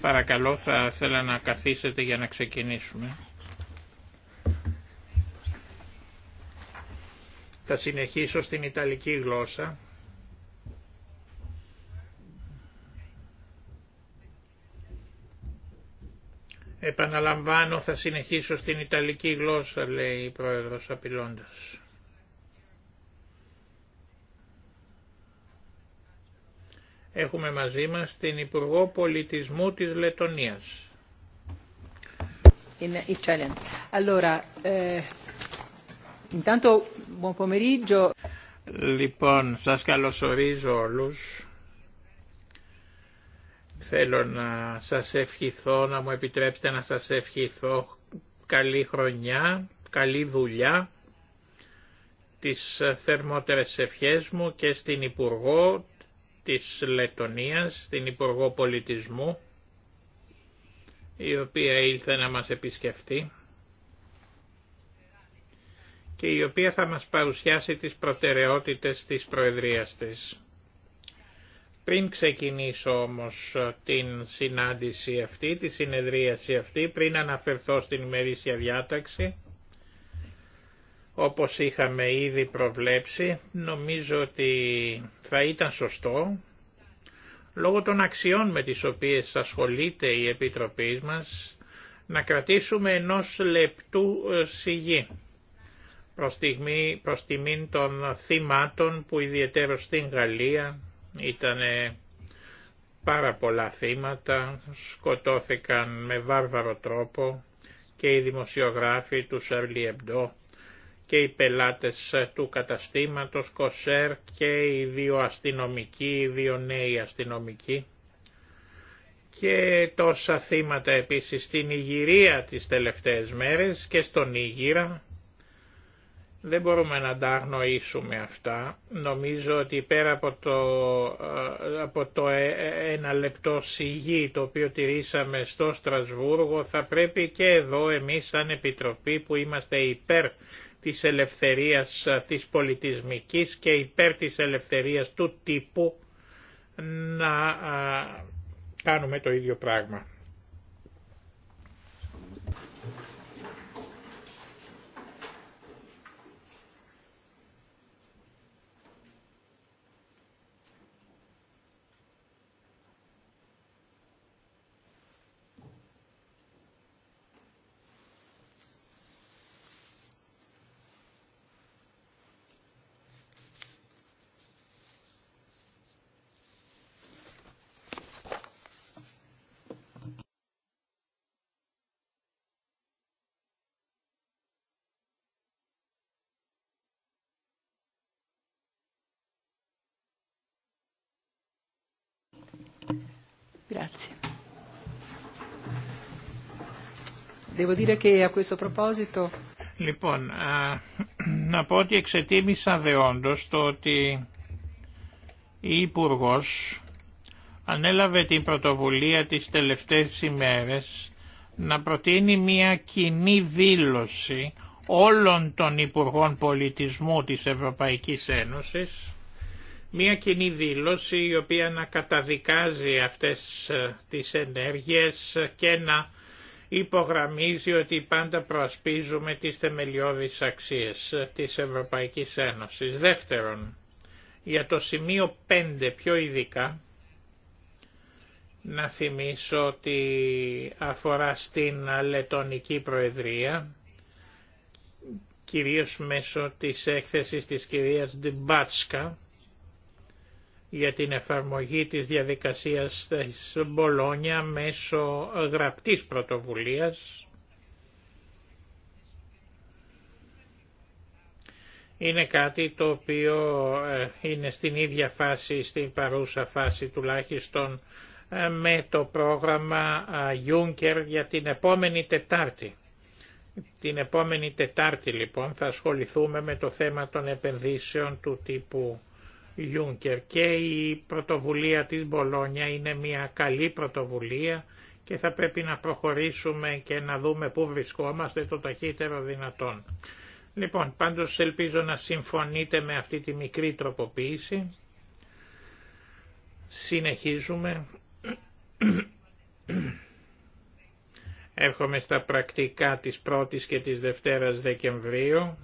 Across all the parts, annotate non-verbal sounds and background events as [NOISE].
Παρακαλώ, θα ήθελα να καθίσετε για να ξεκινήσουμε. Θα συνεχίσω στην Ιταλική γλώσσα. Επαναλαμβάνω, θα συνεχίσω στην Ιταλική γλώσσα, λέει η Πρόεδρος απειλώντας. Έχουμε μαζί μας την Υπουργό Πολιτισμού της Λετωνίας. In Italian. Allora, eh, intanto, buon Λοιπόν, σας καλωσορίζω όλους. Θέλω να σας ευχηθώ, να μου επιτρέψετε να σας ευχηθώ καλή χρονιά, καλή δουλειά, τις θερμότερες ευχές μου και στην Υπουργό της Λετωνίας, την Υπουργό Πολιτισμού, η οποία ήλθε να μας επισκεφτεί και η οποία θα μας παρουσιάσει τις προτεραιότητες της Προεδρίας της. Πριν ξεκινήσω όμως την συνάντηση αυτή, τη συνεδρίαση αυτή, πριν αναφερθώ στην ημερήσια διάταξη, όπως είχαμε ήδη προβλέψει, νομίζω ότι θα ήταν σωστό, λόγω των αξιών με τις οποίες ασχολείται η Επιτροπή μας, να κρατήσουμε ενός λεπτού ε, σιγή προς, στιγμή, προς τιμήν των θυμάτων που ιδιαίτερα στην Γαλλία ήταν πάρα πολλά θύματα, σκοτώθηκαν με βάρβαρο τρόπο και οι δημοσιογράφοι του Σαρλί και οι πελάτες του καταστήματος Κοσέρ και οι δύο αστυνομικοί, οι δύο νέοι αστυνομικοί και τόσα θύματα επίσης στην Ιγυρία τις τελευταίες μέρες και στον Ήγυρα. Δεν μπορούμε να τα αγνοήσουμε αυτά. Νομίζω ότι πέρα από το, ε, ένα λεπτό σιγή το οποίο τηρήσαμε στο Στρασβούργο θα πρέπει και εδώ εμείς σαν Επιτροπή που είμαστε υπέρ της ελευθερίας της πολιτισμικής και υπέρ της ελευθερίας του τύπου να κάνουμε το ίδιο πράγμα. Λοιπόν, [CLEARS THROAT] να πω ότι εξετίμησα δεόντως το ότι η υπουργό ανέλαβε την πρωτοβουλία τις τελευταίες ημέρες να προτείνει μια κοινή δήλωση όλων των Υπουργών Πολιτισμού της Ευρωπαϊκής Ένωσης, μια κοινή δήλωση η οποία να καταδικάζει αυτές ε, τις ενέργειες και να υπογραμμίζει ότι πάντα προασπίζουμε τις θεμελιώδεις αξίες της Ευρωπαϊκής Ένωσης. Δεύτερον, για το σημείο 5 πιο ειδικά, να θυμίσω ότι αφορά στην Λετωνική Προεδρία, κυρίως μέσω της έκθεσης της κυρίας Ντιμπάτσκα, για την εφαρμογή της διαδικασίας της Μπολόνια μέσω γραπτής πρωτοβουλίας. Είναι κάτι το οποίο ε, είναι στην ίδια φάση, στην παρούσα φάση τουλάχιστον, ε, με το πρόγραμμα ε, Juncker για την επόμενη Τετάρτη. Την επόμενη Τετάρτη λοιπόν θα ασχοληθούμε με το θέμα των επενδύσεων του τύπου και η πρωτοβουλία της Μπολόνια είναι μια καλή πρωτοβουλία και θα πρέπει να προχωρήσουμε και να δούμε πού βρισκόμαστε το ταχύτερο δυνατόν. Λοιπόν, πάντως ελπίζω να συμφωνείτε με αυτή τη μικρή τροποποίηση. Συνεχίζουμε. Έρχομαι στα πρακτικά της 1ης και της 2ης Δεκεμβρίου.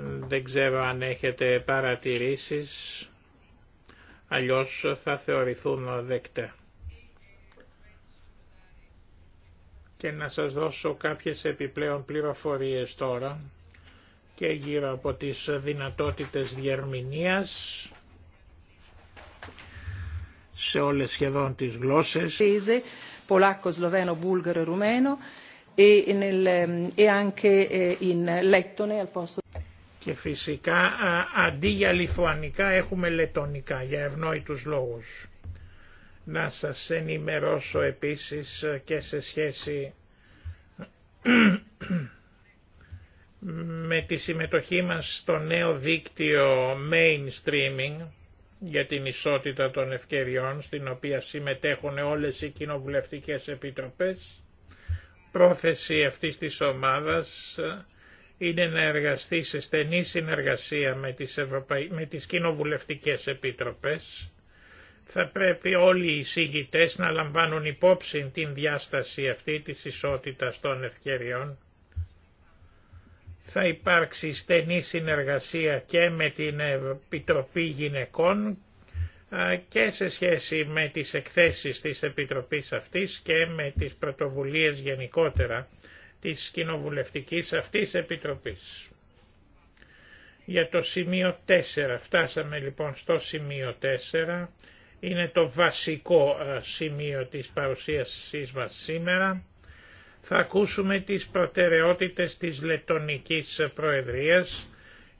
Δεν ξέρω αν έχετε παρατηρήσεις, αλλιώς θα θεωρηθούν δεκτέ. Και να σας δώσω κάποιες επιπλέον πληροφορίες τώρα και γύρω από τις δυνατότητες διερμηνίας σε όλες σχεδόν τις γλώσσες. ρούμένο e, e, anche eh, in και φυσικά αντί για λιθουανικά έχουμε λετονικά για ευνόητους λόγους. Να σας ενημερώσω επίσης και σε σχέση με τη συμμετοχή μας στο νέο δίκτυο mainstreaming για την ισότητα των ευκαιριών στην οποία συμμετέχουν όλες οι κοινοβουλευτικές επιτροπές. Πρόθεση αυτής της ομάδας είναι να εργαστεί σε στενή συνεργασία με τις, με τις κοινοβουλευτικές επιτροπές. Θα πρέπει όλοι οι εισηγητές να λαμβάνουν υπόψη την διάσταση αυτή της ισότητας των ευκαιριών. Θα υπάρξει στενή συνεργασία και με την Επιτροπή Γυναικών και σε σχέση με τις εκθέσεις της Επιτροπής αυτής και με τις πρωτοβουλίες γενικότερα της κοινοβουλευτικής αυτής επιτροπής. Για το σημείο 4, φτάσαμε λοιπόν στο σημείο 4, είναι το βασικό ε, σημείο της παρουσίασής μας σήμερα. Θα ακούσουμε τις προτεραιότητες της Λετωνικής Προεδρίας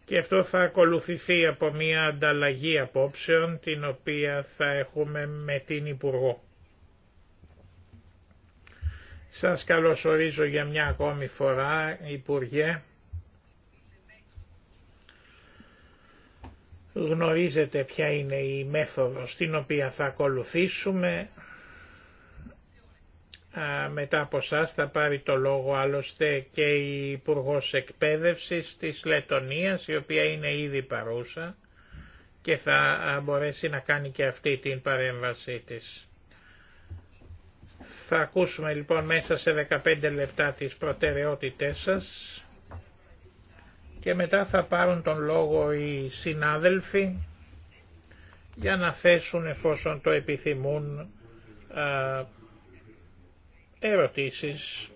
και αυτό θα ακολουθηθεί από μια ανταλλαγή απόψεων την οποία θα έχουμε με την Υπουργό. Σας καλωσορίζω για μια ακόμη φορά, Υπουργέ. Γνωρίζετε ποια είναι η μέθοδος την οποία θα ακολουθήσουμε. Μετά από εσά θα πάρει το λόγο άλλωστε και η υπουργό Εκπαίδευσης της Λετωνίας, η οποία είναι ήδη παρούσα και θα μπορέσει να κάνει και αυτή την παρέμβασή της. Θα ακούσουμε λοιπόν μέσα σε 15 λεπτά τις προτεραιότητές σας και μετά θα πάρουν τον λόγο οι συνάδελφοι για να θέσουν εφόσον το επιθυμούν ερωτήσεις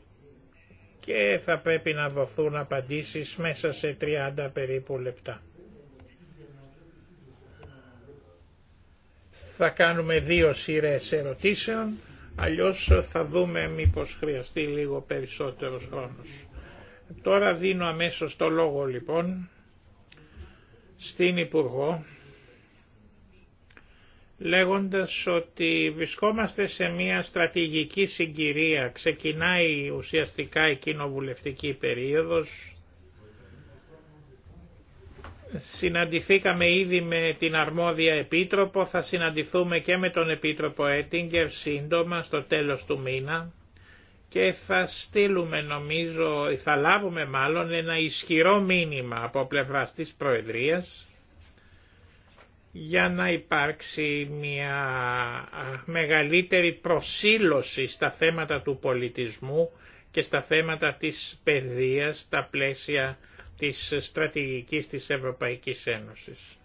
και θα πρέπει να δοθούν απαντήσεις μέσα σε 30 περίπου λεπτά. Θα κάνουμε δύο σειρές ερωτήσεων Αλλιώς θα δούμε μήπως χρειαστεί λίγο περισσότερος χρόνος. Τώρα δίνω αμέσως το λόγο λοιπόν στην Υπουργό λέγοντας ότι βρισκόμαστε σε μια στρατηγική συγκυρία. Ξεκινάει ουσιαστικά η κοινοβουλευτική περίοδος, Συναντηθήκαμε ήδη με την αρμόδια επίτροπο, θα συναντηθούμε και με τον επίτροπο Έτιγκερ σύντομα στο τέλος του μήνα και θα στείλουμε νομίζω, θα λάβουμε μάλλον ένα ισχυρό μήνυμα από πλευράς της Προεδρίας για να υπάρξει μια μεγαλύτερη προσήλωση στα θέματα του πολιτισμού και στα θέματα της παιδείας, στα πλαίσια της στρατηγικής της Ευρωπαϊκής Ένωσης.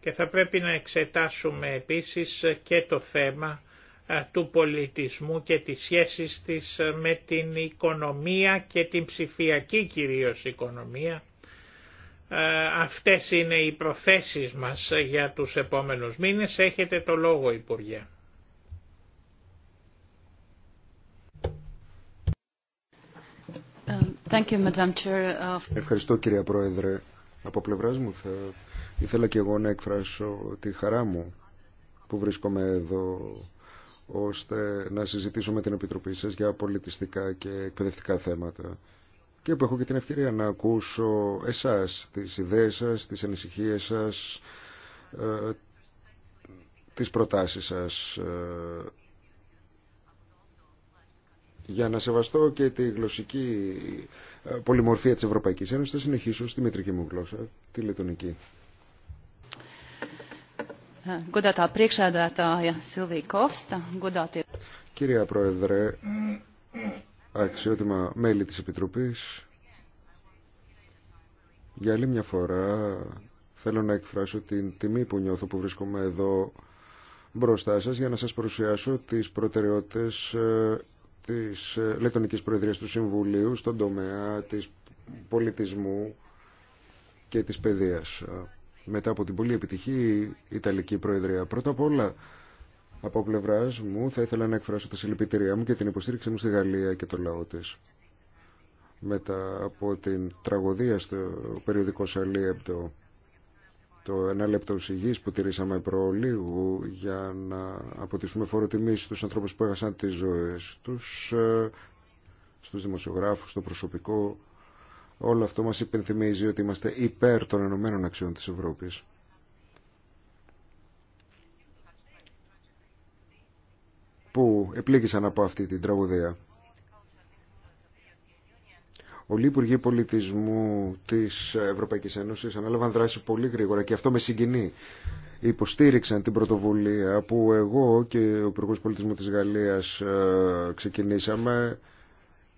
Και θα πρέπει να εξετάσουμε επίσης και το θέμα του πολιτισμού και τις σχέσεις της με την οικονομία και την ψηφιακή κυρίως οικονομία. Αυτές είναι οι προθέσεις μας για τους επόμενους μήνες. Έχετε το λόγο Υπουργέ. Uh, Ευχαριστώ κυρία Πρόεδρε. Από πλευράς μου θα ήθελα και εγώ να εκφράσω τη χαρά μου που βρίσκομαι εδώ ώστε να συζητήσω με την Επιτροπή σας για πολιτιστικά και εκπαιδευτικά θέματα και που έχω και την ευκαιρία να ακούσω εσάς, τις ιδέες σας, τις ανησυχίες σας, ε, τις προτάσεις σας. Ε, για να σεβαστώ και τη γλωσσική ε, πολυμορφία της Ευρωπαϊκής Ένωσης θα συνεχίσω στη μητρική μου γλώσσα, τη λετωνική. Κυρία Πρόεδρε, αξιότιμα μέλη της Επιτροπής, για άλλη μια φορά θέλω να εκφράσω την τιμή που νιώθω που βρίσκομαι εδώ μπροστά σας για να σας παρουσιάσω τις προτεραιότητες ε, της ε, Λετωνικής Προεδρίας του Συμβουλίου στον τομέα της πολιτισμού και της παιδείας ε, μετά από την πολύ επιτυχή Ιταλική Προεδρία. Πρώτα απ' όλα από πλευρά μου θα ήθελα να εκφράσω τα συλληπιτήριά μου και την υποστήριξή μου στη Γαλλία και το λαό της μετά από την τραγωδία στο περιοδικό Σαλίεμπτο το ένα λεπτό που τηρήσαμε προλίγου για να φόρο φοροτιμήσεις στους ανθρώπους που έχασαν τις ζωές τους, ε, στους δημοσιογράφους, στο προσωπικό. Όλο αυτό μας υπενθυμίζει ότι είμαστε υπέρ των ενωμένων αξιών της Ευρώπης. που επλήγησαν από αυτή την τραγωδία. Οι υπουργοί πολιτισμού της Ευρωπαϊκής Ένωση ανέλαβαν δράση πολύ γρήγορα και αυτό με συγκινεί. Υποστήριξαν την πρωτοβουλία που εγώ και ο υπουργό πολιτισμού της Γαλλίας ε, ξεκινήσαμε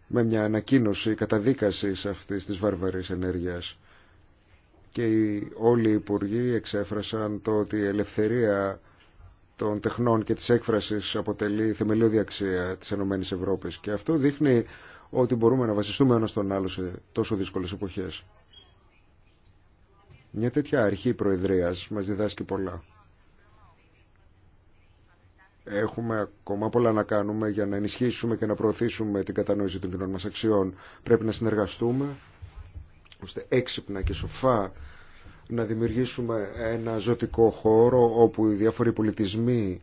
με μια ανακοίνωση καταδικάση αυτής της βαρβαρή ενέργειας. Και όλοι οι υπουργοί εξέφρασαν το ότι η ελευθερία των τεχνών και της έκφρασης αποτελεί θεμελιώδη αξία της ΕΕ. Και αυτό δείχνει ότι μπορούμε να βασιστούμε ένα στον άλλο σε τόσο δύσκολε εποχές. Μια τέτοια αρχή προεδρία μας διδάσκει πολλά. Έχουμε ακόμα πολλά να κάνουμε για να ενισχύσουμε και να προωθήσουμε την κατανόηση των κοινών μας αξιών. Πρέπει να συνεργαστούμε ώστε έξυπνα και σοφά να δημιουργήσουμε ένα ζωτικό χώρο όπου οι διάφοροι πολιτισμοί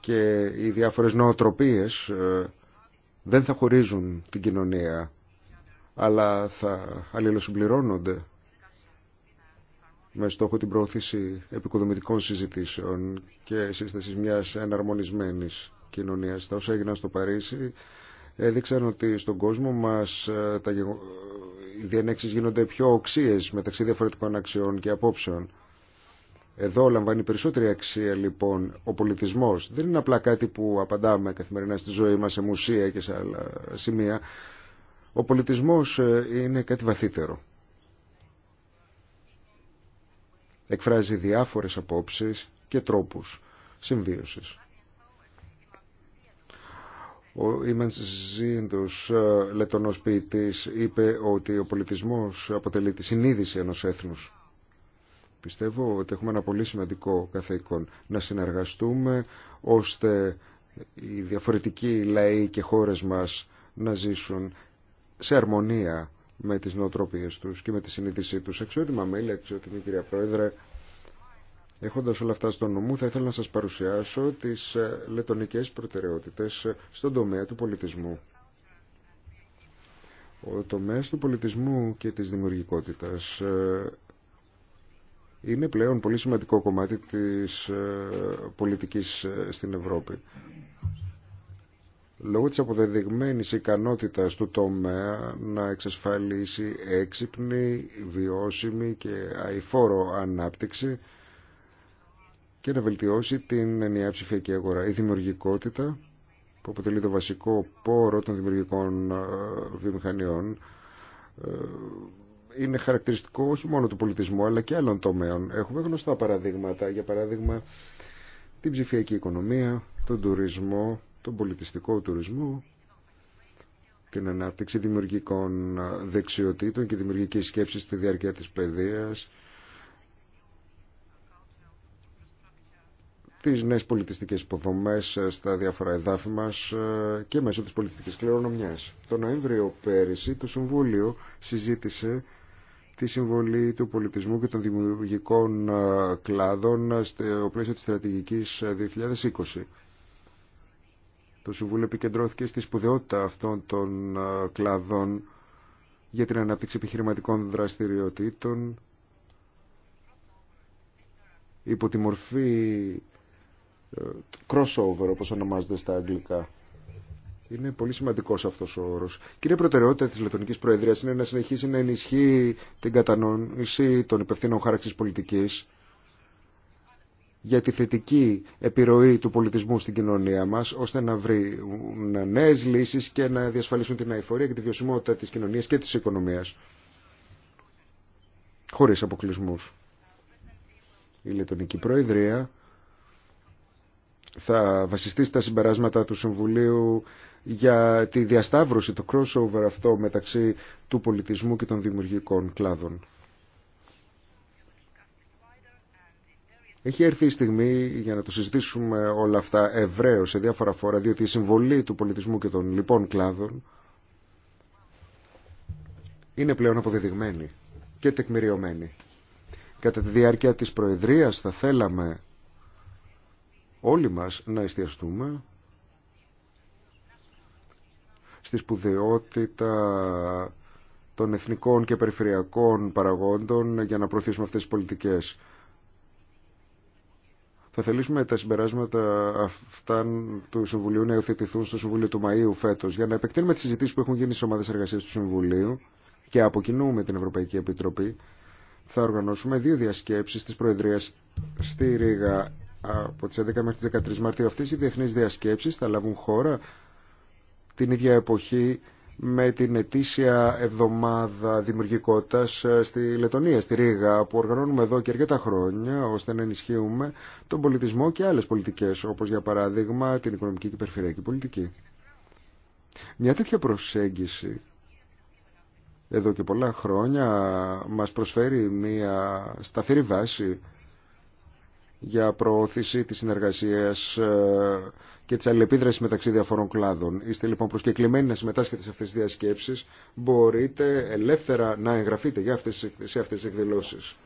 και οι διάφορες νοοτροπίες ε, δεν θα χωρίζουν την κοινωνία αλλά θα αλληλοσυμπληρώνονται με στόχο την πρόωθηση επικοδομητικών συζητήσεων και σύσταση μιας εναρμονισμένης κοινωνίας. Τα όσα έγιναν στο Παρίσι έδειξαν ότι στον κόσμο μας ε, τα, οι διενέξεις γίνονται πιο οξύες μεταξύ διαφορετικών αξιών και απόψεων. Εδώ λαμβάνει περισσότερη αξία λοιπόν ο πολιτισμός. Δεν είναι απλά κάτι που απαντάμε καθημερινά στη ζωή μας σε μουσεία και σε άλλα σημεία. Ο πολιτισμός ε, είναι κάτι βαθύτερο. Εκφράζει διάφορες απόψεις και τρόπους συμβίωσης. Ο Ιμαν Ζήντος, ε, λετωνός είπε ότι ο πολιτισμός αποτελεί τη συνείδηση ενός έθνους. Πιστεύω ότι έχουμε ένα πολύ σημαντικό καθήκον να συνεργαστούμε ώστε οι διαφορετικοί λαοί και χώρες μας να ζήσουν σε αρμονία με τις νοοτροπίες τους και με τη συνείδησή τους. Αξιότιμα μέλη, αξιότιμη κυρία Πρόεδρε, έχοντας όλα αυτά στο μου θα ήθελα να σας παρουσιάσω τις ε, λετονικές προτεραιότητες ε, στον τομέα του πολιτισμού. Ο τομέας του πολιτισμού και της δημιουργικότητας ε, είναι πλέον πολύ σημαντικό κομμάτι της ε, πολιτικής ε, στην Ευρώπη. Λόγω της αποδεδειγμένης ικανότητας του τομέα να εξασφαλίσει έξυπνη, βιώσιμη και αηφόρο ανάπτυξη και να βελτιώσει την ενιαία ψηφιακή αγορά. Η δημιουργικότητα που αποτελεί το βασικό πόρο των δημιουργικών ε, βιομηχανιών είναι χαρακτηριστικό όχι μόνο του πολιτισμού αλλά και άλλων τομέων. Έχουμε γνωστά παραδείγματα, για παράδειγμα την ψηφιακή οικονομία, τον τουρισμό, τον πολιτιστικό τουρισμό, την ανάπτυξη δημιουργικών δεξιοτήτων και δημιουργική σκέψη στη διάρκεια της παιδείας, τις νέες πολιτιστικές υποδομές ε, στα διάφορα εδάφη μας ε, και μέσω της πολιτιστικής κληρονομιάς. Το Νοέμβριο πέρυσι το Συμβούλιο συζήτησε τη συμβολή του πολιτισμού και των δημιουργικών ε, κλάδων ε, στο πλαίσιο της στρατηγικής 2020. Ε, Το Συμβούλιο επικεντρώθηκε στη σπουδαιότητα αυτών των κλάδων για την ανάπτυξη επιχειρηματικών δραστηριοτήτων υπό τη μορφή crossover όπως ονομάζεται στα αγγλικά. Είναι πολύ σημαντικό αυτό ο όρο. Κύριε Προτεραιότητα τη Λετωνική Προεδρία είναι να συνεχίσει να ενισχύει την κατανόηση των υπευθύνων χάραξη πολιτική για τη θετική επιρροή του πολιτισμού στην κοινωνία μα, ώστε να βρει νέε λύσει και να διασφαλίσουν την αηφορία και τη βιωσιμότητα τη κοινωνία και τη οικονομία, χωρί αποκλεισμού. Η Λετωνική Προεδρία θα βασιστεί στα συμπεράσματα του Συμβουλίου για τη διασταύρωση, το crossover αυτό μεταξύ του πολιτισμού και των δημιουργικών κλάδων. Έχει έρθει η στιγμή για να το συζητήσουμε όλα αυτά ευρέω σε διάφορα φόρα, διότι η συμβολή του πολιτισμού και των λοιπών κλάδων είναι πλέον αποδεδειγμένη και τεκμηριωμένη. Κατά τη διάρκεια της Προεδρίας θα θέλαμε όλοι μας να εστιαστούμε στη σπουδαιότητα των εθνικών και περιφερειακών παραγόντων για να προωθήσουμε αυτές τις πολιτικές. Θα θελήσουμε τα συμπεράσματα αυτά του Συμβουλίου να υιοθετηθούν στο Συμβούλιο του Μαΐου φέτος για να επεκτείνουμε τις συζητήσεις που έχουν γίνει στις ομάδες εργασίας του Συμβουλίου και από την Ευρωπαϊκή Επιτροπή θα οργανώσουμε δύο διασκέψεις της Προεδρίας στη Ρήγα από τις 11 μέχρι τις 13 Μαρτίου. Αυτές οι διεθνείς διασκέψεις θα λάβουν χώρα την ίδια εποχή με την ετήσια εβδομάδα δημιουργικότητας ε, στη Λετωνία, στη Ρήγα, που οργανώνουμε εδώ και αρκετά χρόνια, ώστε να ενισχύουμε τον πολιτισμό και άλλες πολιτικές, όπως για παράδειγμα την οικονομική και περιφερειακή πολιτική. Μια τέτοια προσέγγιση εδώ και πολλά χρόνια μας προσφέρει μια σταθερή βάση για προώθηση της συνεργασίας ε, και της αλληλεπίδρασης μεταξύ διαφορών κλάδων. Είστε λοιπόν προσκεκλημένοι να συμμετάσχετε σε αυτές τις διασκέψεις. Μπορείτε ελεύθερα να εγγραφείτε για αυτές, σε αυτές τις εκδηλώσεις.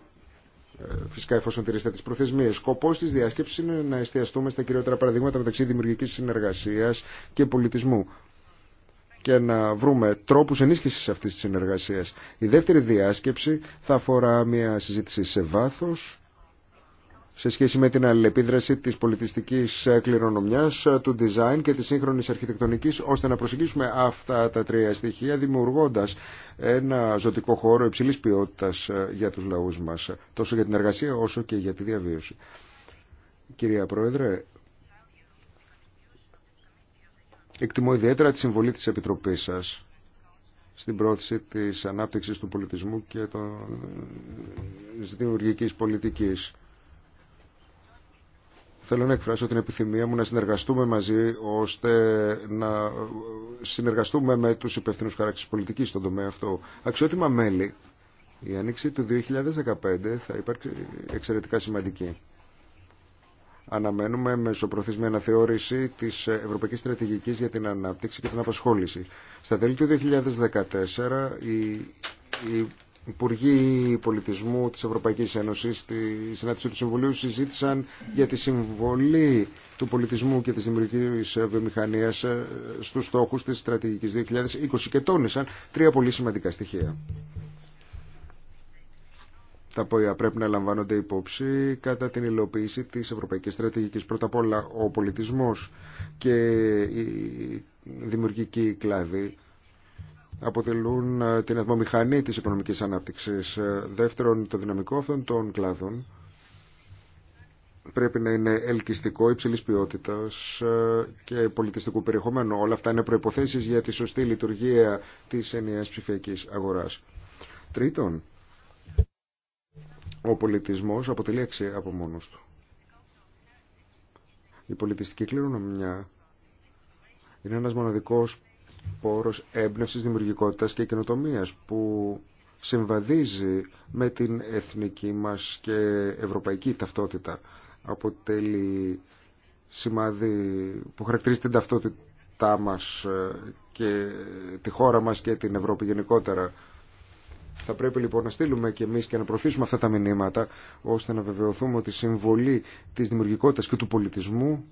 Ε, φυσικά εφόσον τηρήσετε τις προθεσμίες. Σκοπός της διάσκεψης είναι να εστιαστούμε στα κυριότερα παραδείγματα μεταξύ δημιουργικής συνεργασίας και πολιτισμού και να βρούμε τρόπους ενίσχυσης αυτής της συνεργασίας. Η δεύτερη διάσκεψη θα αφορά μια συζήτηση σε βάθος σε σχέση με την αλληλεπίδραση της πολιτιστικής κληρονομιάς, του design και της σύγχρονης αρχιτεκτονικής, ώστε να προσεγγίσουμε αυτά τα τρία στοιχεία, δημιουργώντας ένα ζωτικό χώρο υψηλής ποιότητας ε, για τους λαούς μας, τόσο για την εργασία όσο και για τη διαβίωση. Κυρία Πρόεδρε, εκτιμώ ιδιαίτερα τη συμβολή της Επιτροπής σας στην πρόθεση της ανάπτυξης του πολιτισμού και της δημιουργικής πολιτικής Θέλω να εκφράσω την επιθυμία μου να συνεργαστούμε μαζί ώστε να συνεργαστούμε με τους υπευθύνους χαράξης πολιτικής στον τομέα αυτό. Αξιότιμα μέλη, η άνοιξη του 2015 θα υπάρξει εξαιρετικά σημαντική. Αναμένουμε μεσοπροθεσμία αναθεώρηση της Ευρωπαϊκής Στρατηγικής για την Ανάπτυξη και την Απασχόληση. Στα τέλη του 2014, η, η Υπουργοί Πολιτισμού της Ευρωπαϊκής Ένωσης στη συνάντηση του Συμβουλίου συζήτησαν για τη συμβολή του πολιτισμού και της δημιουργικής βιομηχανίας ε, στους στόχους της στρατηγικής 2020 και τόνισαν τρία πολύ σημαντικά στοιχεία. Τα οποία πρέπει να λαμβάνονται υπόψη κατά την υλοποίηση της Ευρωπαϊκής Στρατηγικής. Πρώτα απ' όλα ο πολιτισμός και η δημιουργική κλάδη αποτελούν ε, την ατμομηχανή της οικονομικής ανάπτυξης. Ε, δεύτερον, το δυναμικό αυτών των κλάδων πρέπει να είναι ελκυστικό, υψηλής ποιότητας ε, και πολιτιστικού περιεχομένου. Όλα αυτά είναι προϋποθέσεις για τη σωστή λειτουργία της ενιαίας ψηφιακής αγοράς. Τρίτον, ο πολιτισμός αποτελεί αξία από μόνος του. Η πολιτιστική κληρονομιά είναι ένας μοναδικός πόρος έμπνευσης, δημιουργικότητας και καινοτομίας που συμβαδίζει με την εθνική μας και ευρωπαϊκή ταυτότητα. Αποτελεί σημάδι που χαρακτηρίζει την ταυτότητά μας ε, και τη χώρα μας και την Ευρώπη γενικότερα. Θα πρέπει λοιπόν να στείλουμε και εμείς και να προωθήσουμε αυτά τα μηνύματα ώστε να βεβαιωθούμε ότι η συμβολή της δημιουργικότητας και του πολιτισμού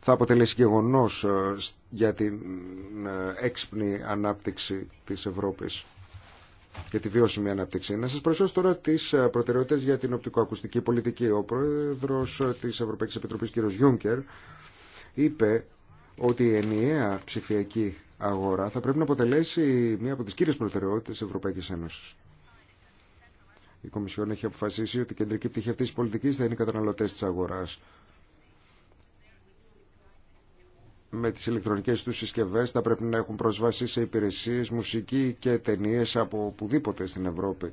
θα αποτελέσει γεγονός ε, για την ε, έξυπνη ανάπτυξη της Ευρώπης και τη βιώσιμη ανάπτυξη. Να σας προσθέσω τώρα τις ε, προτεραιότητες για την οπτικοακουστική πολιτική. Ο πρόεδρος της Ευρωπαϊκής Επιτροπής κ. Γιούνκερ είπε ότι η ενιαία ψηφιακή αγορά θα πρέπει να αποτελέσει μία από τις κύριες προτεραιότητες της Ευρωπαϊκής Ένωσης. Η Κομισιόν έχει αποφασίσει ότι η κεντρική πτυχή αυτής της πολιτικής θα είναι οι καταναλωτές της αγοράς με τις ηλεκτρονικές τους συσκευές θα πρέπει να έχουν πρόσβαση σε υπηρεσίες, μουσική και ταινίες από οπουδήποτε στην Ευρώπη.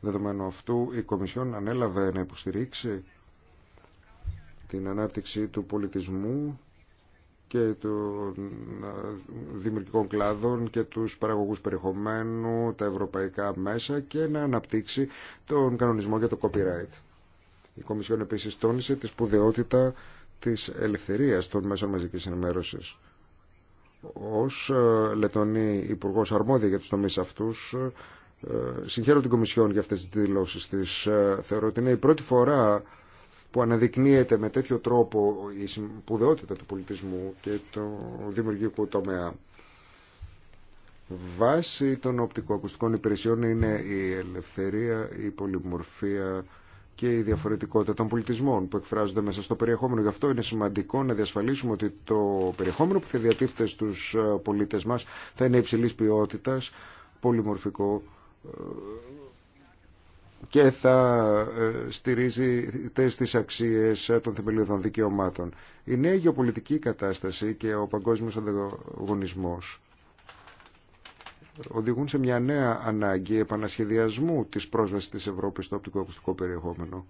Δεδομένου αυτού η Κομισιόν ανέλαβε να υποστηρίξει την ανάπτυξη του πολιτισμού και των ε, δημιουργικών κλάδων και τους παραγωγούς περιεχομένου, τα ευρωπαϊκά μέσα και να αναπτύξει τον κανονισμό για το copyright. Η Κομισιόν επίσης τόνισε τη σπουδαιότητα της ελευθερίας των μέσων μαζικής ενημέρωσης. Ως ε, Λετωνή υπουργό Αρμόδια για τους τομείς αυτούς, ε, συγχαίρω την Κομισιόν για αυτές τις δηλώσεις της. Ε, θεωρώ ότι είναι η πρώτη φορά που αναδεικνύεται με τέτοιο τρόπο η σπουδαιότητα του πολιτισμού και του δημιουργικού τομέα. Βάση των οπτικοακουστικών υπηρεσιών είναι η ελευθερία, η πολυμορφία, και η διαφορετικότητα των πολιτισμών που εκφράζονται μέσα στο περιεχόμενο. Γι' αυτό είναι σημαντικό να διασφαλίσουμε ότι το περιεχόμενο που θα διατίθεται στους ε, πολίτες μας θα είναι υψηλής ποιότητας, πολυμορφικό ε, και θα ε, στηρίζει τις αξίες των θεμελιωδών δικαιωμάτων. Η νέα γεωπολιτική κατάσταση και ο παγκόσμιος ανταγωνισμός οδηγούν σε μια νέα ανάγκη επανασχεδιασμού της πρόσβασης της Ευρώπης στο οπτικοακουστικό περιεχόμενο.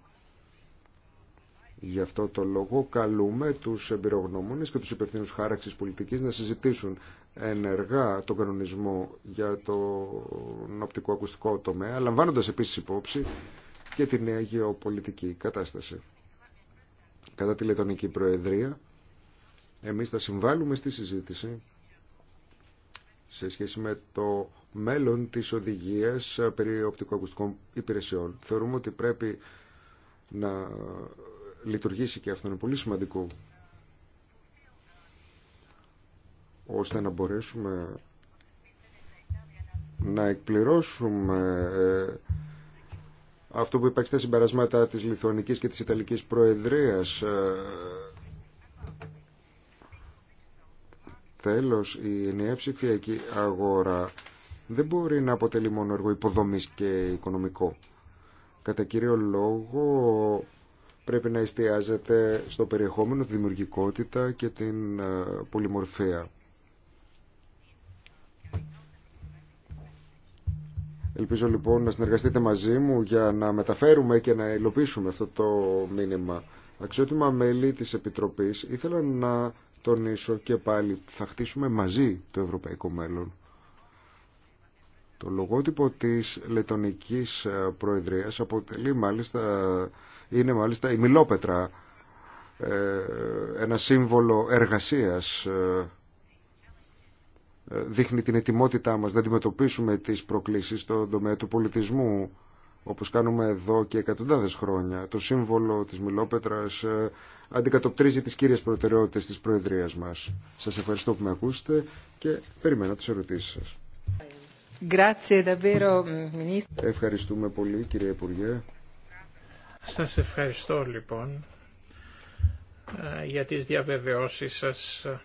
Γι' αυτό το λόγο καλούμε τους εμπειρογνώμονες και τους υπευθύνους χάραξης πολιτικής να συζητήσουν ενεργά τον κανονισμό για τον οπτικοακουστικό τομέα, λαμβάνοντας επίσης υπόψη και τη νέα γεωπολιτική κατάσταση. Κατά τη Λετωνική Προεδρία, εμείς θα συμβάλλουμε στη συζήτηση σε σχέση με το μέλλον της οδηγίας ε, περί οπτικοακουστικών υπηρεσιών. Θεωρούμε ότι πρέπει να λειτουργήσει και αυτό είναι πολύ σημαντικό ώστε να μπορέσουμε να εκπληρώσουμε ε, αυτό που υπάρχει στα συμπερασμάτα της Λιθουανικής και της Ιταλικής Προεδρίας ε, Τέλος, η ενιαία ψηφιακή αγορά δεν μπορεί να αποτελεί μόνο έργο υποδομής και οικονομικό. Κατά κύριο λόγο πρέπει να εστιάζεται στο περιεχόμενο, τη δημιουργικότητα και την ε, πολυμορφία. Ελπίζω λοιπόν να συνεργαστείτε μαζί μου για να μεταφέρουμε και να υλοποιήσουμε αυτό το μήνυμα. Αξιότιμα μέλη της Επιτροπής ήθελα να τονίσω και πάλι θα χτίσουμε μαζί το ευρωπαϊκό μέλλον. Το λογότυπο της Λετωνικής ε, Προεδρίας αποτελεί μάλιστα, είναι μάλιστα η Μιλόπετρα, ε, ένα σύμβολο εργασίας ε, δείχνει την ετοιμότητά μας να αντιμετωπίσουμε τις προκλήσεις στον τομέα του πολιτισμού όπως κάνουμε εδώ και εκατοντάδες χρόνια. Το σύμβολο της Μιλόπετρας ε, αντικατοπτρίζει τις κύριες προτεραιότητες της Προεδρίας μας. Σας ευχαριστώ που με ακούσετε και περιμένω τις ερωτήσεις σας. Ευχαριστούμε πολύ κύριε Υπουργέ. Σας ευχαριστώ λοιπόν ε, για τις διαβεβαιώσεις σας ε,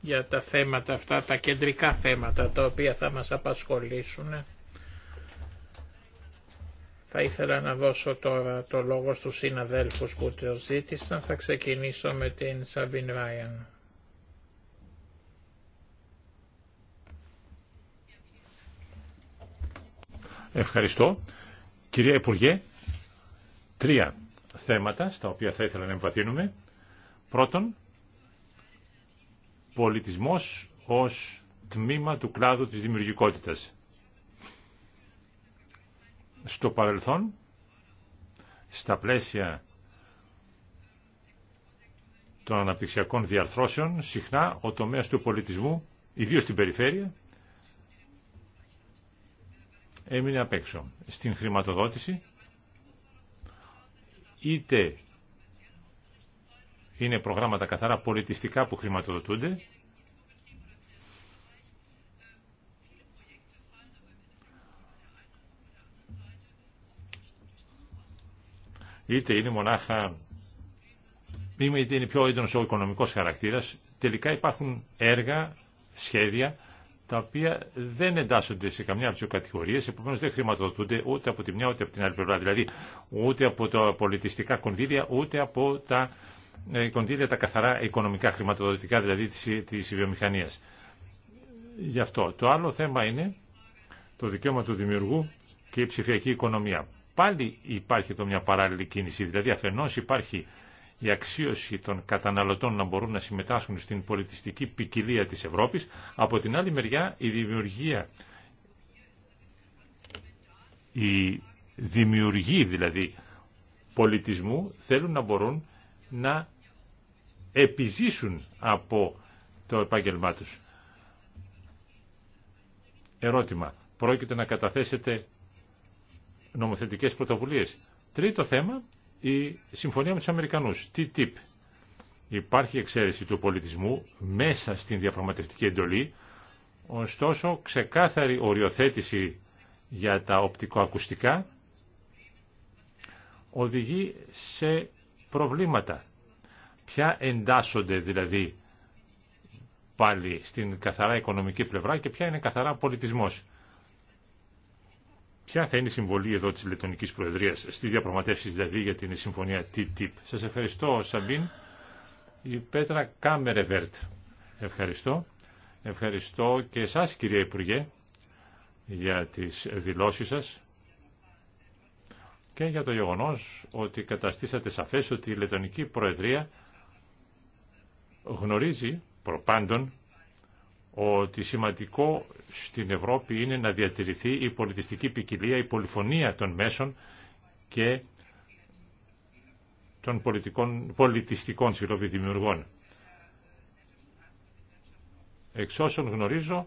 για τα θέματα αυτά, τα κεντρικά θέματα τα οποία θα μας απασχολήσουν θα ήθελα να δώσω τώρα το λόγο στους συναδέλφους που το ζήτησαν. Θα ξεκινήσω με την Σαμπίν Ράιαν. Ευχαριστώ. Κυρία Υπουργέ, τρία θέματα στα οποία θα ήθελα να εμπαθύνουμε. Πρώτον, πολιτισμός ως τμήμα του κλάδου της δημιουργικότητας. Στο παρελθόν, στα πλαίσια των αναπτυξιακών διαρθρώσεων, συχνά ο τομέας του πολιτισμού, ιδίως στην περιφέρεια, έμεινε απ' έξω. Στην χρηματοδότηση, είτε είναι προγράμματα καθαρά πολιτιστικά που χρηματοδοτούνται, είτε είναι μονάχα είτε είναι πιο έντονος ο οικονομικός χαρακτήρας, τελικά υπάρχουν έργα, σχέδια, τα οποία δεν εντάσσονται σε καμιά από τις κατηγορίες, κατηγορίε, δεν χρηματοδοτούνται ούτε από τη μια ούτε από την άλλη πλευρά. Δηλαδή ούτε από τα πολιτιστικά κονδύλια, ούτε από τα ε, κονδύλια τα καθαρά οικονομικά χρηματοδοτικά, δηλαδή τη βιομηχανία. Γι' αυτό. Το άλλο θέμα είναι το δικαίωμα του δημιουργού και η ψηφιακή οικονομία πάλι υπάρχει εδώ μια παράλληλη κίνηση. Δηλαδή αφενός υπάρχει η αξίωση των καταναλωτών να μπορούν να συμμετάσχουν στην πολιτιστική ποικιλία της Ευρώπης, από την άλλη μεριά η δημιουργία, οι δημιουργοί δηλαδή πολιτισμού θέλουν να μπορούν να επιζήσουν από το επάγγελμά τους. Ερώτημα. Πρόκειται να καταθέσετε νομοθετικές πρωτοβουλίες. Τρίτο θέμα, η συμφωνία με τους Αμερικανούς, τύπ. Υπάρχει εξαίρεση του πολιτισμού μέσα στην διαπραγματευτική εντολή, ωστόσο ξεκάθαρη οριοθέτηση για τα οπτικοακουστικά οδηγεί σε προβλήματα. Ποια εντάσσονται δηλαδή πάλι στην καθαρά οικονομική πλευρά και ποια είναι καθαρά πολιτισμός. Ποια θα είναι η συμβολή εδώ της Λετωνικής Προεδρίας στις διαπραγματεύσεις δηλαδή για την συμφωνία TTIP. Σας ευχαριστώ Σαμπίν. Η Πέτρα Κάμερεβερτ. Ευχαριστώ. Ευχαριστώ και εσάς κυρία Υπουργέ για τις δηλώσεις σας και για το γεγονός ότι καταστήσατε σαφές ότι η Λετωνική Προεδρία γνωρίζει προπάντων ότι σημαντικό στην Ευρώπη είναι να διατηρηθεί η πολιτιστική ποικιλία, η πολυφωνία των μέσων και των πολιτιστικών συγγνώμη, δημιουργών. Εξ όσων γνωρίζω,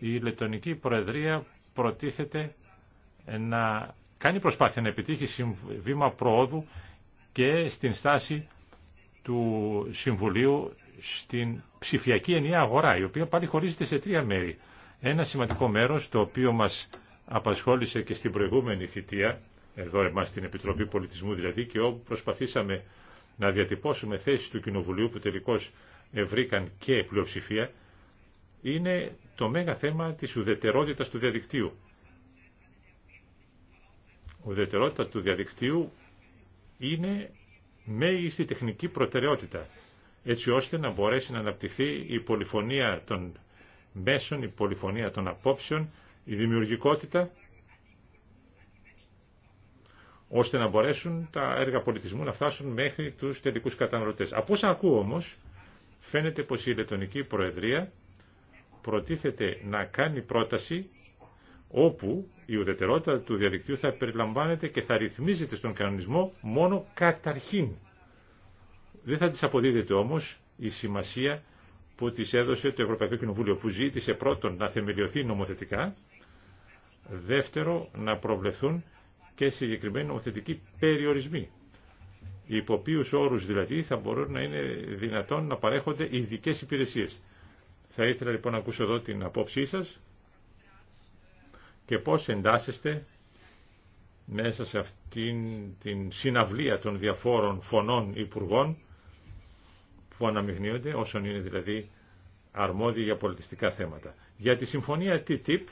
η Λετωνική Προεδρία προτίθεται να κάνει προσπάθεια να επιτύχει βήμα προόδου και στην στάση του Συμβουλίου στην ψηφιακή ενιαία αγορά, η οποία πάλι χωρίζεται σε τρία μέρη. Ένα σημαντικό μέρος, το οποίο μας απασχόλησε και στην προηγούμενη θητεία, εδώ εμάς στην Επιτροπή Πολιτισμού δηλαδή, και όπου προσπαθήσαμε να διατυπώσουμε θέσεις του Κοινοβουλίου που τελικώς ευρήκαν και πλειοψηφία, είναι το μέγα θέμα της ουδετερότητας του διαδικτύου. Ουδετερότητα του διαδικτύου είναι μέγιστη τεχνική προτεραιότητα έτσι ώστε να μπορέσει να αναπτυχθεί η πολυφωνία των μέσων, η πολυφωνία των απόψεων, η δημιουργικότητα, ώστε να μπορέσουν τα έργα πολιτισμού να φτάσουν μέχρι τους τελικούς καταναλωτές. Από όσα ακούω όμως, φαίνεται πως η Λετωνική Προεδρία προτίθεται να κάνει πρόταση όπου η ουδετερότητα του διαδικτύου θα περιλαμβάνεται και θα ρυθμίζεται στον κανονισμό μόνο καταρχήν. Δεν θα της αποδίδεται όμως η σημασία που της έδωσε το Ευρωπαϊκό Κοινοβούλιο που ζήτησε πρώτον να θεμελιωθεί νομοθετικά, δεύτερο να προβλεφθούν και συγκεκριμένοι νομοθετικοί περιορισμοί, υπό οποίου όρους δηλαδή θα μπορούν να είναι δυνατόν να παρέχονται ειδικέ υπηρεσίες. Θα ήθελα λοιπόν να ακούσω εδώ την απόψή σας και πώς εντάσσεστε μέσα σε αυτήν την συναυλία των διαφόρων φωνών υπουργών που αναμειγνύονται όσων είναι δηλαδή αρμόδιοι για πολιτιστικά θέματα. Για τη συμφωνία TTIP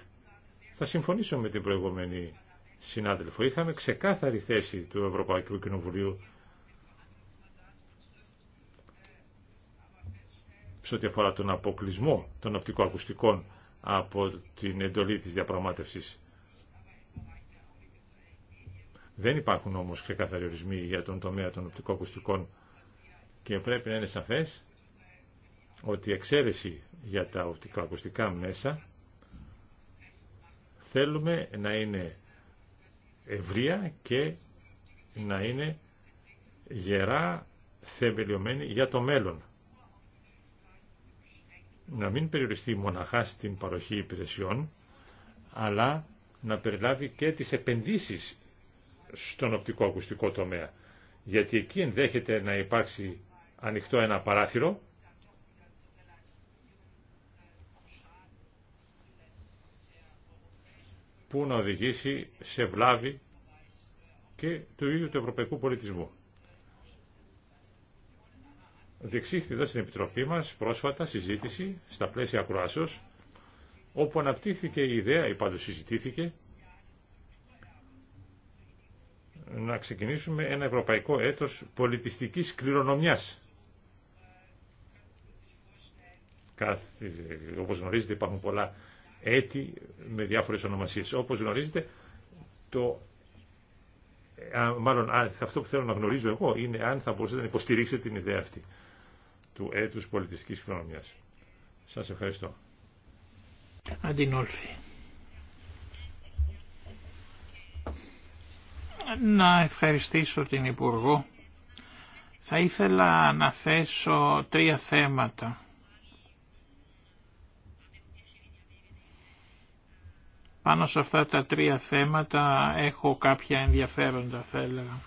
θα συμφωνήσω με την προηγούμενη συνάδελφο. Είχαμε ξεκάθαρη θέση του Ευρωπαϊκού Κοινοβουλίου σε ό,τι αφορά τον αποκλεισμό των οπτικοακουστικών από την εντολή της διαπραγμάτευσης. Δεν υπάρχουν όμως ξεκαθαροί ορισμοί για τον τομέα των οπτικοακουστικών και πρέπει να είναι σαφές ότι η εξαίρεση για τα οπτικοακουστικά μέσα θέλουμε να είναι ευρεία και να είναι γερά θεμελιωμένη για το μέλλον. Να μην περιοριστεί μοναχά στην παροχή υπηρεσιών, αλλά να περιλάβει και τις επενδύσεις στον οπτικοακουστικό τομέα. Γιατί εκεί ενδέχεται να υπάρξει ανοιχτό ένα παράθυρο που να οδηγήσει σε βλάβη και του ίδιου του ευρωπαϊκού πολιτισμού. Διεξήχθη εδώ στην Επιτροπή μας πρόσφατα συζήτηση στα πλαίσια Κροάσεως όπου αναπτύχθηκε η ιδέα ή πάντως συζητήθηκε να ξεκινήσουμε ένα ευρωπαϊκό έτος πολιτιστικής κληρονομιάς Όπως γνωρίζετε υπάρχουν πολλά έτη με διάφορες ονομασίες. Όπως γνωρίζετε, το, ε, μάλλον αυτό που θέλω να γνωρίζω εγώ είναι αν θα μπορούσατε να υποστηρίξετε την ιδέα αυτή του έτους πολιτιστικής κοινωνίας. Σας ευχαριστώ. Αντινόλφη. Να ευχαριστήσω την Υπουργό. Θα ήθελα να θέσω τρία θέματα Πάνω σε αυτά τα τρία θέματα έχω κάποια ενδιαφέροντα θα έλεγα.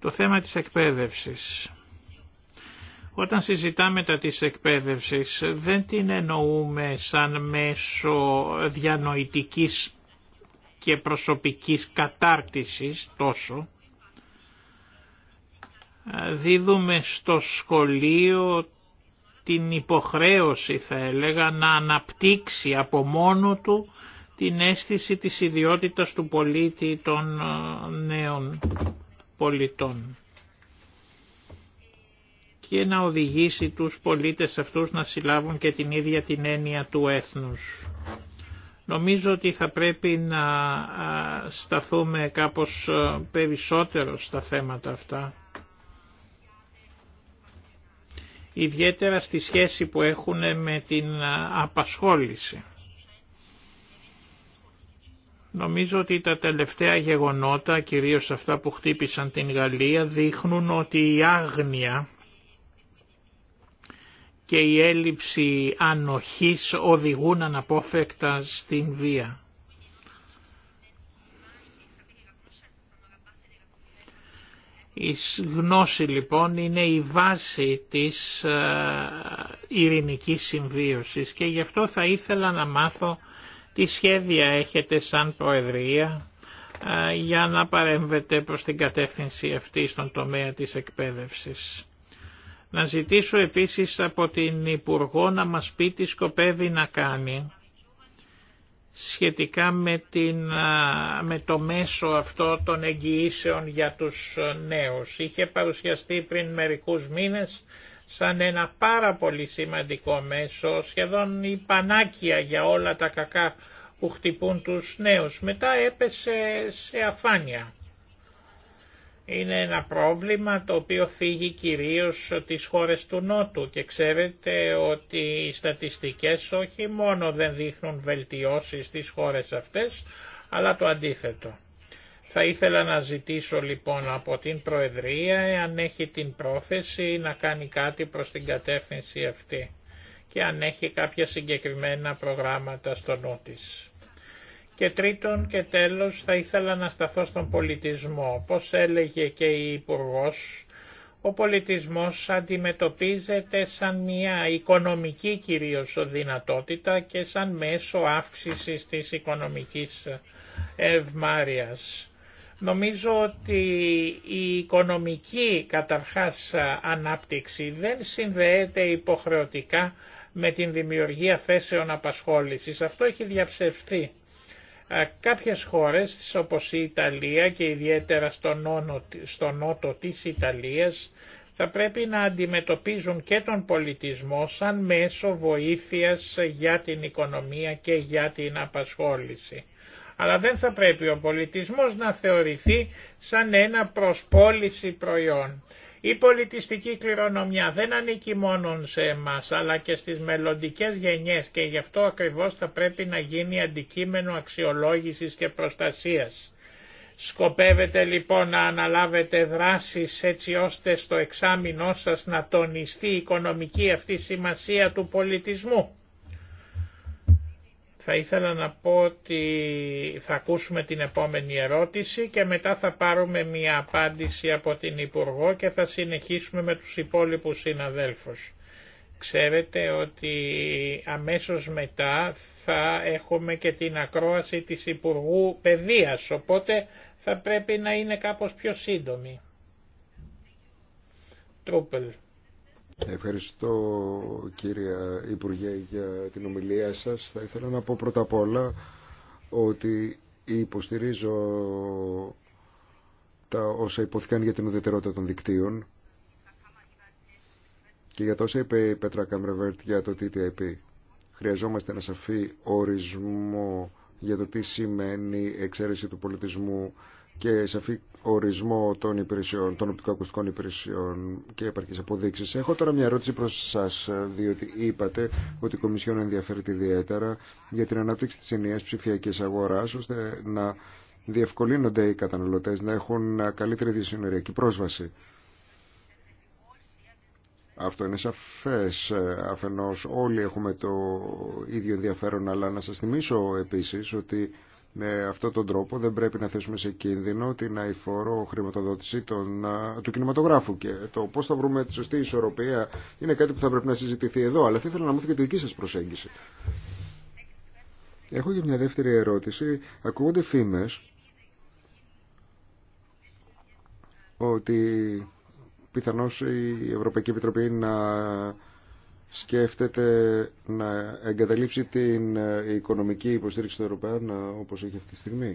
Το θέμα της εκπαίδευσης. Όταν συζητάμε τα της εκπαίδευσης δεν την εννοούμε σαν μέσο διανοητικής και προσωπικής κατάρτισης τόσο. Δίδουμε στο σχολείο την υποχρέωση θα έλεγα να αναπτύξει από μόνο του την αίσθηση της ιδιότητας του πολίτη των ε, νέων πολιτών και να οδηγήσει τους πολίτες αυτούς να συλλάβουν και την ίδια την έννοια του έθνους. Νομίζω ότι θα πρέπει να ε, σταθούμε κάπως ε, περισσότερο στα θέματα αυτά ιδιαίτερα στη σχέση που έχουν με την απασχόληση. Νομίζω ότι τα τελευταία γεγονότα, κυρίως αυτά που χτύπησαν την Γαλλία, δείχνουν ότι η άγνοια και η έλλειψη ανοχής οδηγούν αναπόφευκτα στην βία. Η γνώση λοιπόν είναι η βάση της ε, ειρηνικής συμβίωσης και γι' αυτό θα ήθελα να μάθω τι σχέδια έχετε σαν Προεδρία ε, για να παρέμβετε προς την κατεύθυνση αυτή στον τομέα της εκπαίδευσης. Να ζητήσω επίσης από την Υπουργό να μας πει τι σκοπεύει να κάνει σχετικά με, την, με το μέσο αυτό των εγγυήσεων για τους νέους. Είχε παρουσιαστεί πριν μερικούς μήνες σαν ένα πάρα πολύ σημαντικό μέσο, σχεδόν η πανάκια για όλα τα κακά που χτυπούν τους νέους. Μετά έπεσε σε αφάνεια είναι ένα πρόβλημα το οποίο φύγει κυρίως τις χώρες του Νότου και ξέρετε ότι οι στατιστικές όχι μόνο δεν δείχνουν βελτιώσεις στις χώρες αυτές, αλλά το αντίθετο. Θα ήθελα να ζητήσω λοιπόν από την Προεδρία αν έχει την πρόθεση να κάνει κάτι προς την κατεύθυνση αυτή και αν έχει κάποια συγκεκριμένα προγράμματα στο νου και τρίτον και τέλος θα ήθελα να σταθώ στον πολιτισμό. Όπως έλεγε και η υπουργό, ο πολιτισμός αντιμετωπίζεται σαν μια οικονομική κυρίως δυνατότητα και σαν μέσο αύξησης της οικονομικής ευμάρειας. Νομίζω ότι η οικονομική καταρχάς ανάπτυξη δεν συνδέεται υποχρεωτικά με την δημιουργία θέσεων απασχόλησης. Αυτό έχει διαψευθεί Κάποιες χώρες όπως η Ιταλία και ιδιαίτερα στο νότο της Ιταλίας θα πρέπει να αντιμετωπίζουν και τον πολιτισμό σαν μέσο βοήθειας για την οικονομία και για την απασχόληση. Αλλά δεν θα πρέπει ο πολιτισμός να θεωρηθεί σαν ένα προσπόληση προϊόν. Η πολιτιστική κληρονομιά δεν ανήκει μόνο σε εμάς αλλά και στις μελλοντικέ γενιές και γι' αυτό ακριβώς θα πρέπει να γίνει αντικείμενο αξιολόγησης και προστασίας. Σκοπεύετε λοιπόν να αναλάβετε δράσεις έτσι ώστε στο εξάμεινό σας να τονιστεί η οικονομική αυτή σημασία του πολιτισμού. Θα ήθελα να πω ότι θα ακούσουμε την επόμενη ερώτηση και μετά θα πάρουμε μια απάντηση από την Υπουργό και θα συνεχίσουμε με τους υπόλοιπους συναδέλφους. Ξέρετε ότι αμέσως μετά θα έχουμε και την ακρόαση της Υπουργού Παιδείας, οπότε θα πρέπει να είναι κάπως πιο σύντομη. Τρούπελ. Ευχαριστώ κύριε Υπουργέ για την ομιλία σας. Θα ήθελα να πω πρώτα απ' όλα ότι υποστηρίζω τα όσα υποθήκαν για την ουδετερότητα των δικτύων και για τα όσα είπε η Πέτρα Καμπρεβέρτ για το TTIP. Χρειαζόμαστε ένα σαφή ορισμό για το τι σημαίνει εξαίρεση του πολιτισμού και σαφή ορισμό των υπηρεσιών, των οπτικοακουστικών υπηρεσιών και επαρκείς αποδείξεις. Έχω τώρα μια ερώτηση προς σας, διότι είπατε ότι η Κομισιόν ενδιαφέρεται ιδιαίτερα για την ανάπτυξη της ενιαίας ψηφιακής αγοράς, ώστε να διευκολύνονται οι καταναλωτές να έχουν καλύτερη διασυνοριακή πρόσβαση. Αυτό είναι σαφές. Αφενός όλοι έχουμε το ίδιο ενδιαφέρον, αλλά να σας θυμίσω επίσης ότι με αυτόν τον τρόπο δεν πρέπει να θέσουμε σε κίνδυνο την αηφόρο χρηματοδότηση του κινηματογράφου. Και το πώ θα βρούμε τη σωστή ισορροπία είναι κάτι που θα πρέπει να συζητηθεί εδώ. Αλλά θα ήθελα να μάθω και τη δική σα προσέγγιση. Έχω και μια δεύτερη ερώτηση. Ακούγονται φήμε ότι πιθανώς η Ευρωπαϊκή Επιτροπή να σκέφτεται να εγκαταλείψει την ε, οικονομική υποστήριξη των Ευρωπαίων ε, όπως έχει αυτή τη στιγμή.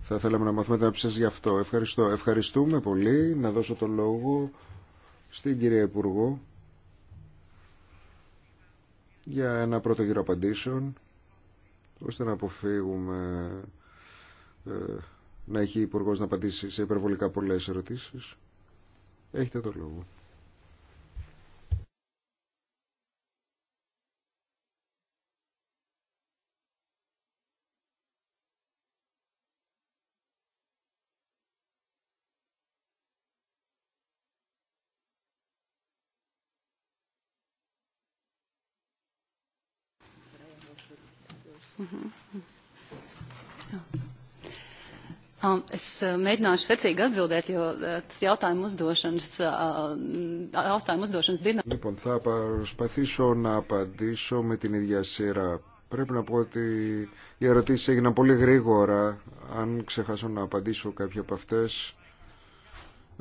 Θα θέλαμε να μάθουμε την άποψη γι' αυτό. Ευχαριστώ. Ευχαριστούμε πολύ. Να δώσω το λόγο στην κυρία Υπουργό για ένα πρώτο γύρο απαντήσεων ώστε να αποφύγουμε ε, να έχει η υπουργό να απαντήσει σε υπερβολικά πολλές ερωτήσεις. Έχετε το λόγο. Mm-hmm. Mm-hmm. Oh. Um, es äh, mēģināšu secīgi Λοιπόν, θα προσπαθήσω να απαντήσω με την ίδια σειρά. Πρέπει να πω ότι οι ερωτήσει έγιναν πολύ γρήγορα. Αν ξεχάσω να απαντήσω κάποια από αυτές,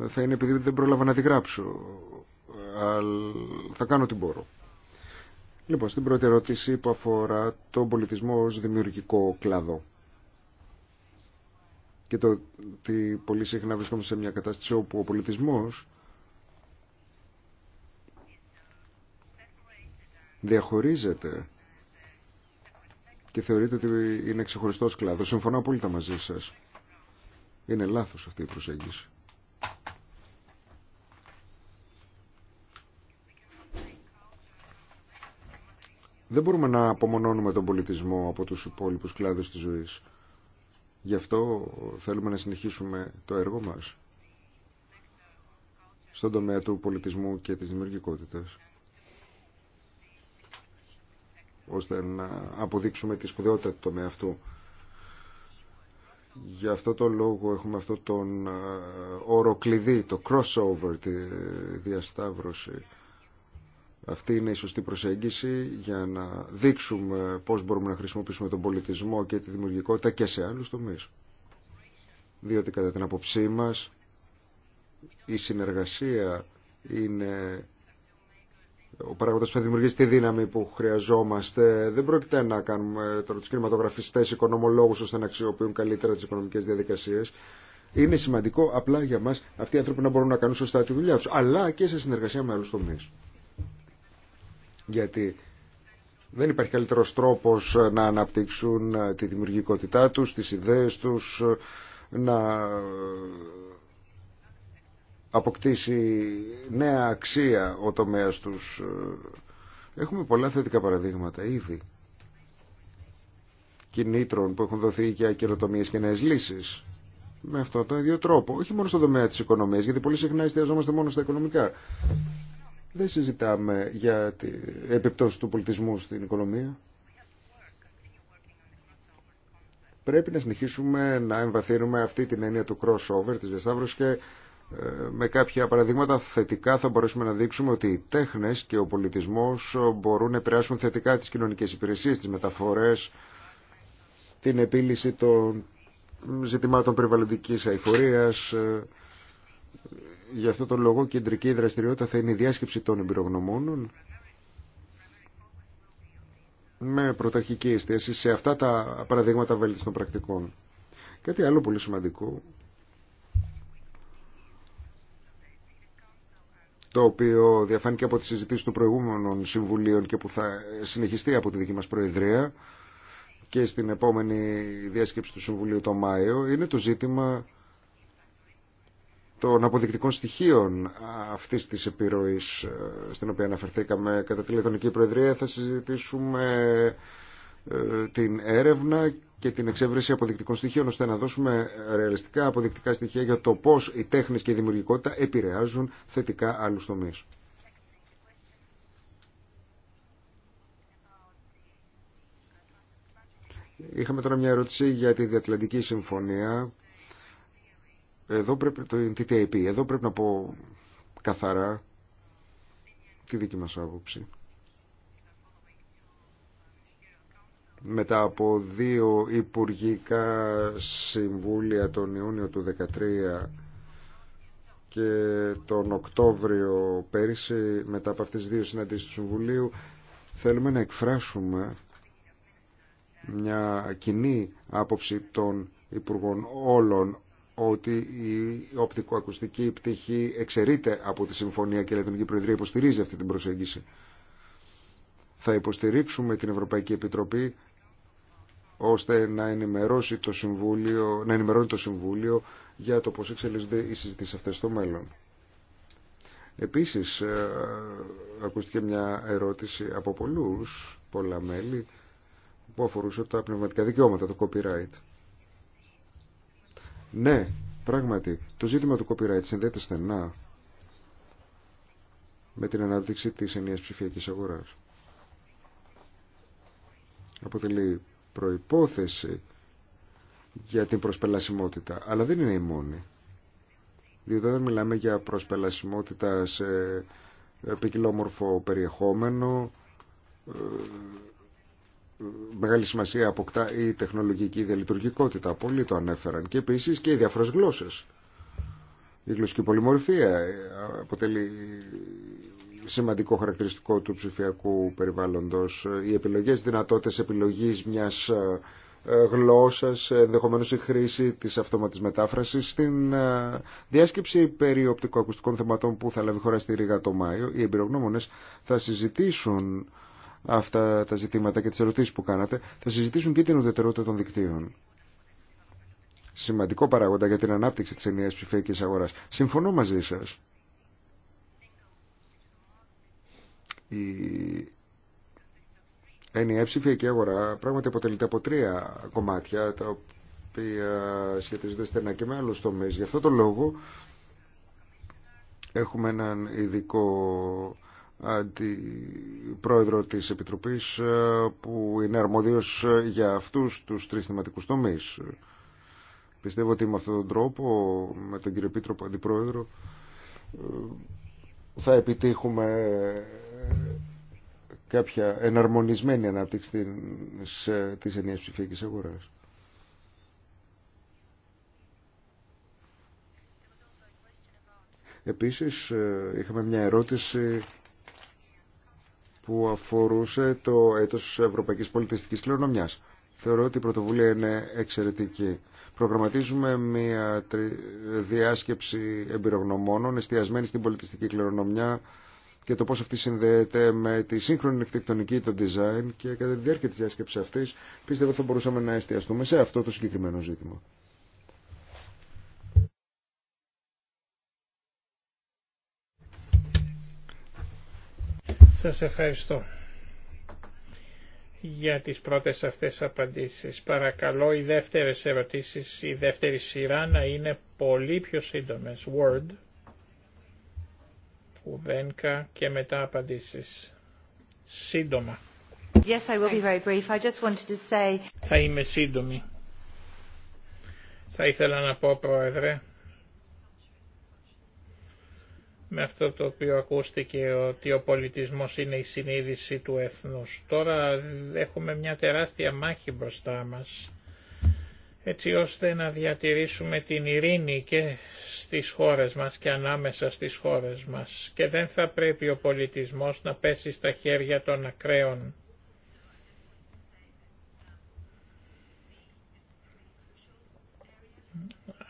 θα είναι επειδή δεν πρόλαβα να τη γράψω. Αλλά θα κάνω ό,τι μπορώ. Λοιπόν, στην πρώτη ερώτηση που αφορά τον πολιτισμό ως δημιουργικό κλάδο και το ότι πολύ συχνά βρισκόμαστε σε μια κατάσταση όπου ο πολιτισμός διαχωρίζεται και θεωρείται ότι είναι ξεχωριστός κλάδος. Συμφωνώ απόλυτα μαζί σας. Είναι λάθος αυτή η προσέγγιση. Δεν μπορούμε να απομονώνουμε τον πολιτισμό από τους υπόλοιπους κλάδους της ζωής. Γι' αυτό θέλουμε να συνεχίσουμε το έργο μας στον τομέα του πολιτισμού και της δημιουργικότητας ώστε να αποδείξουμε τη σπουδαιότητα του τομέα αυτού. Γι' αυτό το λόγο έχουμε αυτό τον ε, όρο κλειδί, το crossover, τη διασταύρωση αυτή είναι η σωστή προσέγγιση για να δείξουμε πώς μπορούμε να χρησιμοποιήσουμε τον πολιτισμό και τη δημιουργικότητα και σε άλλους τομείς. Διότι κατά την αποψή μας η συνεργασία είναι ο παράγοντα που θα δημιουργήσει τη δύναμη που χρειαζόμαστε. Δεν πρόκειται να κάνουμε τώρα του κινηματογραφιστές οικονομολόγους ώστε να αξιοποιούν καλύτερα τις οικονομικές διαδικασίες. Είναι σημαντικό απλά για μας αυτοί οι άνθρωποι να μπορούν να κάνουν σωστά τη δουλειά του, αλλά και σε συνεργασία με άλλου τομεί γιατί δεν υπάρχει καλύτερος τρόπος ε, να αναπτύξουν ε, τη δημιουργικότητά τους, τις ιδέες τους, ε, να αποκτήσει νέα αξία ο τομέας τους. Έχουμε πολλά θετικά παραδείγματα ήδη κινήτρων που έχουν δοθεί για καινοτομίε και νέε λύσει. Με αυτόν τον ίδιο τρόπο. Όχι μόνο στον τομέα τη οικονομία, γιατί πολύ συχνά εστιαζόμαστε μόνο στα οικονομικά. Δεν συζητάμε για την επιπτώση του πολιτισμού στην οικονομία. Πρέπει να συνεχίσουμε να εμβαθύνουμε αυτή την έννοια του crossover, της διασταύρωσης και ε, με κάποια παραδείγματα θετικά θα μπορέσουμε να δείξουμε ότι οι τέχνες και ο πολιτισμός μπορούν να επηρεάσουν θετικά τις κοινωνικές υπηρεσίες, τις μεταφορές, την επίλυση των ζητημάτων περιβαλλοντικής αηφορίας, ε, Γι' αυτό τον λόγο κεντρική δραστηριότητα θα είναι η διάσκεψη των εμπειρογνωμόνων με πρωταρχική εστίαση σε αυτά τα παραδείγματα βέλτιστων πρακτικών. Κάτι άλλο πολύ σημαντικό το οποίο και από τις συζητήσεις των προηγούμενων συμβουλίων και που θα συνεχιστεί από τη δική μας Προεδρία και στην επόμενη διάσκεψη του Συμβουλίου το Μάιο είναι το ζήτημα των αποδεικτικών στοιχείων αυτής της επιρροής ε, στην οποία αναφερθήκαμε κατά τη Λετωνική Προεδρία θα συζητήσουμε ε, την έρευνα και την εξέβρεση αποδεικτικών στοιχείων ώστε να δώσουμε ρεαλιστικά αποδεικτικά στοιχεία για το πώς οι τέχνες και η δημιουργικότητα επηρεάζουν θετικά άλλους τομείς. Είχαμε τώρα μια ερώτηση για τη Διατλαντική Συμφωνία εδώ πρέπει, το TTIP, εδώ πρέπει να πω καθαρά τη δική μας άποψη. Μετά από δύο υπουργικά συμβούλια τον Ιούνιο του 2013 και τον Οκτώβριο πέρυσι, μετά από αυτές τις δύο συναντήσεις του Συμβουλίου, θέλουμε να εκφράσουμε μια κοινή άποψη των Υπουργών όλων ότι η οπτικοακουστική πτυχή εξαιρείται από τη Συμφωνία και η Ελληνική Προεδρία υποστηρίζει αυτή την προσέγγιση. Θα υποστηρίξουμε την Ευρωπαϊκή Επιτροπή ώστε να, ενημερώσει το Συμβούλιο, να ενημερώνει το Συμβούλιο για το πώς εξελίσσονται οι συζητήσεις αυτές στο μέλλον. Επίσης, ε, ακούστηκε μια ερώτηση από πολλούς, πολλά μέλη, που αφορούσε τα πνευματικά δικαιώματα, το copyright. Ναι, πράγματι, το ζήτημα του copyright συνδέεται στενά με την ανάπτυξη της ενιαίας ψηφιακής αγοράς. Αποτελεί προϋπόθεση για την προσπελασιμότητα, αλλά δεν είναι η μόνη. Διότι όταν μιλάμε για προσπελασιμότητα σε ποικιλόμορφο περιεχόμενο, ε, μεγάλη σημασία αποκτά η τεχνολογική διαλειτουργικότητα. Πολλοί το ανέφεραν. Και επίση και οι διάφορε γλώσσε. Η γλωσσική πολυμορφία αποτελεί σημαντικό χαρακτηριστικό του ψηφιακού περιβάλλοντος. Οι επιλογές, δυνατότητες επιλογής μιας ε, γλώσσας, ενδεχομένω η χρήση της αυτόματης μετάφρασης. Στην ε, διάσκεψη περί οπτικοακουστικών θεματών που θα λάβει χώρα στη Ρήγα το Μάιο, οι εμπειρογνώμονες θα συζητήσουν αυτά τα ζητήματα και τις ερωτήσεις που κάνατε, θα συζητήσουν και την ουδετερότητα των δικτύων. Σημαντικό παράγοντα για την ανάπτυξη της ενιαίας ψηφιακής αγοράς. Συμφωνώ μαζί σας. Η ενιαία ψηφιακή αγορά πράγματι αποτελείται από τρία κομμάτια, τα οποία σχετίζονται στενά και με άλλους τομείς. Γι' αυτό το λόγο έχουμε έναν ειδικό Αντιπρόεδρο πρόεδρο της Επιτροπής ε, που είναι αρμοδίος για αυτούς τους τρεις θεματικούς τομείς. Πιστεύω ότι με αυτόν τον τρόπο, με τον κύριο Επίτροπο Αντιπρόεδρο, ε, θα επιτύχουμε κάποια εναρμονισμένη ανάπτυξη της ενιαίας ψηφιακής αγοράς. Επίσης, ε, είχαμε μια ερώτηση που αφορούσε το έτος Ευρωπαϊκής Πολιτιστικής Κληρονομιάς. Θεωρώ ότι η πρωτοβουλία είναι εξαιρετική. Προγραμματίζουμε μια διάσκεψη εμπειρογνωμόνων εστιασμένη στην πολιτιστική κληρονομιά και το πώς αυτή συνδέεται με τη σύγχρονη εκτεκτονική, το design και κατά τη διάρκεια της διάσκεψης αυτής πιστεύω θα μπορούσαμε να εστιαστούμε σε αυτό το συγκεκριμένο ζήτημα. Σας ευχαριστώ για τις πρώτες αυτές απαντήσεις. Παρακαλώ οι δεύτερες ερωτήσεις, η δεύτερη σειρά να είναι πολύ πιο σύντομες. Word, ουδένκα και μετά απαντήσεις. Σύντομα. Yes, I will be very brief. I just wanted to say... Θα είμαι σύντομη. Θα ήθελα να πω, Πρόεδρε, με αυτό το οποίο ακούστηκε ότι ο πολιτισμός είναι η συνείδηση του έθνους. Τώρα έχουμε μια τεράστια μάχη μπροστά μας έτσι ώστε να διατηρήσουμε την ειρήνη και στις χώρες μας και ανάμεσα στις χώρες μας και δεν θα πρέπει ο πολιτισμός να πέσει στα χέρια των ακραίων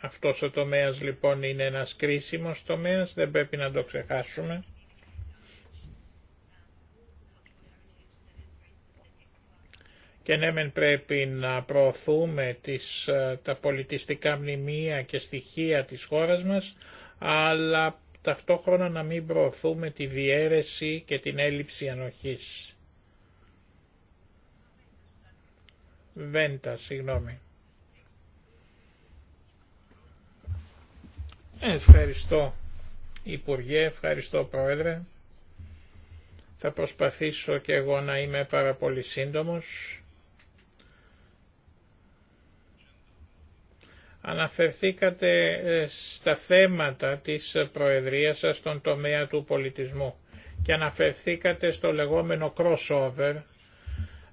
Αυτός ο τομέας λοιπόν είναι ένας κρίσιμος τομέας, δεν πρέπει να το ξεχάσουμε. Και ναι μεν πρέπει να προωθούμε τις, ε, τα πολιτιστικά μνημεία και στοιχεία της χώρας μας, αλλά ταυτόχρονα να μην προωθούμε τη διέρεση και την έλλειψη ανοχής. Βέντα, συγγνώμη. Ευχαριστώ Υπουργέ, ευχαριστώ Πρόεδρε. Θα προσπαθήσω και εγώ να είμαι πάρα πολύ σύντομος. Αναφερθήκατε ε, στα θέματα της Προεδρίας σας στον τομέα του πολιτισμού και αναφερθήκατε στο λεγόμενο crossover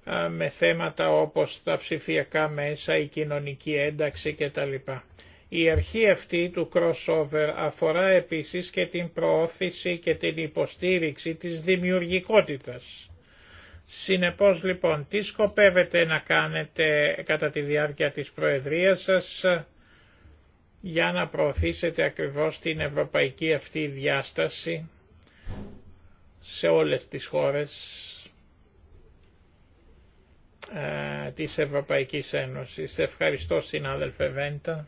ε, με θέματα όπως τα ψηφιακά μέσα, η κοινωνική ένταξη κτλ. Η αρχή αυτή του crossover αφορά επίσης και την προώθηση και την υποστήριξη της δημιουργικότητας. Συνεπώς λοιπόν, τι σκοπεύετε να κάνετε κατά τη διάρκεια της Προεδρίας σας για να προωθήσετε ακριβώς την ευρωπαϊκή αυτή διάσταση σε όλες τις χώρες ε, της Ευρωπαϊκής Ένωσης. Ευχαριστώ συνάδελφε Βέντα.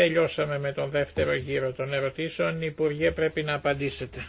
Τελειώσαμε με τον δεύτερο γύρο των ερωτήσεων. Υπουργέ πρέπει να απαντήσετε.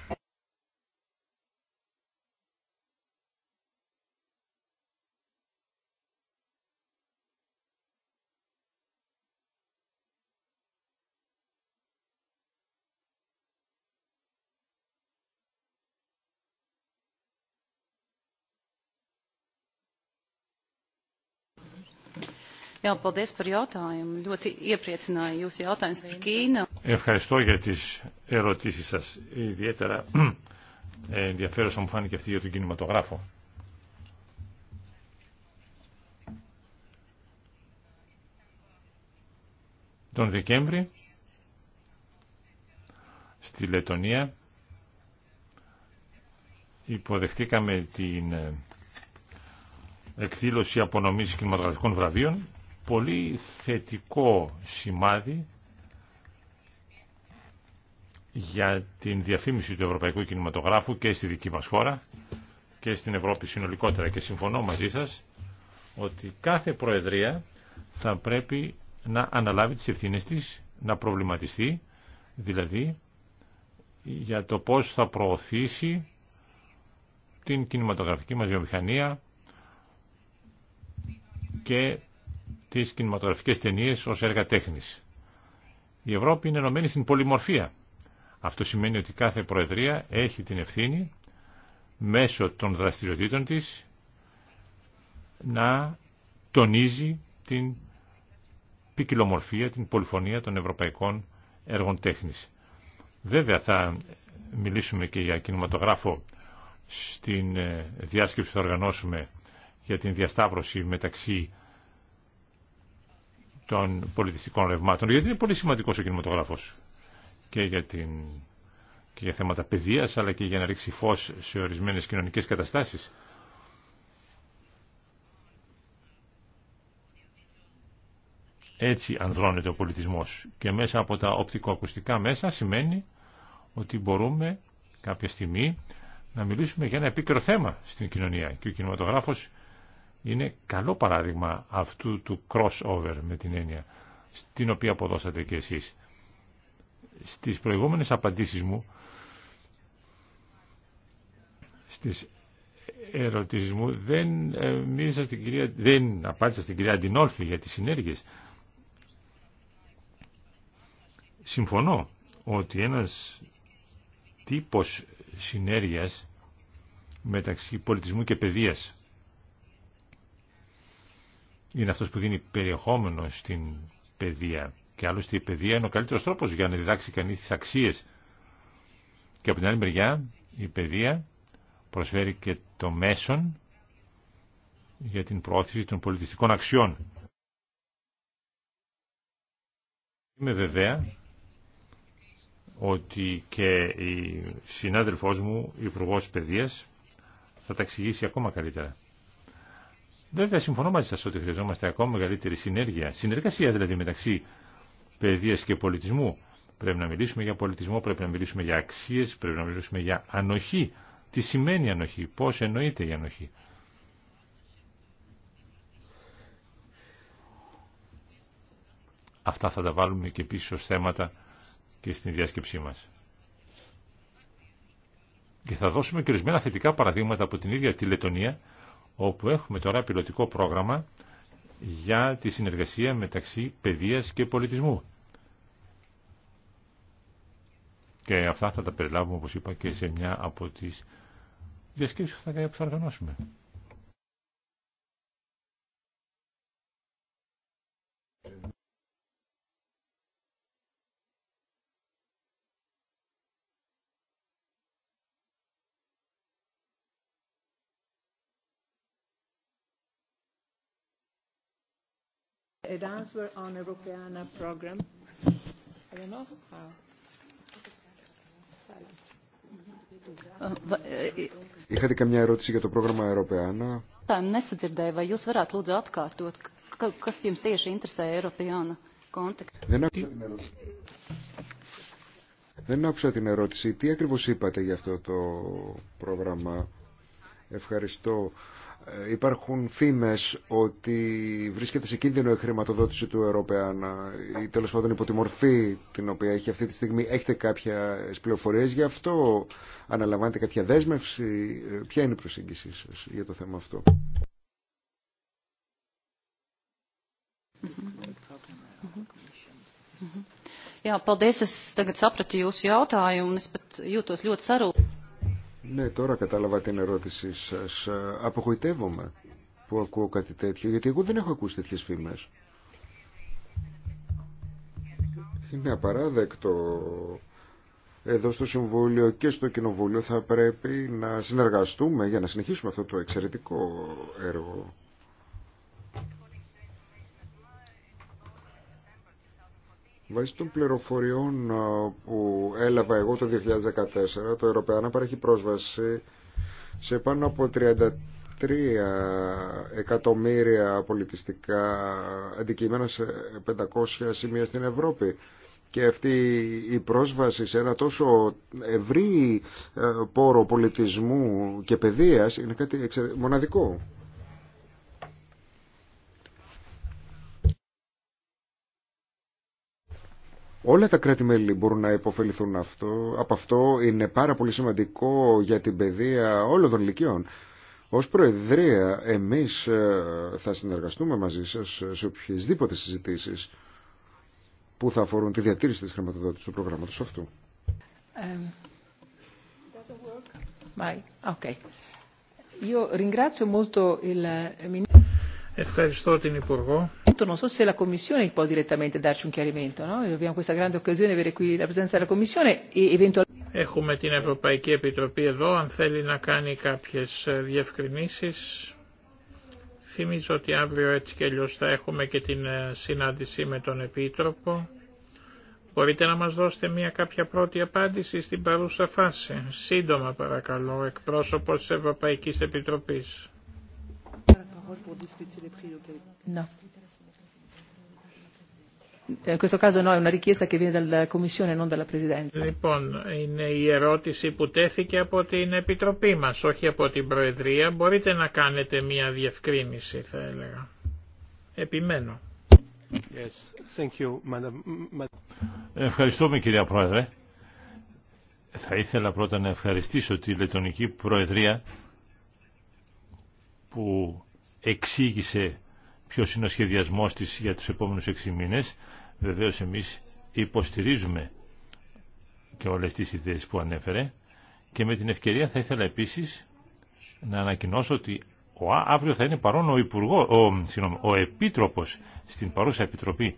Ευχαριστώ για τις ερωτήσεις σας. Ιδιαίτερα [CLEARS THROAT] ε, ενδιαφέροντα μου φάνηκε αυτή για τον κινηματογράφο. Τον Δεκέμβρη στη Λετωνία υποδεχτήκαμε την ε, εκδήλωση απονομής κινηματογραφικών βραβείων πολύ θετικό σημάδι για την διαφήμιση του ευρωπαϊκού κινηματογράφου και στη δική μας χώρα και στην Ευρώπη συνολικότερα και συμφωνώ μαζί σας ότι κάθε προεδρία θα πρέπει να αναλάβει τις ευθύνες της, να προβληματιστεί δηλαδή για το πώς θα προωθήσει την κινηματογραφική μας βιομηχανία και τις κινηματογραφικές ταινίες ως έργα τέχνης. Η Ευρώπη είναι ενωμένη στην πολυμορφία. Αυτό σημαίνει ότι κάθε Προεδρία έχει την ευθύνη μέσω των δραστηριοτήτων της να τονίζει την ποικιλομορφία, την πολυφωνία των ευρωπαϊκών έργων τέχνης. Βέβαια θα μιλήσουμε και για κινηματογράφο στην ε, διάσκεψη που θα οργανώσουμε για την διασταύρωση μεταξύ των πολιτιστικών ρευμάτων, γιατί είναι πολύ σημαντικός ο κινηματογράφος και για, την, και για θέματα παιδείας, αλλά και για να ρίξει φως σε ορισμένες κοινωνικές καταστάσεις. Έτσι ανδρώνεται ο πολιτισμός και μέσα από τα οπτικοακουστικά μέσα σημαίνει ότι μπορούμε κάποια στιγμή να μιλήσουμε για ένα επίκαιρο θέμα στην κοινωνία και ο κινηματογράφος είναι καλό παράδειγμα αυτού του crossover με την έννοια στην οποία αποδώσατε και εσείς. Στις προηγούμενες απαντήσεις μου, στις ερωτήσεις μου, δεν, ε, μίλησα στην κυρία, δεν απάντησα στην κυρία Αντινόλφη για τις συνέργειες. Συμφωνώ ότι ένας τύπος συνέργειας μεταξύ πολιτισμού και παιδείας είναι αυτός που δίνει περιεχόμενο στην παιδεία. Και άλλωστε η παιδεία είναι ο καλύτερος τρόπος για να διδάξει κανείς τις αξίες. Και από την άλλη μεριά η παιδεία προσφέρει και το μέσον για την πρόθεση των πολιτιστικών αξιών. Είμαι βεβαία ότι και η συνάδελφός μου, η Υπουργός Παιδείας, θα τα εξηγήσει ακόμα καλύτερα. Βέβαια, συμφωνώ μαζί σα ότι χρειαζόμαστε ακόμα μεγαλύτερη συνέργεια, συνεργασία δηλαδή μεταξύ παιδεία και πολιτισμού. Πρέπει να μιλήσουμε για πολιτισμό, πρέπει να μιλήσουμε για αξίες, πρέπει να μιλήσουμε για ανοχή. Τι σημαίνει ανοχή, πώ εννοείται η ανοχή. Αυτά θα τα βάλουμε και πίσω ως θέματα και στην διάσκεψή μας. Και θα δώσουμε και ορισμένα θετικά παραδείγματα από την ίδια τη Λετωνία, όπου έχουμε τώρα πιλωτικό πρόγραμμα για τη συνεργασία μεταξύ παιδείας και πολιτισμού. Και αυτά θα τα περιλάβουμε, όπως είπα, και σε μια από τις διασκέψεις που θα, οργανώσουμε. Erasmus on Europeana uh, uh, Είχατε καμιά ερώτηση για το πρόγραμμα Ευρωπαϊάνα. Τα νεσαντζερδέα, βα ιούς βαράτε λούτζα ατκάρτουτ. Κας τιμς τίεσαι ίντρεσε Ευρωπαϊάνα κόντεκ. Δεν άκουσα την ερώτηση. Δεν άκουσα την ερώτηση. Τι ακριβώς είπατε για αυτό το πρόγραμμα. Ευχαριστώ. Ε, υπάρχουν φήμες ότι βρίσκεται σε κίνδυνο η χρηματοδότηση του Ευρωπαίαν ή τέλος πάντων υπό τη μορφή την οποία έχει αυτή τη στιγμή. Έχετε κάποιες πληροφορίες γι' αυτό, αναλαμβάνετε κάποια δέσμευση. Ε, ποια είναι η τελο παντων υπο τη μορφη την οποια εχει αυτη τη στιγμη εχετε κάποια πληροφοριες γι αυτο αναλαμβανετε καποια δεσμευση ποια ειναι η προσεγγιση σας για το θέμα αυτό. Jā, mm-hmm. mm-hmm. mm-hmm. paldies, es tagad sapratu jūsu jautājumu, ναι, τώρα κατάλαβα την ερώτησή σας. Απογοητεύομαι που ακούω κάτι τέτοιο, γιατί εγώ δεν έχω ακούσει τέτοιες φήμες. Είναι απαράδεκτο. Εδώ στο Συμβούλιο και στο Κοινοβούλιο θα πρέπει να συνεργαστούμε για να συνεχίσουμε αυτό το εξαιρετικό έργο. Βάσει των πληροφοριών που έλαβα εγώ το 2014, το Ευρωπαϊκό παρέχει πρόσβαση σε πάνω από 33 εκατομμύρια πολιτιστικά αντικείμενα σε 500 σημεία στην Ευρώπη. Και αυτή η πρόσβαση σε ένα τόσο ευρύ ε, πόρο πολιτισμού και παιδείας είναι κάτι μοναδικό. Όλα τα κράτη-μέλη μπορούν να υποφεληθούν αυτό. από αυτό. Είναι πάρα πολύ σημαντικό για την παιδεία όλων των ηλικιών. Ως Προεδρία εμείς ε, θα συνεργαστούμε μαζί σας σε οποιασδήποτε συζητήσεις που θα αφορούν τη διατήρηση της χρηματοδότησης του προγράμματος αυτού. Um, Ευχαριστώ την Υπουργό. Έχουμε την Ευρωπαϊκή Επιτροπή εδώ, αν θέλει να κάνει κάποιες ε, διευκρινήσεις. Θυμίζω ότι αύριο έτσι και αλλιώς θα έχουμε και την ε, συνάντηση με τον Επίτροπο. Μπορείτε να μας δώσετε μια κάποια πρώτη απάντηση στην παρούσα φάση. Σύντομα παρακαλώ, Εκπρόσωπο της Ευρωπαϊκής Επιτροπής. Ε, parole pour discuter les priorités. No. In questo caso no, è una richiesta che viene dalla Commissione, non dalla Presidente. Λοιπόν, είναι η ερώτηση που τέθηκε από την Επιτροπή μας, όχι από την Προεδρία. Μπορείτε να κάνετε μια διευκρίνηση, θα έλεγα. Επιμένω. Yes, thank you, madam. Madam. Ευχαριστούμε κυρία Πρόεδρε. Θα ήθελα πρώτα να ευχαριστήσω τη Λετωνική Προεδρία που εξήγησε ποιος είναι ο σχεδιασμός της για τους επόμενους έξι μήνες. Βεβαίως εμείς υποστηρίζουμε και όλες τις ιδέες που ανέφερε και με την ευκαιρία θα ήθελα επίσης να ανακοινώσω ότι ο, αύριο θα είναι παρόν ο, Υπουργό, ο, Επίτροπος στην παρούσα Επιτροπή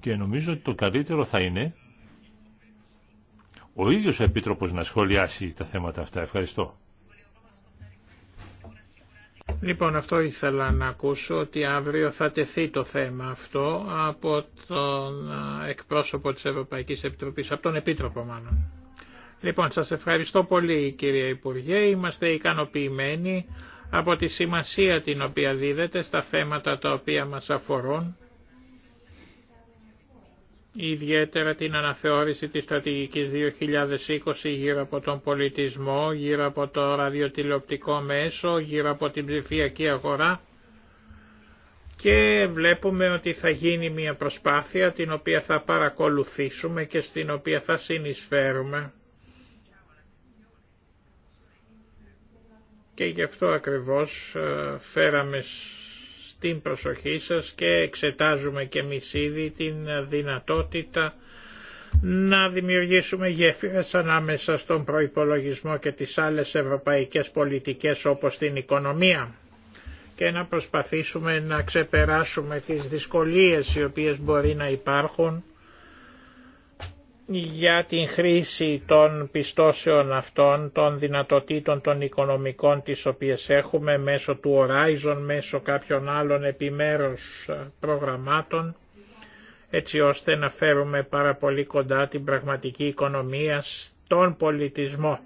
και νομίζω ότι το καλύτερο θα είναι ο ίδιος ο Επίτροπος να σχολιάσει τα θέματα αυτά. Ευχαριστώ. Λοιπόν, αυτό ήθελα να ακούσω, ότι αύριο θα τεθεί το θέμα αυτό από τον εκπρόσωπο της Ευρωπαϊκής Επιτροπής, από τον Επίτροπο μάλλον. Λοιπόν, σας ευχαριστώ πολύ κύριε Υπουργέ, είμαστε ικανοποιημένοι από τη σημασία την οποία δίδεται στα θέματα τα οποία μας αφορούν ιδιαίτερα την αναθεώρηση της στρατηγικής 2020 γύρω από τον πολιτισμό, γύρω από το ραδιοτηλεοπτικό μέσο, γύρω από την ψηφιακή αγορά και βλέπουμε ότι θα γίνει μια προσπάθεια την οποία θα παρακολουθήσουμε και στην οποία θα συνεισφέρουμε. Και γι' αυτό ακριβώς ε, φέραμε την προσοχή σας και εξετάζουμε και εμείς ήδη την δυνατότητα να δημιουργήσουμε γέφυρες ανάμεσα στον προϋπολογισμό και τις άλλες ευρωπαϊκές πολιτικές όπως την οικονομία και να προσπαθήσουμε να ξεπεράσουμε τις δυσκολίες οι οποίες μπορεί να υπάρχουν για την χρήση των πιστώσεων αυτών, των δυνατοτήτων των οικονομικών τις οποίες έχουμε μέσω του Horizon, μέσω κάποιων άλλων επιμέρους προγραμμάτων, έτσι ώστε να φέρουμε πάρα πολύ κοντά την πραγματική οικονομία στον πολιτισμό.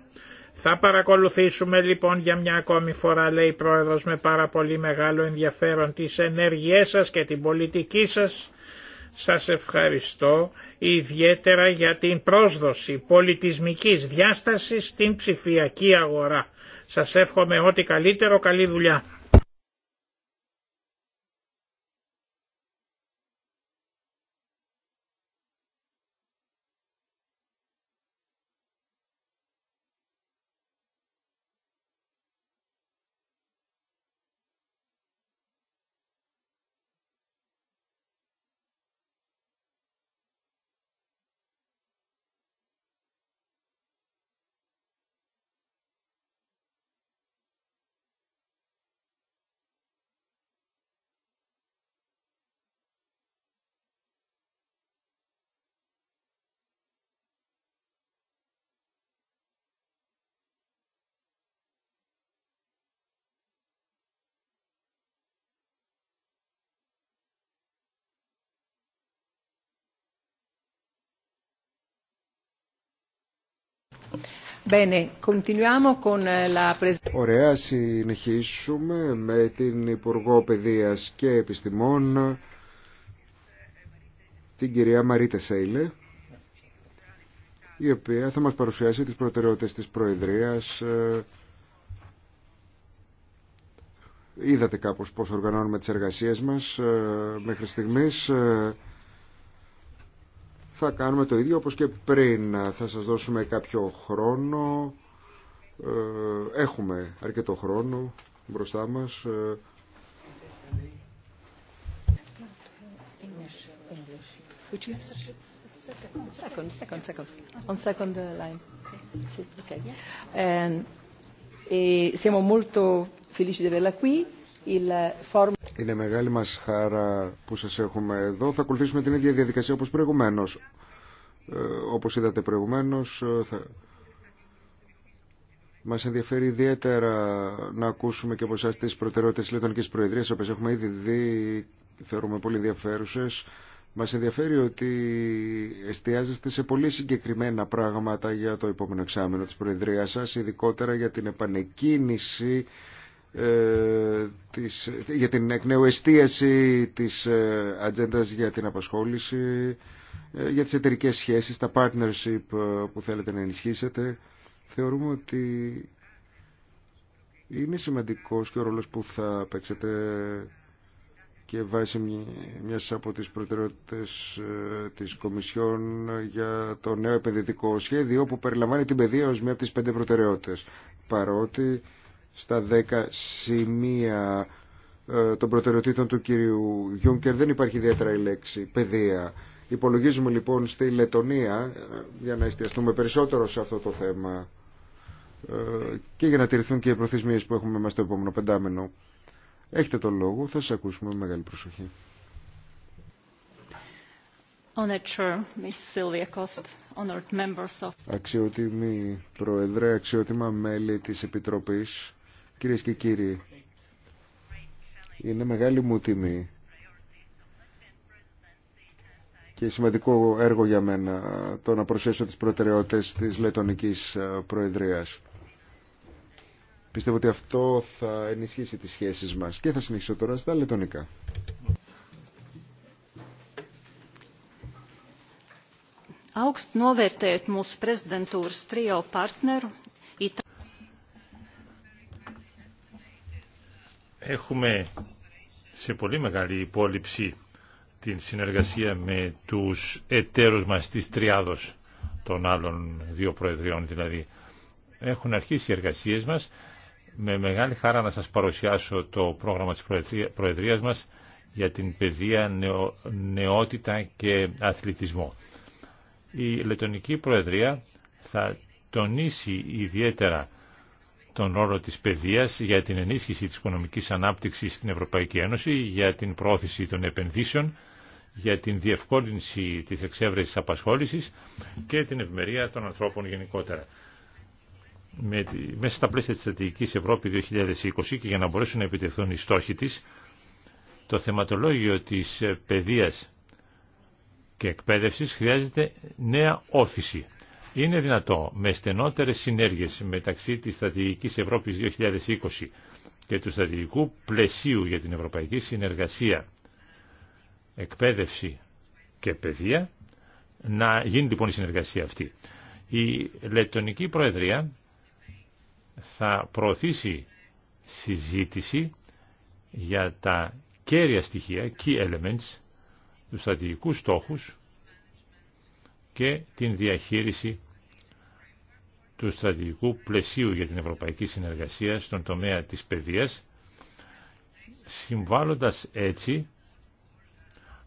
Θα παρακολουθήσουμε λοιπόν για μια ακόμη φορά, λέει η Πρόεδρος, με πάρα πολύ μεγάλο ενδιαφέρον τις ενέργειές σας και την πολιτική σας σας ευχαριστώ ιδιαίτερα για την πρόσδοση πολιτισμικής διάστασης στην ψηφιακή αγορά. Σας εύχομαι ό,τι καλύτερο, καλή δουλειά. Eh, Ωραία, συνεχίσουμε με την Υπουργό Παιδείας και Επιστημών, την κυρία Μαρίτε Σέιλε, η οποία θα μας παρουσιάσει τις προτεραιότητες της Προεδρίας. Ε, είδατε κάπως πώς οργανώνουμε τις εργασίες μας ε, μέχρι στιγμής. Ε, θα κάνουμε το ίδιο όπως και πριν. Θα σας δώσουμε κάποιο χρόνο. Ε, έχουμε αρκετό χρόνο μπροστά μας. Siamo molto felici di averla qui. Είναι μεγάλη μας χαρά που σας έχουμε εδώ. Θα ακολουθήσουμε την ίδια διαδικασία όπως προηγουμένως. Ε, όπως είδατε προηγουμένως, ε, θα... μας ενδιαφέρει ιδιαίτερα να ακούσουμε και από εσάς τις προτεραιότητες της Λετωνικής Προεδρίας, όπως έχουμε ήδη δει, θεωρούμε πολύ ενδιαφέρουσε. Μας ενδιαφέρει ότι εστιάζεστε σε πολύ συγκεκριμένα πράγματα για το επόμενο εξάμεινο της Προεδρίας σας, ειδικότερα για την επανεκκίνηση ε, της, για την εκ νέου της ε, ατζέντα για την απασχόληση, ε, για τις εταιρικέ σχέσεις, τα partnership που θέλετε να ενισχύσετε. Θεωρούμε ότι είναι σημαντικός και ο ρόλος που θα παίξετε και βάσει μιας από τις προτεραιότητες της Κομισιόν για το νέο επενδυτικό σχέδιο που περιλαμβάνει την παιδεία ως μία από τις πέντε προτεραιότητες. Παρότι στα δέκα σημεία ε, των προτεραιοτήτων του κυρίου Γιούνκερ δεν υπάρχει ιδιαίτερα η λέξη παιδεία. Υπολογίζουμε λοιπόν στη Λετωνία ε, για να εστιαστούμε περισσότερο σε αυτό το θέμα ε, και για να τηρηθούν και οι προθεσμίες που έχουμε μέσα στο επόμενο πεντάμενο. Έχετε τον λόγο, θα σας ακούσουμε με μεγάλη προσοχή. Αξιότιμη Πρόεδρε, αξιότιμα μέλη της Επιτροπής, Κυρίες και κύριοι, είναι μεγάλη μου τιμή και σημαντικό έργο για μένα το να προσθέσω τις προτεραιότητες της Λετωνικής ε, Προεδρίας. Πιστεύω ότι αυτό θα ενισχύσει τις σχέσεις μας και θα συνεχίσω τώρα στα λετωνικά. mūsu prezidentūras trio partneru Έχουμε σε πολύ μεγάλη υπόλοιψη την συνεργασία με τους εταίρους μας της Τριάδος των άλλων δύο προεδριών δηλαδή. Έχουν αρχίσει οι εργασίες μας. Με μεγάλη χαρά να σας παρουσιάσω το πρόγραμμα της Προεδρίας μας για την παιδεία, νεότητα και αθλητισμό. Η Λετωνική Προεδρία θα τονίσει ιδιαίτερα τον όρο της παιδείας για την ενίσχυση της οικονομικής ανάπτυξης στην Ευρωπαϊκή Ένωση, για την πρόθεση των επενδύσεων, για την διευκόλυνση της εξέβρεσης απασχόλησης και την ευμερία των ανθρώπων γενικότερα. Με, μέσα στα πλαίσια της Στρατηγικής Ευρώπη 2020 και για να μπορέσουν να επιτευχθούν οι στόχοι της, το θεματολόγιο της παιδείας και εκπαίδευσης χρειάζεται νέα όθηση είναι δυνατό με στενότερες συνέργειες μεταξύ της Στρατηγικής Ευρώπης 2020 και του Στρατηγικού Πλαισίου για την Ευρωπαϊκή Συνεργασία, Εκπαίδευση και Παιδεία, να γίνει λοιπόν η συνεργασία αυτή. Η Λετωνική Προεδρία θα προωθήσει συζήτηση για τα κέρια στοιχεία, key elements, του στρατηγικούς στόχους και την διαχείριση του στρατηγικού πλαισίου για την ευρωπαϊκή συνεργασία στον τομέα της παιδείας, συμβάλλοντας έτσι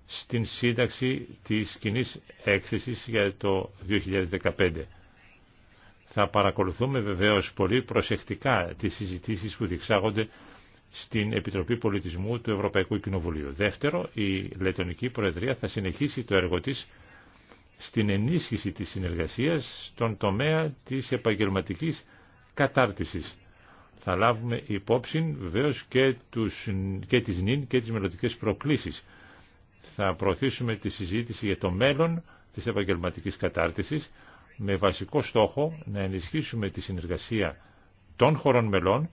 στην σύνταξη της κοινή έκθεσης για το 2015. Θα παρακολουθούμε βεβαίως πολύ προσεκτικά τις συζητήσεις που διεξάγονται στην Επιτροπή Πολιτισμού του Ευρωπαϊκού Κοινοβουλίου. Δεύτερο, η Λετωνική Προεδρία θα συνεχίσει το έργο της στην ενίσχυση της συνεργασίας στον τομέα της επαγγελματικής κατάρτισης. Θα λάβουμε υπόψη βεβαίω και, τους, και τις νυν και τις μελλοντικέ προκλήσεις. Θα προωθήσουμε τη συζήτηση για το μέλλον της επαγγελματικής κατάρτισης με βασικό στόχο να ενισχύσουμε τη συνεργασία των χωρών μελών,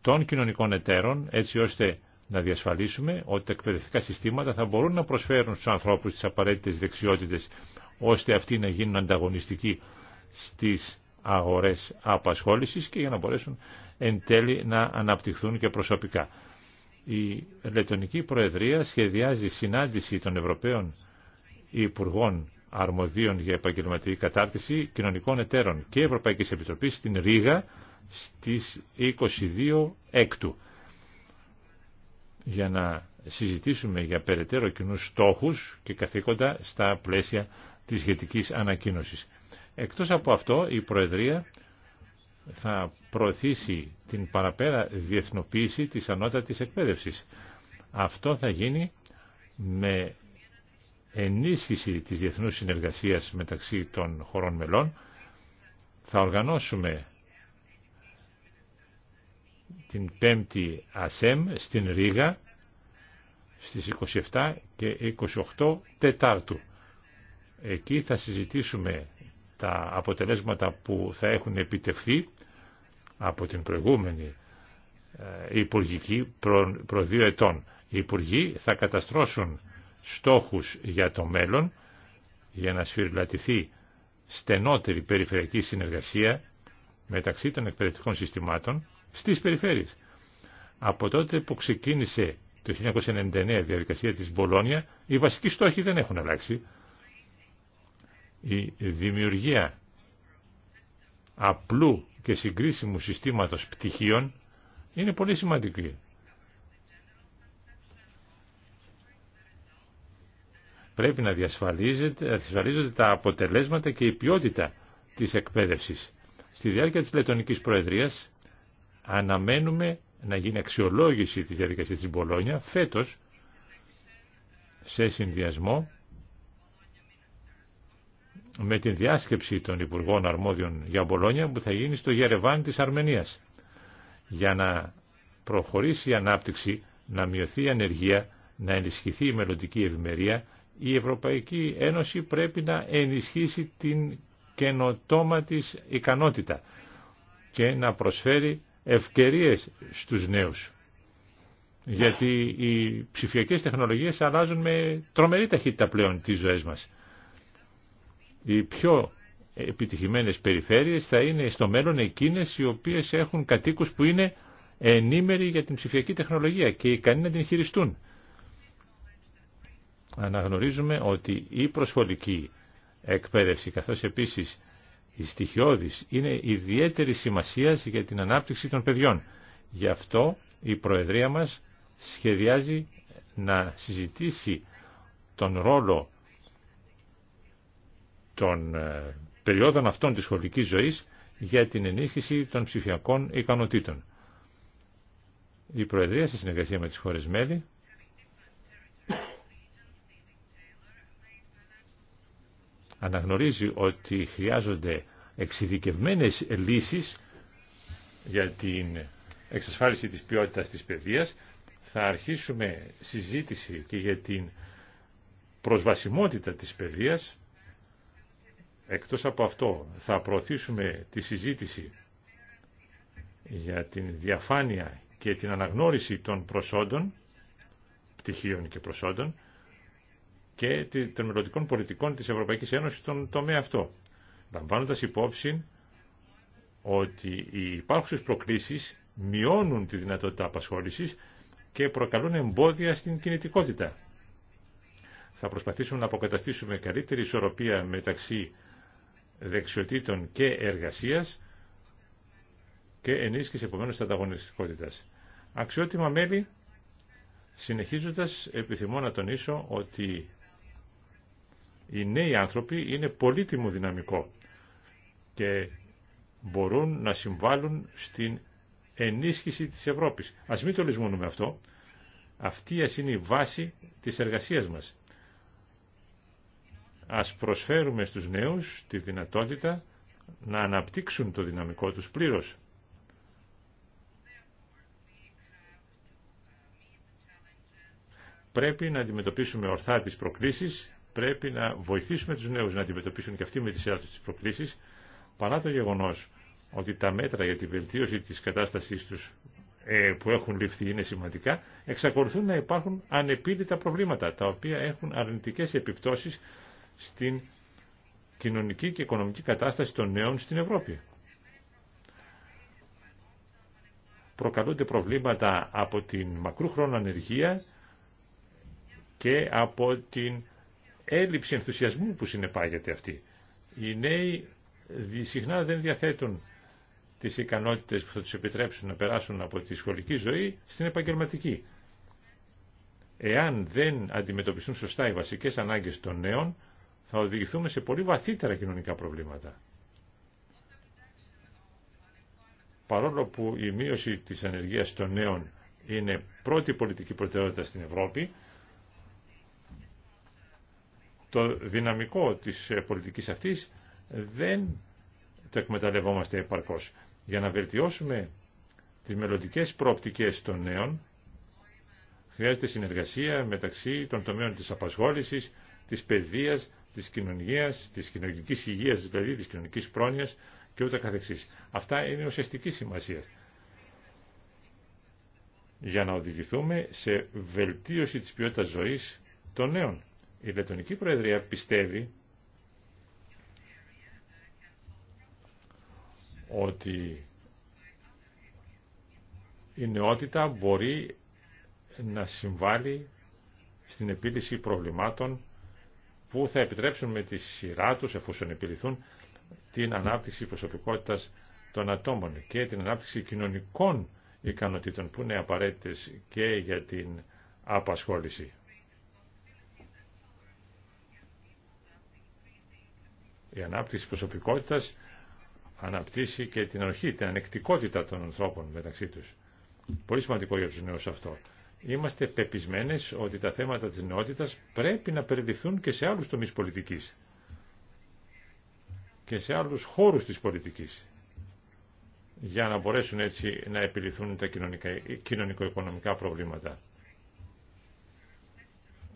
των κοινωνικών εταίρων, έτσι ώστε να διασφαλίσουμε ότι τα εκπαιδευτικά συστήματα θα μπορούν να προσφέρουν στους ανθρώπους τις απαραίτητες δεξιότητες ώστε αυτοί να γίνουν ανταγωνιστικοί στις αγορές απασχόλησης και για να μπορέσουν εν τέλει να αναπτυχθούν και προσωπικά. Η Λετωνική Προεδρία σχεδιάζει συνάντηση των Ευρωπαίων Υπουργών Αρμοδίων για Επαγγελματική Κατάρτιση Κοινωνικών Εταίρων και Ευρωπαϊκής Επιτροπής στην Ρήγα στις 22 Έκτου για να συζητήσουμε για περαιτέρω κοινού στόχους και καθήκοντα στα πλαίσια της σχετικής ανακοίνωσης. Εκτός από αυτό, η Προεδρία θα προωθήσει την παραπέρα διεθνοποίηση της ανώτατης εκπαίδευσης. Αυτό θα γίνει με ενίσχυση της διεθνούς συνεργασίας μεταξύ των χωρών μελών. Θα οργανώσουμε την 5η ΑΣΕΜ στην Ρήγα στις 27 και 28 Τετάρτου. Εκεί θα συζητήσουμε τα αποτελέσματα που θα έχουν επιτευχθεί από την προηγούμενη ε, Υπουργική προ, προ δύο ετών. Οι Υπουργοί θα καταστρώσουν στόχους για το μέλλον για να σφυριλατηθεί στενότερη περιφερειακή συνεργασία μεταξύ των εκπαιδευτικών συστημάτων στις περιφέρειες. Από τότε που ξεκίνησε το 1999 η διαδικασία της Μπολόνια, οι βασικοί στόχοι δεν έχουν αλλάξει. Η δημιουργία απλού και συγκρίσιμου συστήματος πτυχίων είναι πολύ σημαντική. Πρέπει να διασφαλίζονται τα αποτελέσματα και η ποιότητα της εκπαίδευσης. Στη διάρκεια της Λετωνικής Προεδρίας Αναμένουμε να γίνει αξιολόγηση της διαδικασίας της Μπολόνια φέτος σε συνδυασμό με την διάσκεψη των Υπουργών Αρμόδιων για Μπολόνια που θα γίνει στο Γερεβάν της Αρμενίας για να προχωρήσει η ανάπτυξη, να μειωθεί η ανεργία, να ενισχυθεί η μελλοντική ευημερία, η Ευρωπαϊκή Ένωση πρέπει να ενισχύσει την καινοτόμα της ικανότητα και να προσφέρει ευκαιρίες στους νέους. Γιατί οι ψηφιακές τεχνολογίες αλλάζουν με τρομερή ταχύτητα πλέον τις ζωές μας. Οι πιο επιτυχημένες περιφέρειες θα είναι στο μέλλον εκείνες οι οποίες έχουν κατοίκους που είναι ενήμεροι για την ψηφιακή τεχνολογία και ικανοί να την χειριστούν. Αναγνωρίζουμε ότι η προσχολική εκπαίδευση καθώς επίσης η στοιχειώδεις, είναι ιδιαίτερη σημασία για την ανάπτυξη των παιδιών. Γι' αυτό η Προεδρία μας σχεδιάζει να συζητήσει τον ρόλο των ε, περιόδων αυτών της σχολικής ζωής για την ενίσχυση των ψηφιακών ικανοτήτων. Η Προεδρία, σε συνεργασία με τις χώρες μέλη, αναγνωρίζει ότι χρειάζονται εξειδικευμένες λύσεις για την εξασφάλιση της ποιότητας της παιδείας, θα αρχίσουμε συζήτηση και για την προσβασιμότητα της παιδείας. Εκτός από αυτό θα προωθήσουμε τη συζήτηση για την διαφάνεια και την αναγνώριση των προσόντων, πτυχίων και προσόντων, και των μελλοντικών πολιτικών της Ευρωπαϊκής Ένωσης στον τομέα αυτό, λαμβάνοντα υπόψη ότι οι υπάρχουσες προκλήσεις μειώνουν τη δυνατότητα απασχόλησης και προκαλούν εμπόδια στην κινητικότητα. Θα προσπαθήσουμε να αποκαταστήσουμε καλύτερη ισορροπία μεταξύ δεξιοτήτων και εργασίας και ενίσχυση επομένως της ανταγωνιστικότητας. Αξιότιμα μέλη, συνεχίζοντας, επιθυμώ να τονίσω ότι οι νέοι άνθρωποι είναι πολύτιμο δυναμικό και μπορούν να συμβάλλουν στην ενίσχυση της Ευρώπης. Ας μην το λησμονούμε αυτό. Αυτή ας είναι η βάση της εργασίας μας. Ας προσφέρουμε στους νέους τη δυνατότητα να αναπτύξουν το δυναμικό τους πλήρως. Πρέπει να αντιμετωπίσουμε ορθά τις προκλήσεις πρέπει να βοηθήσουμε τους νέους να αντιμετωπίσουν και αυτοί με τις σειρά τους τις προκλήσεις, παρά το γεγονός ότι τα μέτρα για τη βελτίωση της κατάστασής τους ε, που έχουν ληφθεί είναι σημαντικά, εξακολουθούν να υπάρχουν ανεπίλητα προβλήματα, τα οποία έχουν αρνητικές επιπτώσεις στην κοινωνική και οικονομική κατάσταση των νέων στην Ευρώπη. Προκαλούνται προβλήματα από την μακρού χρόνο ανεργία και από την έλλειψη ενθουσιασμού που συνεπάγεται αυτή. Οι νέοι συχνά δεν διαθέτουν τις ικανότητες που θα τους επιτρέψουν να περάσουν από τη σχολική ζωή στην επαγγελματική. Εάν δεν αντιμετωπιστούν σωστά οι βασικές ανάγκες των νέων, θα οδηγηθούμε σε πολύ βαθύτερα κοινωνικά προβλήματα. Παρόλο που η μείωση της ανεργίας των νέων είναι πρώτη πολιτική προτεραιότητα στην Ευρώπη, το δυναμικό της ε, πολιτικής αυτής δεν το εκμεταλλευόμαστε επαρκώς. Για να βελτιώσουμε τις μελλοντικέ προοπτικές των νέων, χρειάζεται συνεργασία μεταξύ των τομέων της απασχόλησης, της παιδείας, της κοινωνίας, της κοινωνικής υγείας, δηλαδή της κοινωνικής πρόνοιας και ούτε καθεξής. Αυτά είναι ουσιαστική σημασία για να οδηγηθούμε σε βελτίωση της ποιότητας ζωής των νέων. Η Λετωνική Προεδρία πιστεύει ότι η νεότητα μπορεί να συμβάλλει στην επίλυση προβλημάτων που θα επιτρέψουν με τη σειρά τους, εφόσον επιληθούν, την ανάπτυξη προσωπικότητας των ατόμων και την ανάπτυξη κοινωνικών ικανοτήτων που είναι απαραίτητες και για την απασχόληση. η ανάπτυξη προσωπικότητας αναπτύσσει και την αρχή, την ανεκτικότητα των ανθρώπων μεταξύ τους. Πολύ σημαντικό για τους νέους αυτό. Είμαστε πεπισμένες ότι τα θέματα της νεότητας πρέπει να περιληφθούν και σε άλλους τομείς πολιτικής και σε άλλους χώρους της πολιτικής για να μπορέσουν έτσι να επιληθούν τα κοινωνικο-οικονομικά προβλήματα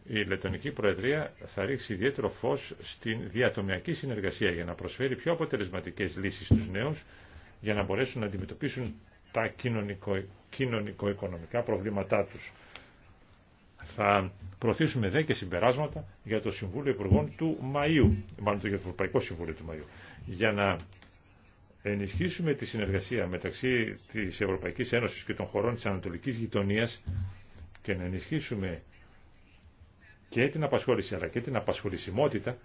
η Λετωνική Προεδρία θα ρίξει ιδιαίτερο φως στην διατομιακή συνεργασία για να προσφέρει πιο αποτελεσματικές λύσεις στους νέους για να μπορέσουν να αντιμετωπίσουν τα κοινωνικο-οικονομικά προβλήματά τους. Θα προωθήσουμε δε και συμπεράσματα για το Συμβούλιο Υπουργών του Μαΐου, μάλλον το Ευρωπαϊκό Συμβούλιο του Μαΐου, για να ενισχύσουμε τη συνεργασία μεταξύ της Ευρωπαϊκής Ένωσης και των χωρών της Ανατολικής Γειτονίας και να ενισχύσουμε και την απασχόληση αλλά και την απασχολησιμότητα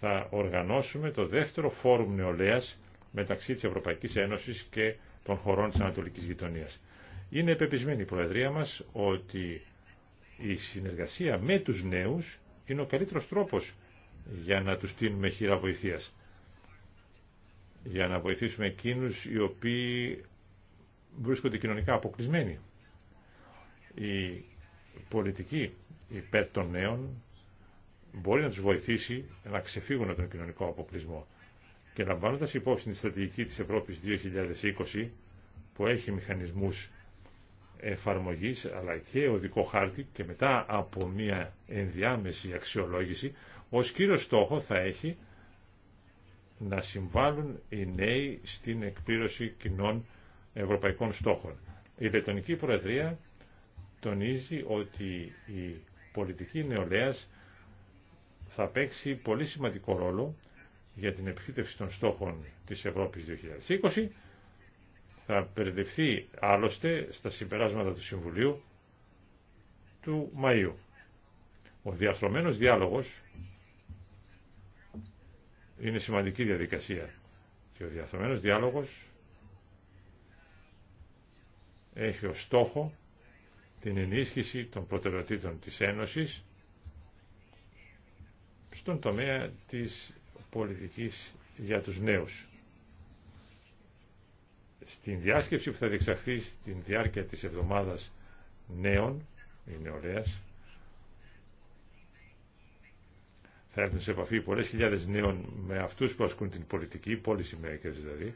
θα οργανώσουμε το δεύτερο φόρουμ νεολαίας μεταξύ της Ευρωπαϊκής Ένωσης και των χωρών της Ανατολικής Γειτονίας. Είναι επεπισμένη η Προεδρία μας ότι η συνεργασία με τους νέους είναι ο καλύτερος τρόπος για να τους στείλουμε χείρα βοηθείας. Για να βοηθήσουμε εκείνους οι οποίοι βρίσκονται κοινωνικά αποκλεισμένοι. Η πολιτική υπέρ των νέων μπορεί να τους βοηθήσει να ξεφύγουν από τον κοινωνικό αποκλεισμό. Και λαμβάνοντα υπόψη τη στρατηγική της Ευρώπης 2020 που έχει μηχανισμούς εφαρμογής αλλά και οδικό χάρτη και μετά από μια ενδιάμεση αξιολόγηση ως κύριο στόχο θα έχει να συμβάλλουν οι νέοι στην εκπλήρωση κοινών ευρωπαϊκών στόχων. Η Λετωνική Προεδρία τονίζει ότι η πολιτική νεολαίας θα παίξει πολύ σημαντικό ρόλο για την επιχείρηση των στόχων της Ευρώπης 2020. Θα περιληφθεί άλλωστε στα συμπεράσματα του Συμβουλίου του Μαΐου. Ο διαρθρωμένος διάλογος είναι σημαντική διαδικασία και ο διαρθρωμένος διάλογος έχει ως στόχο την ενίσχυση των προτεραιοτήτων της Ένωσης στον τομέα της πολιτικής για τους νέους. Στην διάσκεψη που θα διεξαχθεί στην διάρκεια της εβδομάδας νέων, η νεολαίας, θα έρθουν σε επαφή πολλές χιλιάδες νέων με αυτούς που ασκούν την πολιτική, policy makers δηλαδή,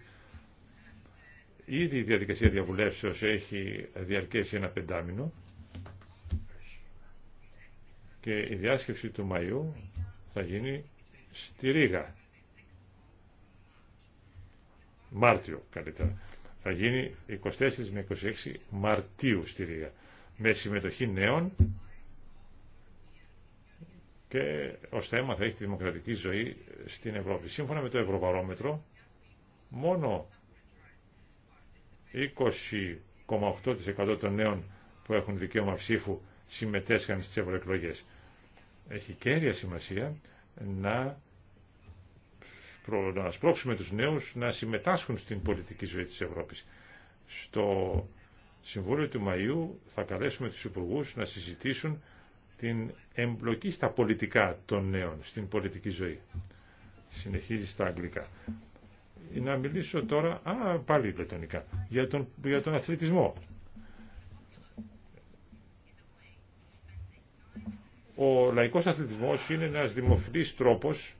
Ήδη η διαδικασία διαβουλεύσεως έχει διαρκέσει ένα πεντάμινο και η διάσκεψη του Μαΐου θα γίνει στη Ρήγα. Μάρτιο καλύτερα. Θα γίνει 24 με 26 Μαρτίου στη Ρήγα με συμμετοχή νέων και ω θέμα θα έχει τη δημοκρατική ζωή στην Ευρώπη. Σύμφωνα με το Ευρωπαρόμετρο μόνο 20,8% των νέων που έχουν δικαίωμα ψήφου συμμετέσχαν στις ευρωεκλογές. Έχει κέρια σημασία να, να σπρώξουμε τους νέους να συμμετάσχουν στην πολιτική ζωή της Ευρώπης. Στο Συμβούλιο του Μαΐου θα καλέσουμε τους υπουργούς να συζητήσουν την εμπλοκή στα πολιτικά των νέων, στην πολιτική ζωή. Συνεχίζει στα αγγλικά να μιλήσω τώρα, α, πάλι λετωνικά, για τον, για αθλητισμό. Ο λαϊκός αθλητισμός είναι ένας δημοφιλής τρόπος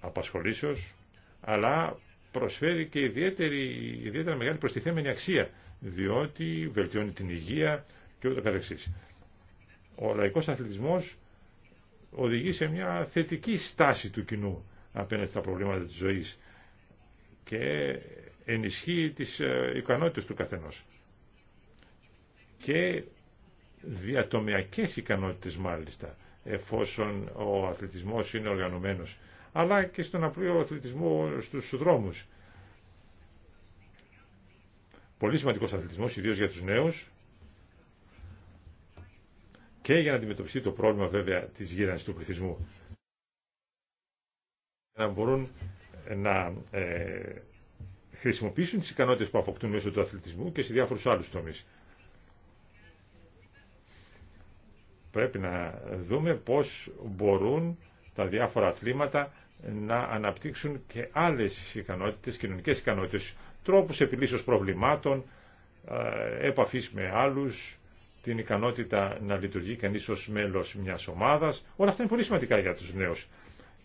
απασχολήσεως, αλλά προσφέρει και ιδιαίτερη, ιδιαίτερα μεγάλη προστιθέμενη αξία, διότι βελτιώνει την υγεία και ούτω καθεξής. Ο λαϊκός αθλητισμός οδηγεί σε μια θετική στάση του κοινού απέναντι στα προβλήματα της ζωής και ενισχύει τις ε, ικανότητες του καθενός. Και διατομιακές ικανότητες μάλιστα, εφόσον ο αθλητισμός είναι οργανωμένος, αλλά και στον απλό αθλητισμό στους δρόμους. Πολύ σημαντικός αθλητισμός, ιδίως για τους νέους, και για να αντιμετωπιστεί το πρόβλημα βέβαια της γύρανσης του πληθυσμού να μπορούν ε, να ε, χρησιμοποιήσουν τις ικανότητες που αποκτούν μέσω του αθλητισμού και σε διάφορους άλλους τομείς. Πρέπει να δούμε πώς μπορούν τα διάφορα αθλήματα να αναπτύξουν και άλλες ικανότητες, κοινωνικές ικανότητες, τρόπους επιλύσεως προβλημάτων, ε, επαφής με άλλους, την ικανότητα να λειτουργεί κανείς ως μέλος μιας ομάδας. Όλα αυτά είναι πολύ σημαντικά για τους νέους.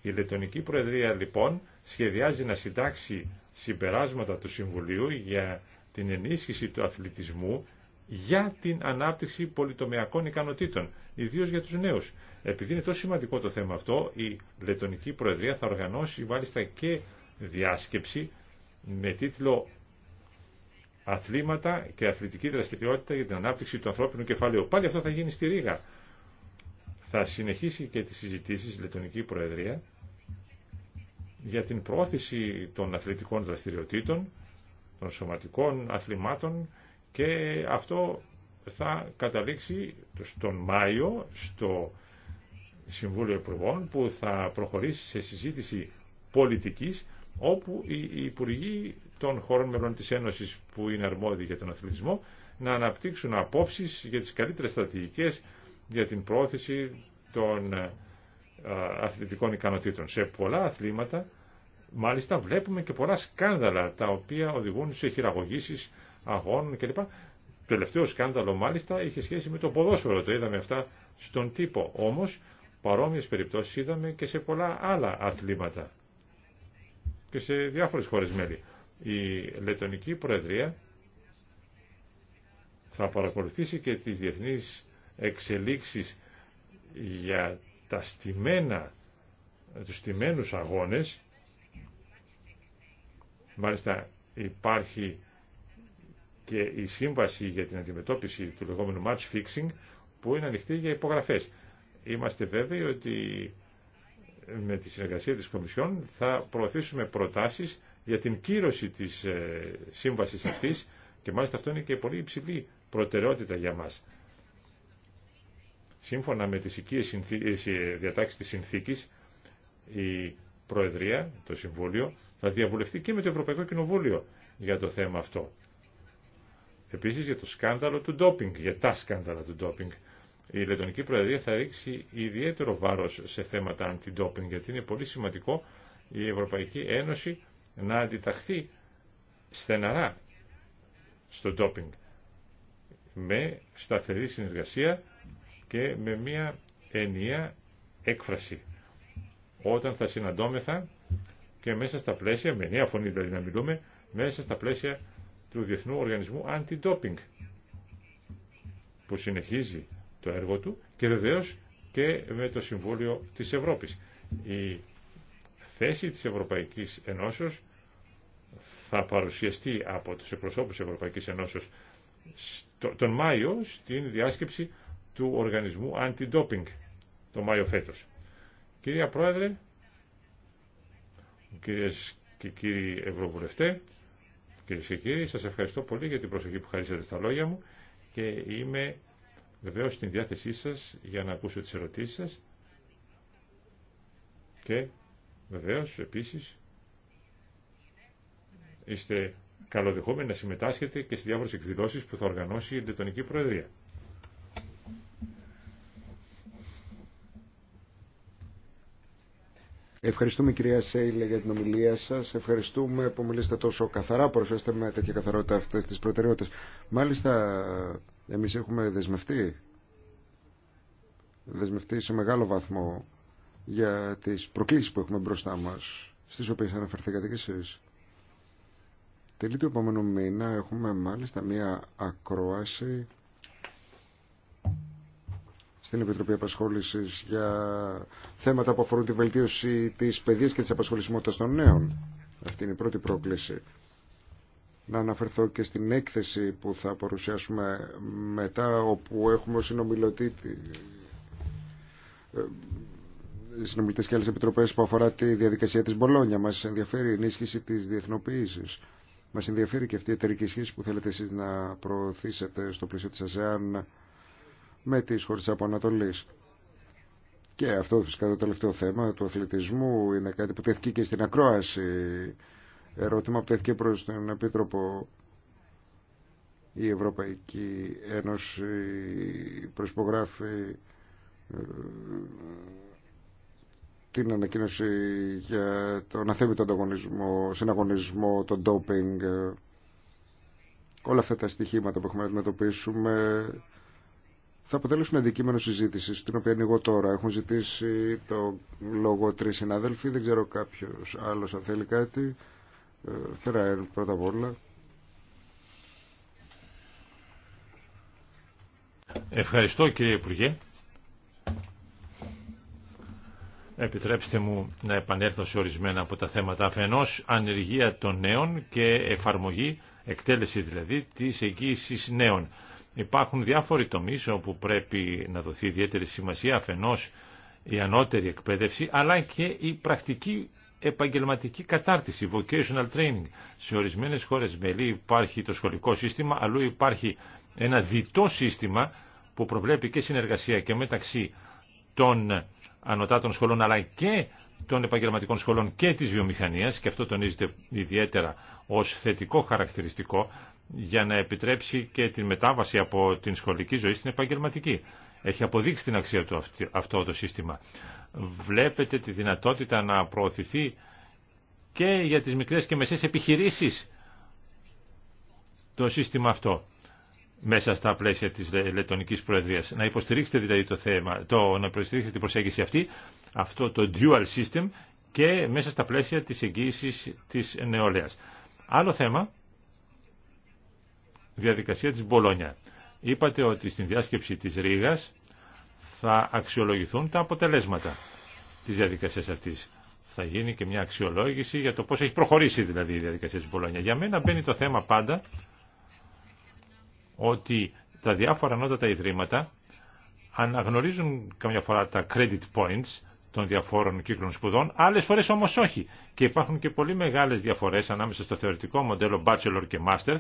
Η Λετωνική Προεδρία λοιπόν σχεδιάζει να συντάξει συμπεράσματα του Συμβουλίου για την ενίσχυση του αθλητισμού για την ανάπτυξη πολυτομιακών ικανοτήτων, ιδίω για του νέου. Επειδή είναι τόσο σημαντικό το θέμα αυτό, η Λετωνική Προεδρία θα οργανώσει μάλιστα και διάσκεψη με τίτλο Αθλήματα και αθλητική δραστηριότητα για την ανάπτυξη του ανθρώπινου κεφαλαίου. Πάλι αυτό θα γίνει στη Ρήγα θα συνεχίσει και τις συζητήσεις η Λετωνική Προεδρία για την πρόθεση των αθλητικών δραστηριοτήτων, των σωματικών αθλημάτων και αυτό θα καταλήξει στον Μάιο στο Συμβούλιο Υπουργών που θα προχωρήσει σε συζήτηση πολιτικής όπου οι υπουργοί των χωρών μελών της Ένωσης που είναι αρμόδιοι για τον αθλητισμό να αναπτύξουν απόψεις για τις καλύτερες στρατηγικές για την πρόθεση των ε, αθλητικών ικανοτήτων. Σε πολλά αθλήματα μάλιστα βλέπουμε και πολλά σκάνδαλα τα οποία οδηγούν σε χειραγωγήσεις αγώνων κλπ. Το τελευταίο σκάνδαλο μάλιστα είχε σχέση με το ποδόσφαιρο, το είδαμε αυτά στον τύπο. Όμως παρόμοιες περιπτώσεις είδαμε και σε πολλά άλλα αθλήματα και σε διάφορες χώρες μέλη. Η Λετωνική Προεδρία θα παρακολουθήσει και τις διεθνείς εξελίξεις για τα στημένα, τους στιμένους αγώνες. Μάλιστα υπάρχει και η σύμβαση για την αντιμετώπιση του λεγόμενου match fixing που είναι ανοιχτή για υπογραφές. Είμαστε βέβαιοι ότι με τη συνεργασία της Κομισιόν θα προωθήσουμε προτάσεις για την κύρωση της ε, σύμβασης αυτής και μάλιστα αυτό είναι και πολύ υψηλή προτεραιότητα για μας. Σύμφωνα με τις οικίες ε, διατάξεις της συνθήκης, η Προεδρία, το Συμβούλιο, θα διαβουλευτεί και με το Ευρωπαϊκό Κοινοβούλιο για το θέμα αυτό. Επίσης για το σκάνδαλο του ντόπινγκ, για τα σκάνδαλα του ντόπινγκ. Η Λετωνική Προεδρία θα ρίξει ιδιαίτερο βάρος σε θέματα αντι-ντόπινγκ, γιατί είναι πολύ σημαντικό η Ευρωπαϊκή Ένωση να αντιταχθεί στεναρά στο ντόπινγκ με σταθερή συνεργασία και με μια ενιαία έκφραση. Όταν θα συναντώμεθα και μέσα στα πλαίσια, με ενιαία φωνή δηλαδή να μιλούμε, μέσα στα πλαίσια του Διεθνού Οργανισμού που συνεχίζει το έργο του και βεβαίω και με το Συμβούλιο της Ευρώπης. Η θέση της Ευρωπαϊκής Ενώσεως θα παρουσιαστεί από τους εκπροσώπους της Ευρωπαϊκής Ενώσεως τον Μάιο στην διάσκεψη του οργανισμού Anti-Doping το Μάιο φέτος. Κυρία Πρόεδρε, κυρίες και κύριοι Ευρωβουλευτέ, κυρίε και κύριοι, σας ευχαριστώ πολύ για την προσοχή που χαρίσατε στα λόγια μου και είμαι βεβαίως στην διάθεσή σας για να ακούσω τις ερωτήσεις σας και βεβαίως επίσης είστε καλοδεχόμενοι να συμμετάσχετε και στι διάφορες εκδηλώσεις που θα οργανώσει η Εντετονική Προεδρία. Ευχαριστούμε κυρία Σέιλε για την ομιλία σας. Ευχαριστούμε που μιλήσατε τόσο καθαρά, προσθέστε με τέτοια καθαρότητα αυτές τις προτεραιότητες. Μάλιστα, εμείς έχουμε δεσμευτεί, δεσμευτεί σε μεγάλο βαθμό για τις προκλήσεις που έχουμε μπροστά μας, στις οποίες αναφερθήκατε κι εσείς. Τελείτου του επόμενου μήνα έχουμε μάλιστα μία ακρόαση στην Επιτροπή Απασχόληση για θέματα που αφορούν τη βελτίωση τη παιδεία και τη απασχολησιμότητα των νέων. Αυτή είναι η πρώτη πρόκληση. Να αναφερθώ και στην έκθεση που θα παρουσιάσουμε μετά, όπου έχουμε συνομιλωτή ε, συνομιλητέ και άλλε επιτροπέ που αφορά τη διαδικασία τη Μπολόνια. Μα ενδιαφέρει η ενίσχυση τη διεθνοποίηση. Μα ενδιαφέρει και αυτή η εταιρική σχέση που θέλετε εσεί να προωθήσετε στο πλαίσιο τη ΑΣΕΑΝ με τις χώρες από Και αυτό φυσικά το τελευταίο θέμα του αθλητισμού είναι κάτι που τέθηκε και στην ακρόαση. Ερώτημα που τέθηκε προς τον Επίτροπο η Ευρωπαϊκή Ένωση προσπογράφει ε, την ανακοίνωση για τον αθέμητο ανταγωνισμό, συναγωνισμό, τον ντόπινγκ, όλα αυτά τα στοιχήματα που έχουμε να αντιμετωπίσουμε θα αποτέλεσουν αντικείμενο συζήτηση, την οποία εγώ τώρα. Έχουν ζητήσει το λόγο τρει συνάδελφοι. Δεν ξέρω κάποιο άλλο αν θέλει κάτι. Ε, ε, πρώτα απ' όλα. Ευχαριστώ κύριε Υπουργέ. Επιτρέψτε μου να επανέλθω σε ορισμένα από τα θέματα. Αφενός ανεργία των νέων και εφαρμογή, εκτέλεση δηλαδή, της εγγύησης νέων. Υπάρχουν διάφοροι τομείς όπου πρέπει να δοθεί ιδιαίτερη σημασία αφενός η ανώτερη εκπαίδευση αλλά και η πρακτική επαγγελματική κατάρτιση, vocational training. Σε ορισμένες χώρες μελή υπάρχει το σχολικό σύστημα, αλλού υπάρχει ένα διτό σύστημα που προβλέπει και συνεργασία και μεταξύ των ανωτάτων σχολών αλλά και των επαγγελματικών σχολών και της βιομηχανίας και αυτό τονίζεται ιδιαίτερα ως θετικό χαρακτηριστικό για να επιτρέψει και την μετάβαση από την σχολική ζωή στην επαγγελματική. Έχει αποδείξει την αξία του αυτό το σύστημα. Βλέπετε τη δυνατότητα να προωθηθεί και για τις μικρές και μεσές επιχειρήσεις το σύστημα αυτό μέσα στα πλαίσια της Λετωνικής Προεδρίας. Να υποστηρίξετε δηλαδή το θέμα, το, να υποστηρίξετε την προσέγγιση αυτή, αυτό το dual system και μέσα στα πλαίσια της εγγύησης της νεολαίας. Άλλο θέμα διαδικασία της Μπολόνια. Είπατε ότι στην διάσκεψη της Ρήγας θα αξιολογηθούν τα αποτελέσματα της διαδικασίας αυτής. Θα γίνει και μια αξιολόγηση για το πώς έχει προχωρήσει δηλαδή η διαδικασία της Μπολόνια. Για μένα μπαίνει το θέμα πάντα ότι τα διάφορα ανώτατα ιδρύματα αναγνωρίζουν καμιά φορά τα credit points των διαφόρων κύκλων σπουδών, άλλες φορές όμως όχι. Και υπάρχουν και πολύ μεγάλες διαφορές ανάμεσα στο θεωρητικό μοντέλο bachelor και master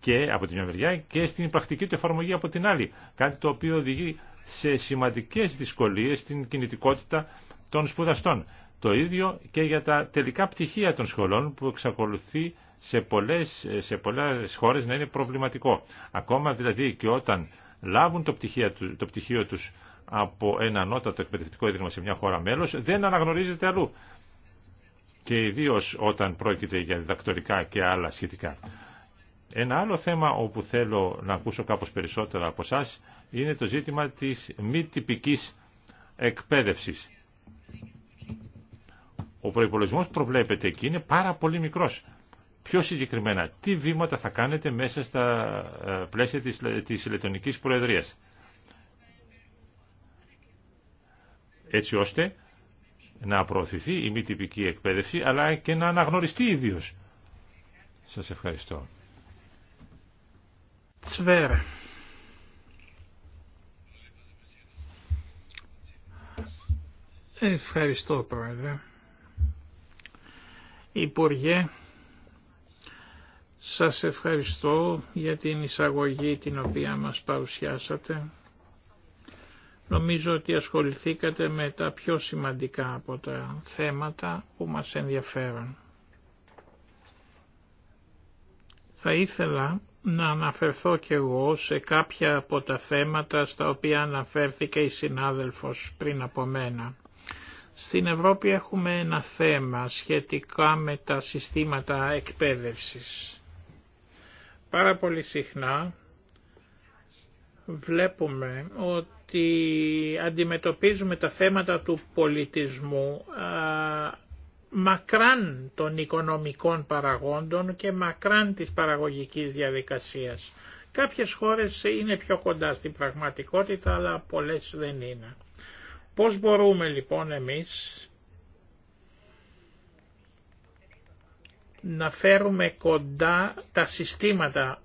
και από τη μια μεριά και στην πρακτική του εφαρμογή από την άλλη. Κάτι το οποίο οδηγεί σε σημαντικές δυσκολίες στην κινητικότητα των σπουδαστών. Το ίδιο και για τα τελικά πτυχία των σχολών που εξακολουθεί σε πολλές, σε πολλές χώρες να είναι προβληματικό. Ακόμα δηλαδή και όταν λάβουν το, πτυχία, το πτυχίο τους από ένα ανώτατο εκπαιδευτικό ίδρυμα σε μια χώρα μέλος δεν αναγνωρίζεται αλλού. Και ιδίω όταν πρόκειται για διδακτορικά και άλλα σχετικά. Ένα άλλο θέμα όπου θέλω να ακούσω κάπως περισσότερα από εσά είναι το ζήτημα της μη τυπικής εκπαίδευσης. Ο προϋπολογισμός προβλέπεται εκεί είναι πάρα πολύ μικρός. Πιο συγκεκριμένα, τι βήματα θα κάνετε μέσα στα ε, πλαίσια της, της Λετωνικής Προεδρίας. Έτσι ώστε να προωθηθεί η μη τυπική εκπαίδευση, αλλά και να αναγνωριστεί ιδίως. Σας ευχαριστώ. Τσβέρ. Ευχαριστώ πρόεδρε. Υπουργέ, σας ευχαριστώ για την εισαγωγή την οποία μας παρουσιάσατε. Νομίζω ότι ασχοληθήκατε με τα πιο σημαντικά από τα θέματα που μας ενδιαφέρουν. Θα ήθελα να αναφερθώ και εγώ σε κάποια από τα θέματα στα οποία αναφέρθηκε η συνάδελφος πριν από μένα. Στην Ευρώπη έχουμε ένα θέμα σχετικά με τα συστήματα εκπαίδευσης. Πάρα πολύ συχνά βλέπουμε ότι αντιμετωπίζουμε τα θέματα του πολιτισμού μακράν των οικονομικών παραγόντων και μακράν της παραγωγικής διαδικασίας. Κάποιες χώρες είναι πιο κοντά στην πραγματικότητα, αλλά πολλές δεν είναι. Πώς μπορούμε λοιπόν εμείς να φέρουμε κοντά τα συστήματα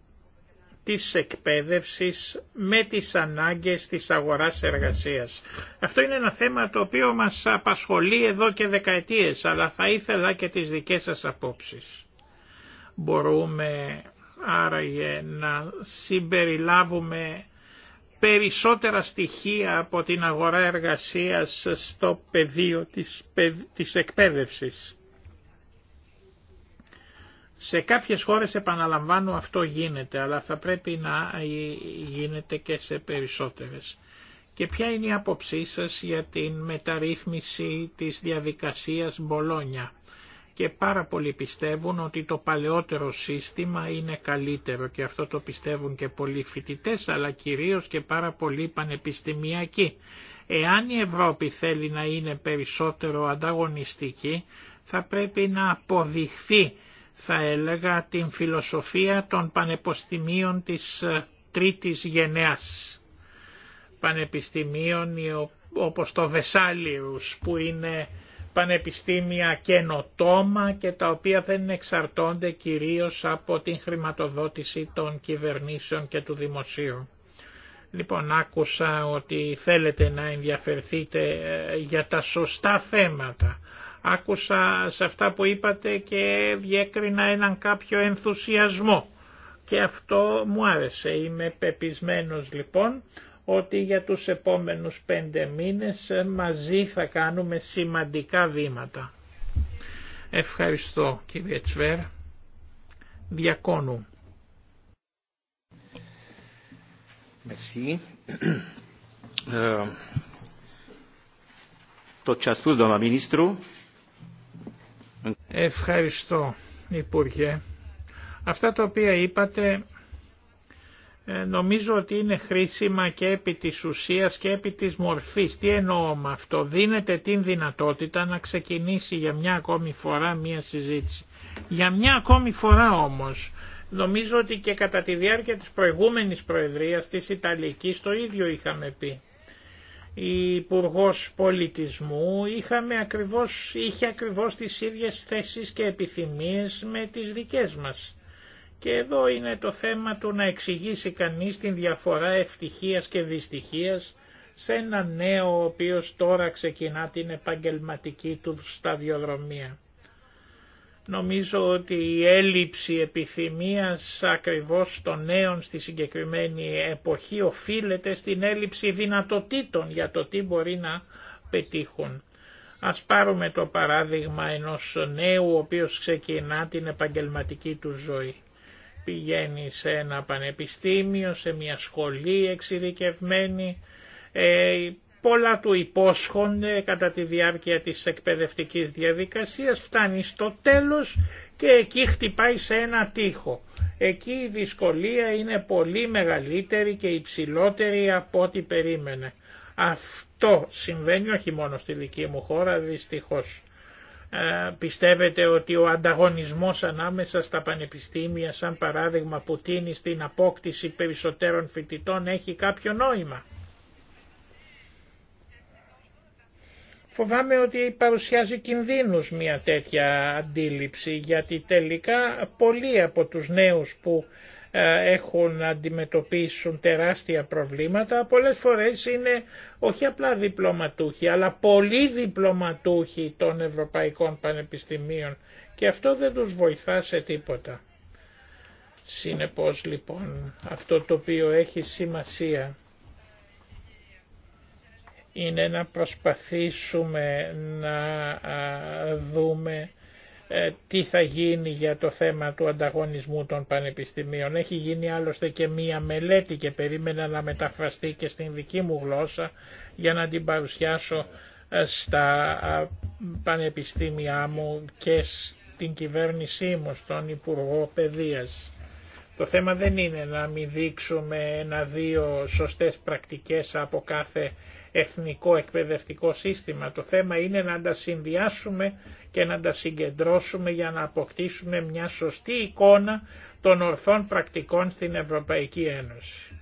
της εκπαίδευσης με τις ανάγκες της αγοράς εργασίας. Αυτό είναι ένα θέμα το οποίο μας απασχολεί εδώ και δεκαετίες, αλλά θα ήθελα και τις δικές σας απόψεις. Μπορούμε άραγε να συμπεριλάβουμε περισσότερα στοιχεία από την αγορά εργασίας στο πεδίο της, της εκπαίδευσης. Σε κάποιες χώρες επαναλαμβάνω αυτό γίνεται, αλλά θα πρέπει να γίνεται και σε περισσότερες. Και ποια είναι η άποψή σας για την μεταρρύθμιση της διαδικασίας Μπολόνια. Και πάρα πολλοί πιστεύουν ότι το παλαιότερο σύστημα είναι καλύτερο και αυτό το πιστεύουν και πολλοί φοιτητέ, αλλά κυρίως και πάρα πολλοί πανεπιστημιακοί. Εάν η Ευρώπη θέλει να είναι περισσότερο ανταγωνιστική θα πρέπει να αποδειχθεί θα έλεγα την φιλοσοφία των πανεπιστημίων της ε, τρίτης γενεάς. Πανεπιστημίων όπως το Βεσάλιους που είναι πανεπιστήμια καινοτόμα και τα οποία δεν εξαρτώνται κυρίως από την χρηματοδότηση των κυβερνήσεων και του δημοσίου. Λοιπόν, άκουσα ότι θέλετε να ενδιαφερθείτε ε, για τα σωστά θέματα. Άκουσα σε αυτά που είπατε και διέκρινα έναν κάποιο ενθουσιασμό και αυτό μου άρεσε. Είμαι πεπισμένος λοιπόν ότι για τους επόμενους πέντε μήνες μαζί θα κάνουμε σημαντικά βήματα. Ευχαριστώ κύριε Τσβέρ. Διακόνου. Merci. Ε, Ευχαριστώ, Υπουργέ. Αυτά τα οποία είπατε ε, νομίζω ότι είναι χρήσιμα και επί της ουσίας και επί της μορφής. Τι εννοώ με αυτό. Δίνεται την δυνατότητα να ξεκινήσει για μια ακόμη φορά μια συζήτηση. Για μια ακόμη φορά όμως. Νομίζω ότι και κατά τη διάρκεια της προηγούμενης προεδρίας της Ιταλικής το ίδιο είχαμε πει. Ο υπουργό Πολιτισμού είχαμε ακριβώς, είχε ακριβώς τις ίδιες θέσεις και επιθυμίες με τις δικές μας. Και εδώ είναι το θέμα του να εξηγήσει κανείς την διαφορά ευτυχίας και δυστυχίας σε ένα νέο ο οποίος τώρα ξεκινά την επαγγελματική του σταδιοδρομία. Νομίζω ότι η έλλειψη επιθυμίας ακριβώς των νέων στη συγκεκριμένη εποχή οφείλεται στην έλλειψη δυνατοτήτων για το τι μπορεί να πετύχουν. Ας πάρουμε το παράδειγμα ενός νέου ο οποίος ξεκινά την επαγγελματική του ζωή. Πηγαίνει σε ένα πανεπιστήμιο, σε μια σχολή εξειδικευμένη, ε, πολλά του υπόσχονται κατά τη διάρκεια της εκπαιδευτικής διαδικασίας, φτάνει στο τέλος και εκεί χτυπάει σε ένα τείχο. Εκεί η δυσκολία είναι πολύ μεγαλύτερη και υψηλότερη από ό,τι περίμενε. Αυτό συμβαίνει όχι μόνο στη δική μου χώρα δυστυχώς. Ε, πιστεύετε ότι ο ανταγωνισμός ανάμεσα στα πανεπιστήμια σαν παράδειγμα που τίνει στην απόκτηση περισσότερων φοιτητών έχει κάποιο νόημα. Φοβάμαι ότι παρουσιάζει κινδύνους μια τέτοια αντίληψη γιατί τελικά πολλοί από τους νέους που ε, έχουν να αντιμετωπίσουν τεράστια προβλήματα πολλές φορές είναι όχι απλά διπλωματούχοι αλλά πολλοί διπλωματούχοι των Ευρωπαϊκών Πανεπιστημίων και αυτό δεν τους βοηθά σε τίποτα. Συνεπώς λοιπόν αυτό το οποίο έχει σημασία είναι να προσπαθήσουμε να δούμε ε, τι θα γίνει για το θέμα του ανταγωνισμού των πανεπιστημίων. Έχει γίνει άλλωστε και μία μελέτη και περίμενα να μεταφραστεί και στην δική μου γλώσσα για να την παρουσιάσω ε, στα πανεπιστήμια μου και στην κυβέρνησή μου, στον Υπουργό Παιδείας. Το θέμα δεν είναι να μην δείξουμε ένα-δύο σωστές πρακτικές από κάθε εθνικό εκπαιδευτικό σύστημα. Το θέμα είναι να τα συνδυάσουμε και να τα συγκεντρώσουμε για να αποκτήσουμε μια σωστή εικόνα των ορθών πρακτικών στην Ευρωπαϊκή Ένωση.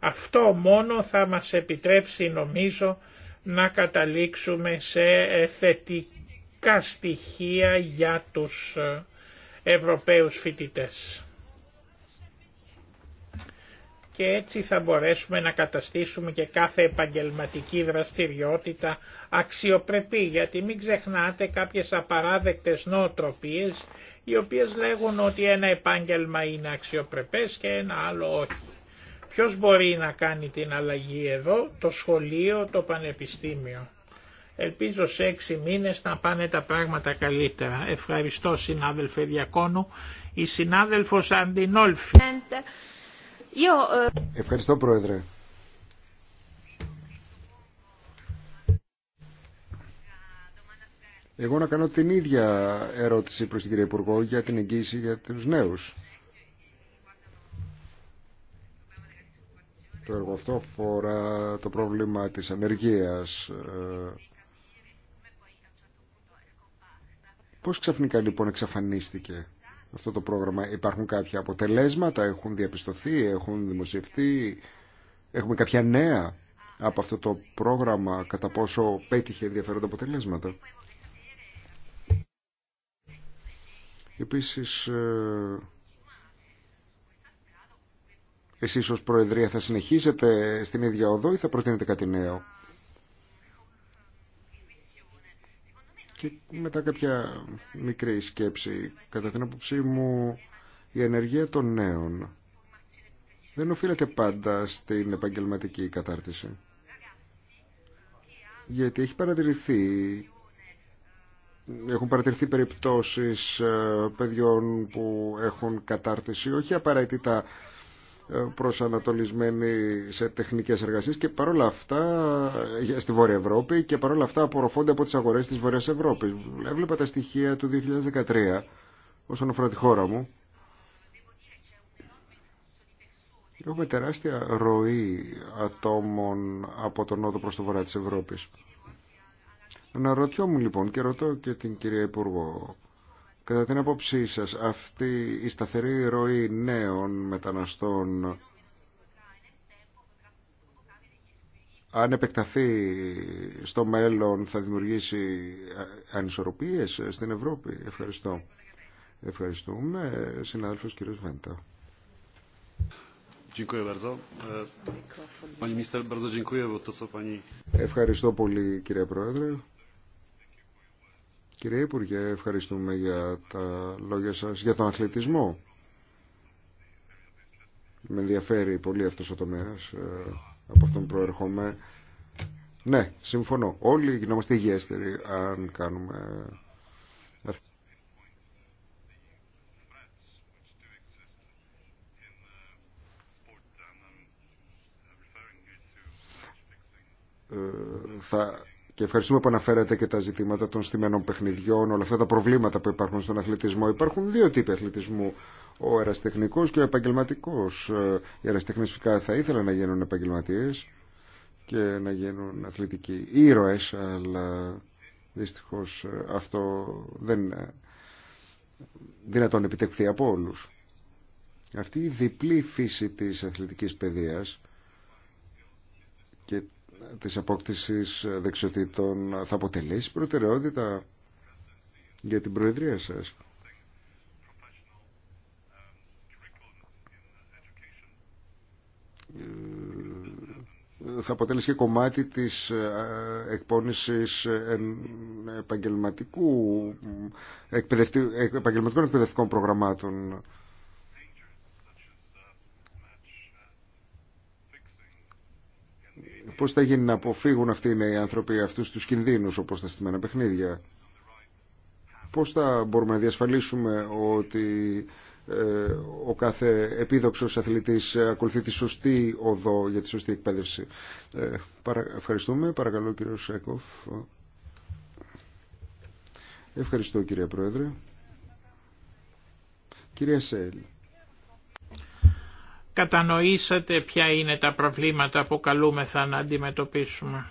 Αυτό μόνο θα μας επιτρέψει νομίζω να καταλήξουμε σε ε, θετικά στοιχεία για τους ε, Ευρωπαίους φοιτητές και έτσι θα μπορέσουμε να καταστήσουμε και κάθε επαγγελματική δραστηριότητα αξιοπρεπή, γιατί μην ξεχνάτε κάποιες απαράδεκτες νοοτροπίες οι οποίες λέγουν ότι ένα επάγγελμα είναι αξιοπρεπές και ένα άλλο όχι. Ποιος μπορεί να κάνει την αλλαγή εδώ, το σχολείο, το πανεπιστήμιο. Ελπίζω σε έξι μήνες να πάνε τα πράγματα καλύτερα. Ευχαριστώ συνάδελφε Διακόνου. Η συνάδελφος Αντινόλφη. Ε, Ευχαριστώ Πρόεδρε. Εγώ να κάνω την ίδια ερώτηση προς την κυρία Υπουργό για την εγγύηση για τους νέους. Το έργο αυτό φορά το πρόβλημα της ανεργίας. Ε, πώς ξαφνικά λοιπόν εξαφανίστηκε αυτό το πρόγραμμα. Υπάρχουν κάποια αποτελέσματα, έχουν διαπιστωθεί, έχουν δημοσιευτεί, έχουμε κάποια νέα από αυτό το πρόγραμμα, κατά πόσο πέτυχε ενδιαφέροντα αποτελέσματα. Επίσης, ε, εσείς ως Προεδρία θα συνεχίσετε στην ίδια οδό ή θα προτείνετε κάτι νέο. Και μετά κάποια μικρή σκέψη. Κατά την άποψή μου, η ενεργεία των νέων δεν οφείλεται πάντα στην επαγγελματική κατάρτιση. Γιατί έχει παρατηρηθεί, έχουν παρατηρηθεί περιπτώσεις ε, παιδιών που έχουν κατάρτιση, όχι απαραίτητα ε, προσανατολισμένοι σε τεχνικές εργασίες και παρόλα αυτά ε, στη Βόρεια Ευρώπη και παρόλα αυτά απορροφώνται από τις αγορές της Βορειάς Ευρώπης. Έβλεπα τα στοιχεία του 2013 όσον αφορά τη χώρα μου. Έχουμε τεράστια ροή ατόμων από τον νότο προς το βορρά της Ευρώπης. Να ρωτιόμουν λοιπόν και ρωτώ και την κυρία Υπουργό Κατά την άποψή σας, αυτή η σταθερή ροή νέων μεταναστών αν επεκταθεί στο μέλλον θα δημιουργήσει ανισορροπίες στην Ευρώπη. Ευχαριστώ. Ευχαριστούμε. Συνάδελφος κύριος Βέντα. E, Ευχαριστώ πολύ κύριε Πρόεδρε. Κύριε Υπουργέ, ευχαριστούμε για τα λόγια σας για τον αθλητισμό. Με ενδιαφέρει πολύ αυτός ο τομέας, ε, από αυτόν προερχόμαι. Ναι, συμφωνώ. Όλοι γινόμαστε υγιέστεροι αν κάνουμε... Ε, θα και ευχαριστούμε που αναφέρατε και τα ζητήματα των στημένων παιχνιδιών, όλα αυτά τα προβλήματα που υπάρχουν στον αθλητισμό. Υπάρχουν δύο τύποι αθλητισμού, ο αεραστεχνικός και ο επαγγελματικός. Ε, οι αεραστέχνες φυσικά θα ήθελαν να γίνουν επαγγελματίες και να γίνουν αθλητικοί ήρωες, αλλά δυστυχώς ε, αυτό δεν ε, είναι δυνατόν επιτευχθεί από όλους. Αυτή η διπλή φύση της αθλητικής παιδείας και της απόκτησης δεξιοτήτων θα αποτελέσει προτεραιότητα για την Προεδρία σας. Ε, θα αποτελέσει και κομμάτι της ε, εκπόνησης ε, επαγγελματικού, επαγγελματικών εκπαιδευτικών προγραμμάτων πώς θα γίνει να αποφύγουν αυτοί οι άνθρωποι αυτούς τους κινδύνους όπως τα στημένα παιχνίδια. Πώς θα μπορούμε να διασφαλίσουμε ότι ε, ο κάθε επίδοξος αθλητής ακολουθεί τη σωστή οδό για τη σωστή εκπαίδευση. Ε, ευχαριστούμε. Παρακαλώ κύριο Σέκοφ. Ευχαριστώ κύριε Πρόεδρε. Κυρία Σέλ, κατανοήσατε ποια είναι τα προβλήματα που καλούμεθα να αντιμετωπίσουμε.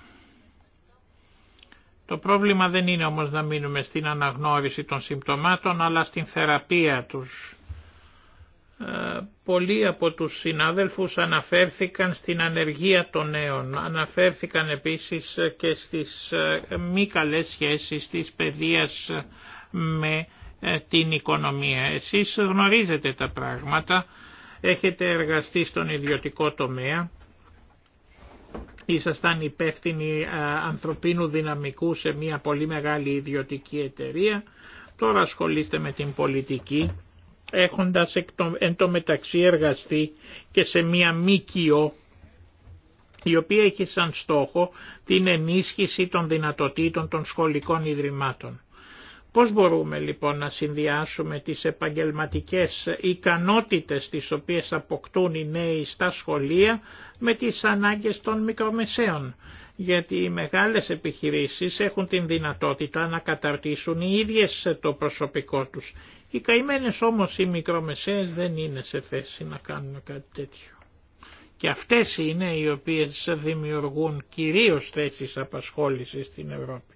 Το πρόβλημα δεν είναι όμως να μείνουμε στην αναγνώριση των συμπτωμάτων, αλλά στην θεραπεία τους. Ε, πολλοί από τους συνάδελφους αναφέρθηκαν στην ανεργία των νέων, αναφέρθηκαν επίσης και στις ε, μη καλές σχέσεις της παιδείας με ε, την οικονομία. Εσείς γνωρίζετε τα πράγματα Έχετε εργαστεί στον ιδιωτικό τομέα, ήσασταν υπεύθυνοι ανθρωπίνου δυναμικού σε μια πολύ μεγάλη ιδιωτική εταιρεία, τώρα ασχολείστε με την πολιτική, έχοντας εν τω μεταξύ εργαστεί και σε μια μίκιο η οποία έχει σαν στόχο την ενίσχυση των δυνατοτήτων των σχολικών ιδρυμάτων. Πώς μπορούμε λοιπόν να συνδυάσουμε τις επαγγελματικές ικανότητες τις οποίες αποκτούν οι νέοι στα σχολεία με τις ανάγκες των μικρομεσαίων. Γιατί οι μεγάλες επιχειρήσεις έχουν την δυνατότητα να καταρτήσουν οι ίδιες το προσωπικό τους. Οι καημένες όμως οι μικρομεσαίες δεν είναι σε θέση να κάνουν κάτι τέτοιο. Και αυτές είναι οι οποίες δημιουργούν κυρίως θέσεις απασχόλησης στην Ευρώπη.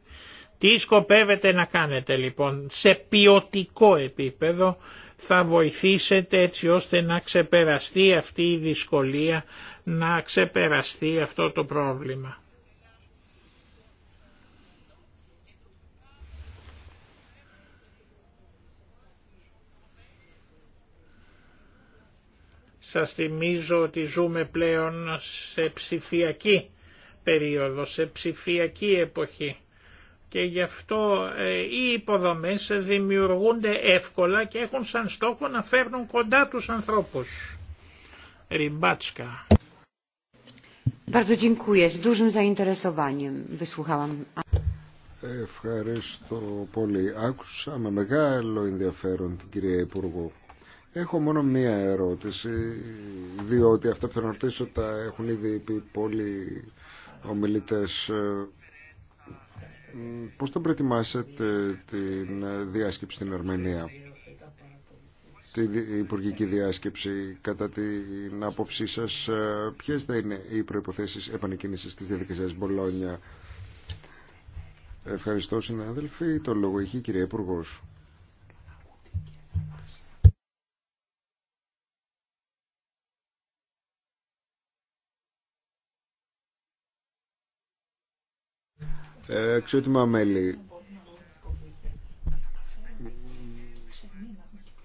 Τι σκοπεύετε να κάνετε λοιπόν σε ποιοτικό επίπεδο θα βοηθήσετε έτσι ώστε να ξεπεραστεί αυτή η δυσκολία, να ξεπεραστεί αυτό το πρόβλημα. Σας θυμίζω ότι ζούμε πλέον σε ψηφιακή περίοδο, σε ψηφιακή εποχή και γι' αυτό ε, οι υποδομές δημιουργούνται εύκολα και έχουν σαν στόχο να φέρνουν κοντά τους ανθρώπους. Ριμπάτσκα. Bardzo dziękuję. Z Ευχαριστώ πολύ. Άκουσα με μεγάλο ενδιαφέρον την κυρία Υπουργό. Έχω μόνο μία ερώτηση, διότι αυτά που θα ρωτήσω τα έχουν ήδη πει πολλοί ομιλητές Πώς τον προετοιμάσετε την διάσκεψη στην Αρμενία, την υπουργική διάσκεψη, κατά την άποψή σας, ε, ποιες θα είναι οι προϋποθέσεις επανεκκίνησης της διαδικασίας Μπολόνια. Ευχαριστώ συνάδελφοι, το λόγο έχει η κυρία Υπουργός. Αξιότιμα ε, μέλη.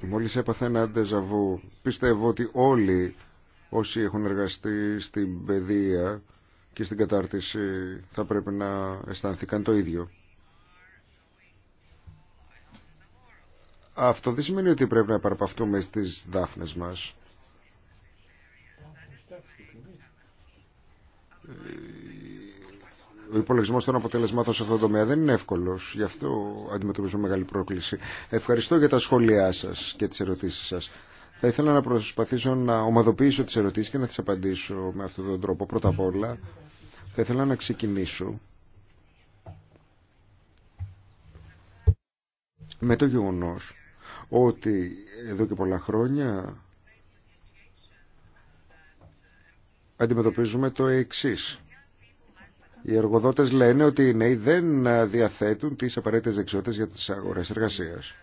Μόλις έπαθε ένα ντεζαβού. Πιστεύω ότι όλοι όσοι έχουν εργαστεί στην παιδεία και στην κατάρτιση θα πρέπει να αισθάνθηκαν το ίδιο. Αυτό δεν σημαίνει ότι πρέπει να παραπαυτούμε στις δάφνες μας ο υπολογισμό των αποτελεσμάτων σε αυτό το τομέα δεν είναι εύκολο. Γι' αυτό αντιμετωπίζουμε μεγάλη πρόκληση. Ευχαριστώ για τα σχόλιά σα και τι ερωτήσει σα. Θα ήθελα να προσπαθήσω να ομαδοποιήσω τι ερωτήσει και να τι απαντήσω με αυτόν τον τρόπο. Πρώτα απ' όλα, θα ήθελα να ξεκινήσω με το γεγονό ότι εδώ και πολλά χρόνια αντιμετωπίζουμε το εξής οι εργοδότες λένε ότι οι νέοι δεν ε, διαθέτουν τις απαραίτητες δεξιότητες για τις αγορές εργασίας.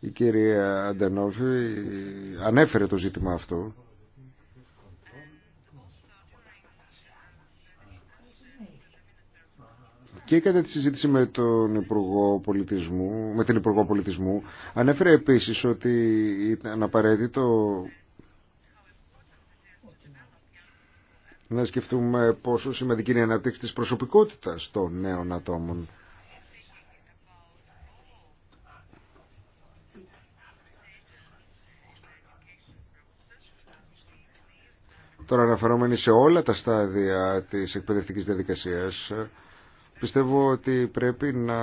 Η κυρία Αντενόφη ε, ανέφερε το ζήτημα αυτό. Και κατά τη συζήτηση με, τον Υπουργό Πολιτισμού, με την Υπουργό Πολιτισμού ανέφερε επίσης ότι ήταν απαραίτητο να σκεφτούμε πόσο σημαντική είναι η αναπτύξη της προσωπικότητας των νέων ατόμων. Τώρα αναφερόμενοι σε όλα τα στάδια της εκπαιδευτικής διαδικασίας, πιστεύω ότι πρέπει να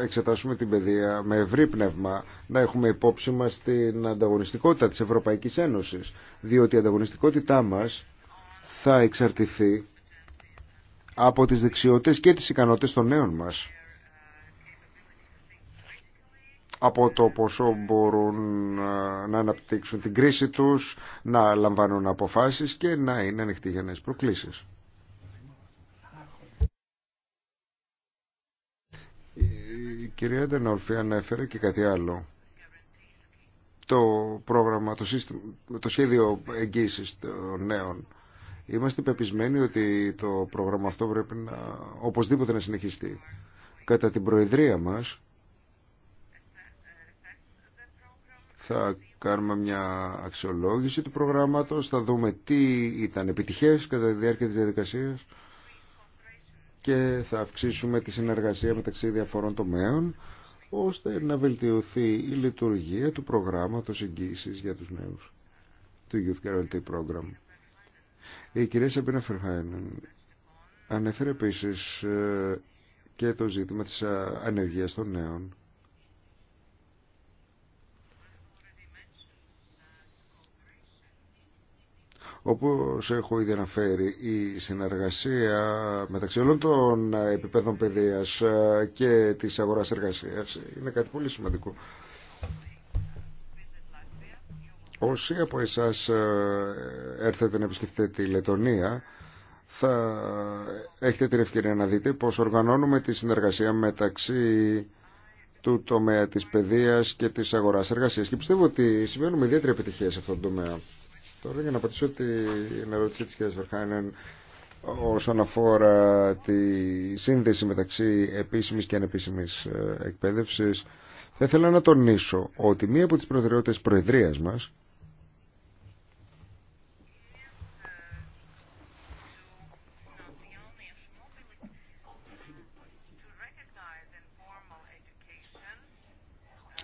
εξετάσουμε την παιδεία με ευρύ πνεύμα, να έχουμε υπόψη μας την ανταγωνιστικότητα της Ευρωπαϊκής Ένωσης, διότι η ανταγωνιστικότητά μας θα εξαρτηθεί από τις δεξιότητες και τις ικανότητες των νέων μας. Από το πόσο μπορούν να αναπτύξουν την κρίση τους, να λαμβάνουν αποφάσεις και να είναι ανοιχτοί για νέες προκλήσεις. Η κυρία Ντενόλφη ανέφερε και κάτι άλλο. Το πρόγραμμα, το, το σχέδιο εγγύησης των νέων Είμαστε πεπισμένοι ότι το πρόγραμμα αυτό πρέπει να, οπωσδήποτε να συνεχιστεί. Κατά την προεδρία μας θα κάνουμε μια αξιολόγηση του προγράμματος, θα δούμε τι ήταν επιτυχές κατά τη διάρκεια της διαδικασίας και θα αυξήσουμε τη συνεργασία μεταξύ διαφορών τομέων ώστε να βελτιωθεί η λειτουργία του προγράμματος εγγύησης για τους νέους του Youth Guarantee Program. Η κυρία Σαμπίνα Φερχάινεν ανέφερε επίση ε, και το ζήτημα της ε, ανεργίας των νέων. Όπως έχω ήδη αναφέρει, η συνεργασία μεταξύ όλων των ε, επίπεδων παιδείας και της αγοράς εργασίας είναι κάτι πολύ σημαντικό. Όσοι από εσάς ε, έρθετε να επισκεφτείτε τη Λετωνία θα έχετε την ευκαιρία να δείτε πώς οργανώνουμε τη συνεργασία μεταξύ του τομέα της παιδείας και της αγοράς εργασίας και πιστεύω ότι συμβαίνουμε ιδιαίτερη επιτυχία σε αυτόν τον τομέα. Τώρα για να απαντήσω την ερώτηση της κ. Βερχάινεν όσον αφορά τη σύνδεση μεταξύ επίσημης και ανεπίσημης ε, εκπαίδευσης θα ήθελα να τονίσω ότι μία από τις προτεραιότητες προεδρίας μας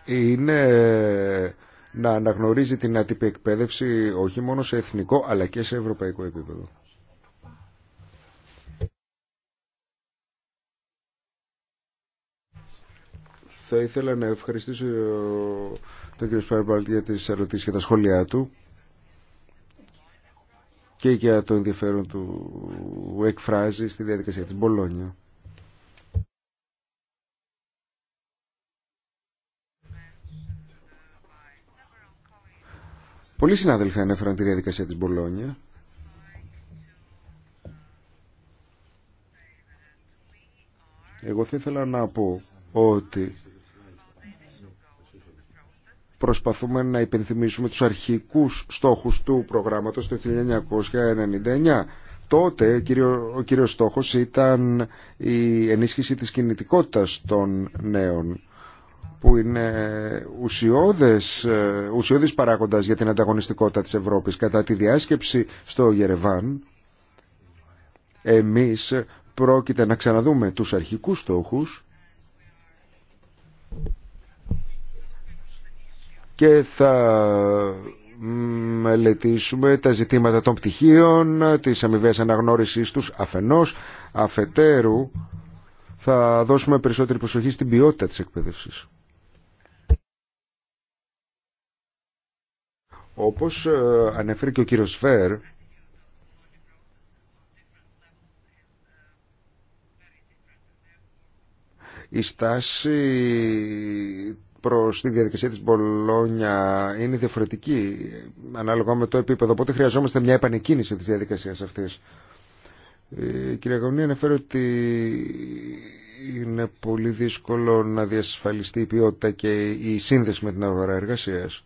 είναι να αναγνωρίζει την άτυπη εκπαίδευση όχι μόνο σε εθνικό αλλά και σε ευρωπαϊκό επίπεδο. Θα ήθελα να ευχαριστήσω ε, τον κύριο Σπάρμπαλτ για τις ερωτήσεις και τα σχόλιά του και για το ενδιαφέρον του εκφράζει στη διαδικασία της Μπολόνια. Πολλοί συνάδελφοι ανέφεραν τη διαδικασία της Μπολόνια. Εγώ θα ήθελα να πω ότι προσπαθούμε να υπενθυμίσουμε τους αρχικούς στόχους του προγράμματος το 1999. Τότε ο κύριος στόχος ήταν η ενίσχυση της κινητικότητας των νέων που είναι ουσιώδες, ε, ουσιώδης παράγοντας για την ανταγωνιστικότητα της Ευρώπης. Κατά τη διάσκεψη στο Γερεβάν, εμείς πρόκειται να ξαναδούμε τους αρχικούς στόχους και θα μελετήσουμε τα ζητήματα των πτυχίων, της αμοιβές αναγνώρισης τους αφενός, αφετέρου θα δώσουμε περισσότερη προσοχή στην ποιότητα της εκπαίδευσης. Όπως ε, ανέφερε και ο κύριος Φέρ, η στάση προς τη διαδικασία της Μπολόνια είναι διαφορετική ανάλογα με το επίπεδο. Οπότε χρειαζόμαστε μια επανεκκίνηση της διαδικασίας αυτής. Η κυρία Γαμνή ότι είναι πολύ δύσκολο να διασφαλιστεί η ποιότητα και η σύνδεση με την αγορά εργασίας.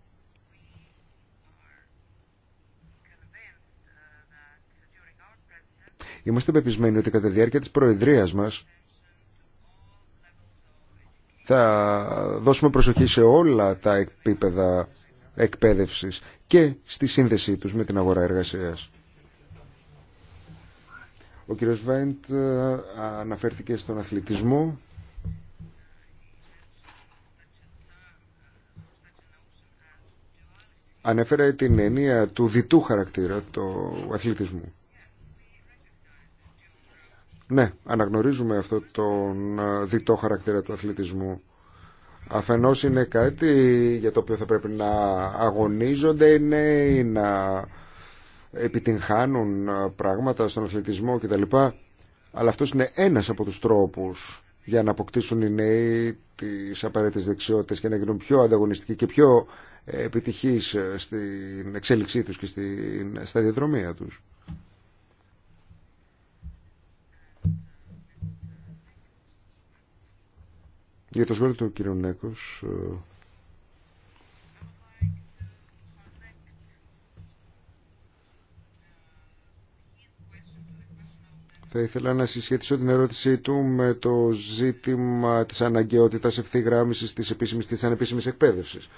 Είμαστε πεπισμένοι ότι κατά τη διάρκεια της προεδρίας μας θα δώσουμε προσοχή σε όλα τα επίπεδα εκπαίδευσης και στη σύνδεσή τους με την αγορά εργασίας. Ο κύριος Βέντ ε, αναφέρθηκε στον αθλητισμό. Ανέφερε την έννοια του διτού χαρακτήρα του αθλητισμού. Ναι, αναγνωρίζουμε αυτό τον ε, διτό χαρακτήρα του αθλητισμού. Αφενός είναι κάτι για το οποίο θα πρέπει να αγωνίζονται οι νέοι, να επιτυγχάνουν ε, πράγματα στον αθλητισμό κτλ. Αλλά αυτός είναι ένας από τους τρόπους για να αποκτήσουν οι νέοι τις απαραίτητες δεξιότητες και να γίνουν πιο ανταγωνιστικοί και πιο ε, επιτυχείς στην εξέλιξή τους και στην, στα διαδρομία τους. Για το σχόλιο του κύριου Νέκος, ε, Θα ήθελα να συσχετίσω την ερώτησή του με το ζήτημα της αναγκαιότητας ευθυγράμμισης της επίσημης και της ανεπίσημης εκπαίδευσης.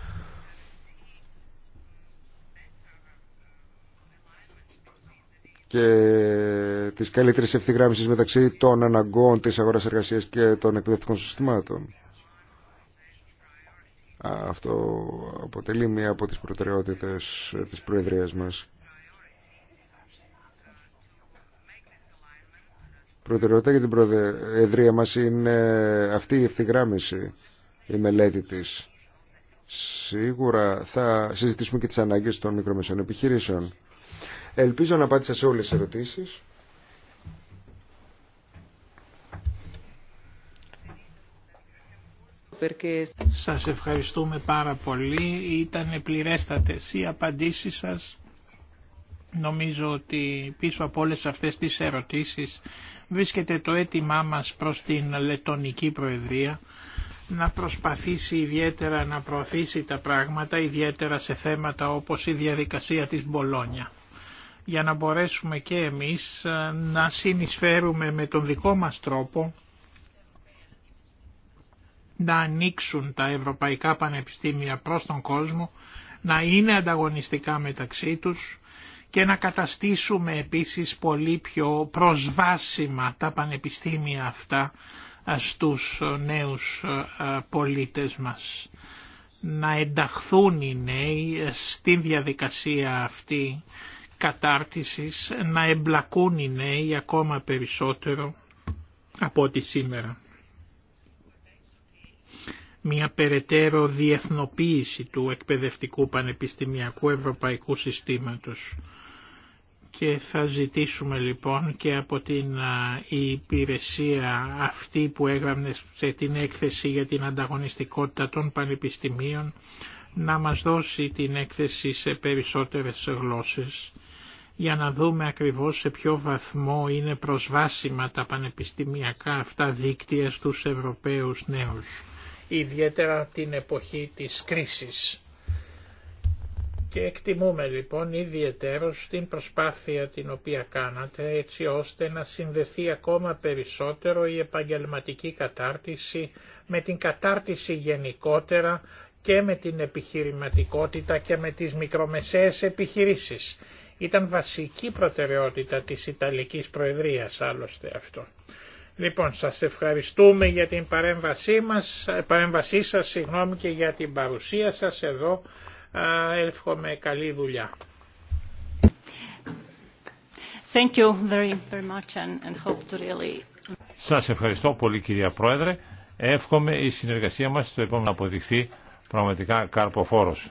και της καλύτερης ευθυγράμμισης μεταξύ των αναγκών της αγοράς εργασίας και των εκπαιδευτικών συστημάτων. Αυτό αποτελεί μία από τις προτεραιότητες ε, της Προεδρίας μας. Προτεραιότητα για την Προεδρία μας είναι αυτή η ευθυγράμμιση, η μελέτη της. Σίγουρα θα συζητήσουμε και τις ανάγκες των μικρομεσαίων επιχειρήσεων. Ελπίζω να απάντησα σε όλες τις ερωτήσεις. Σας ευχαριστούμε πάρα πολύ. Ήταν πληρέστατες οι απαντήσεις σας. Νομίζω ότι πίσω από όλες αυτές τις ερωτήσεις βρίσκεται το αίτημά μας προς την Λετωνική Προεδρία να προσπαθήσει ιδιαίτερα να προωθήσει τα πράγματα, ιδιαίτερα σε θέματα όπως η διαδικασία της Μπολόνια για να μπορέσουμε και εμείς να συνεισφέρουμε με τον δικό μας τρόπο να ανοίξουν τα ευρωπαϊκά πανεπιστήμια προς τον κόσμο, να είναι ανταγωνιστικά μεταξύ τους και να καταστήσουμε επίσης πολύ πιο προσβάσιμα τα πανεπιστήμια αυτά στους νέους πολίτες μας. Να ενταχθούν οι νέοι ε, στην διαδικασία αυτή κατάρτισης, να εμπλακούν οι νέοι ακόμα περισσότερο από ό,τι σήμερα μια περαιτέρω διεθνοποίηση του εκπαιδευτικού πανεπιστημιακού ευρωπαϊκού συστήματος. Και θα ζητήσουμε λοιπόν και από την υπηρεσία αυτή που έγραψε σε την έκθεση για την ανταγωνιστικότητα των πανεπιστημίων να μας δώσει την έκθεση σε περισσότερες γλώσσες για να δούμε ακριβώς σε ποιο βαθμό είναι προσβάσιμα τα πανεπιστημιακά αυτά δίκτυα στους Ευρωπαίους νέους ιδιαίτερα την εποχή της κρίσης. Και εκτιμούμε λοιπόν ιδιαιτέρως την προσπάθεια την οποία κάνατε έτσι ώστε να συνδεθεί ακόμα περισσότερο η επαγγελματική κατάρτιση με την κατάρτιση γενικότερα και με την επιχειρηματικότητα και με τις μικρομεσαίες επιχειρήσεις. Ήταν βασική προτεραιότητα της Ιταλικής Προεδρίας άλλωστε αυτό. Λοιπόν, σας ευχαριστούμε για την παρέμβασή, μας, παρέμβασή σας συγγνώμη, και για την παρουσία σας εδώ. Εύχομαι καλή δουλειά. Thank you very, very much and, hope to Σας ευχαριστώ πολύ κυρία Πρόεδρε. Εύχομαι η συνεργασία μας στο επόμενο να αποδειχθεί πραγματικά καρποφόρος.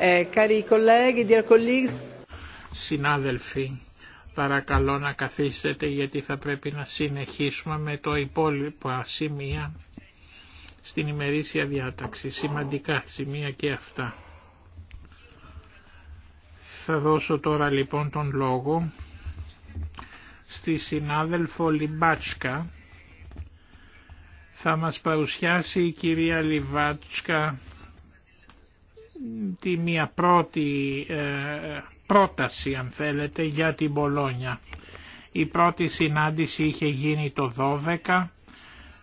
Ε, cari colleghi, dear colleagues. Συνάδελφοι, παρακαλώ να καθίσετε γιατί θα πρέπει να συνεχίσουμε με το υπόλοιπο σημεία στην ημερήσια διάταξη. Σημαντικά σημεία και αυτά. Θα δώσω τώρα λοιπόν τον λόγο στη συνάδελφο Λιμπάτσκα. Θα μας παρουσιάσει η κυρία Λιμπάτσκα τη μία πρώτη ε, πρόταση αν θέλετε για την Πολόνια. Η πρώτη συνάντηση είχε γίνει το 12,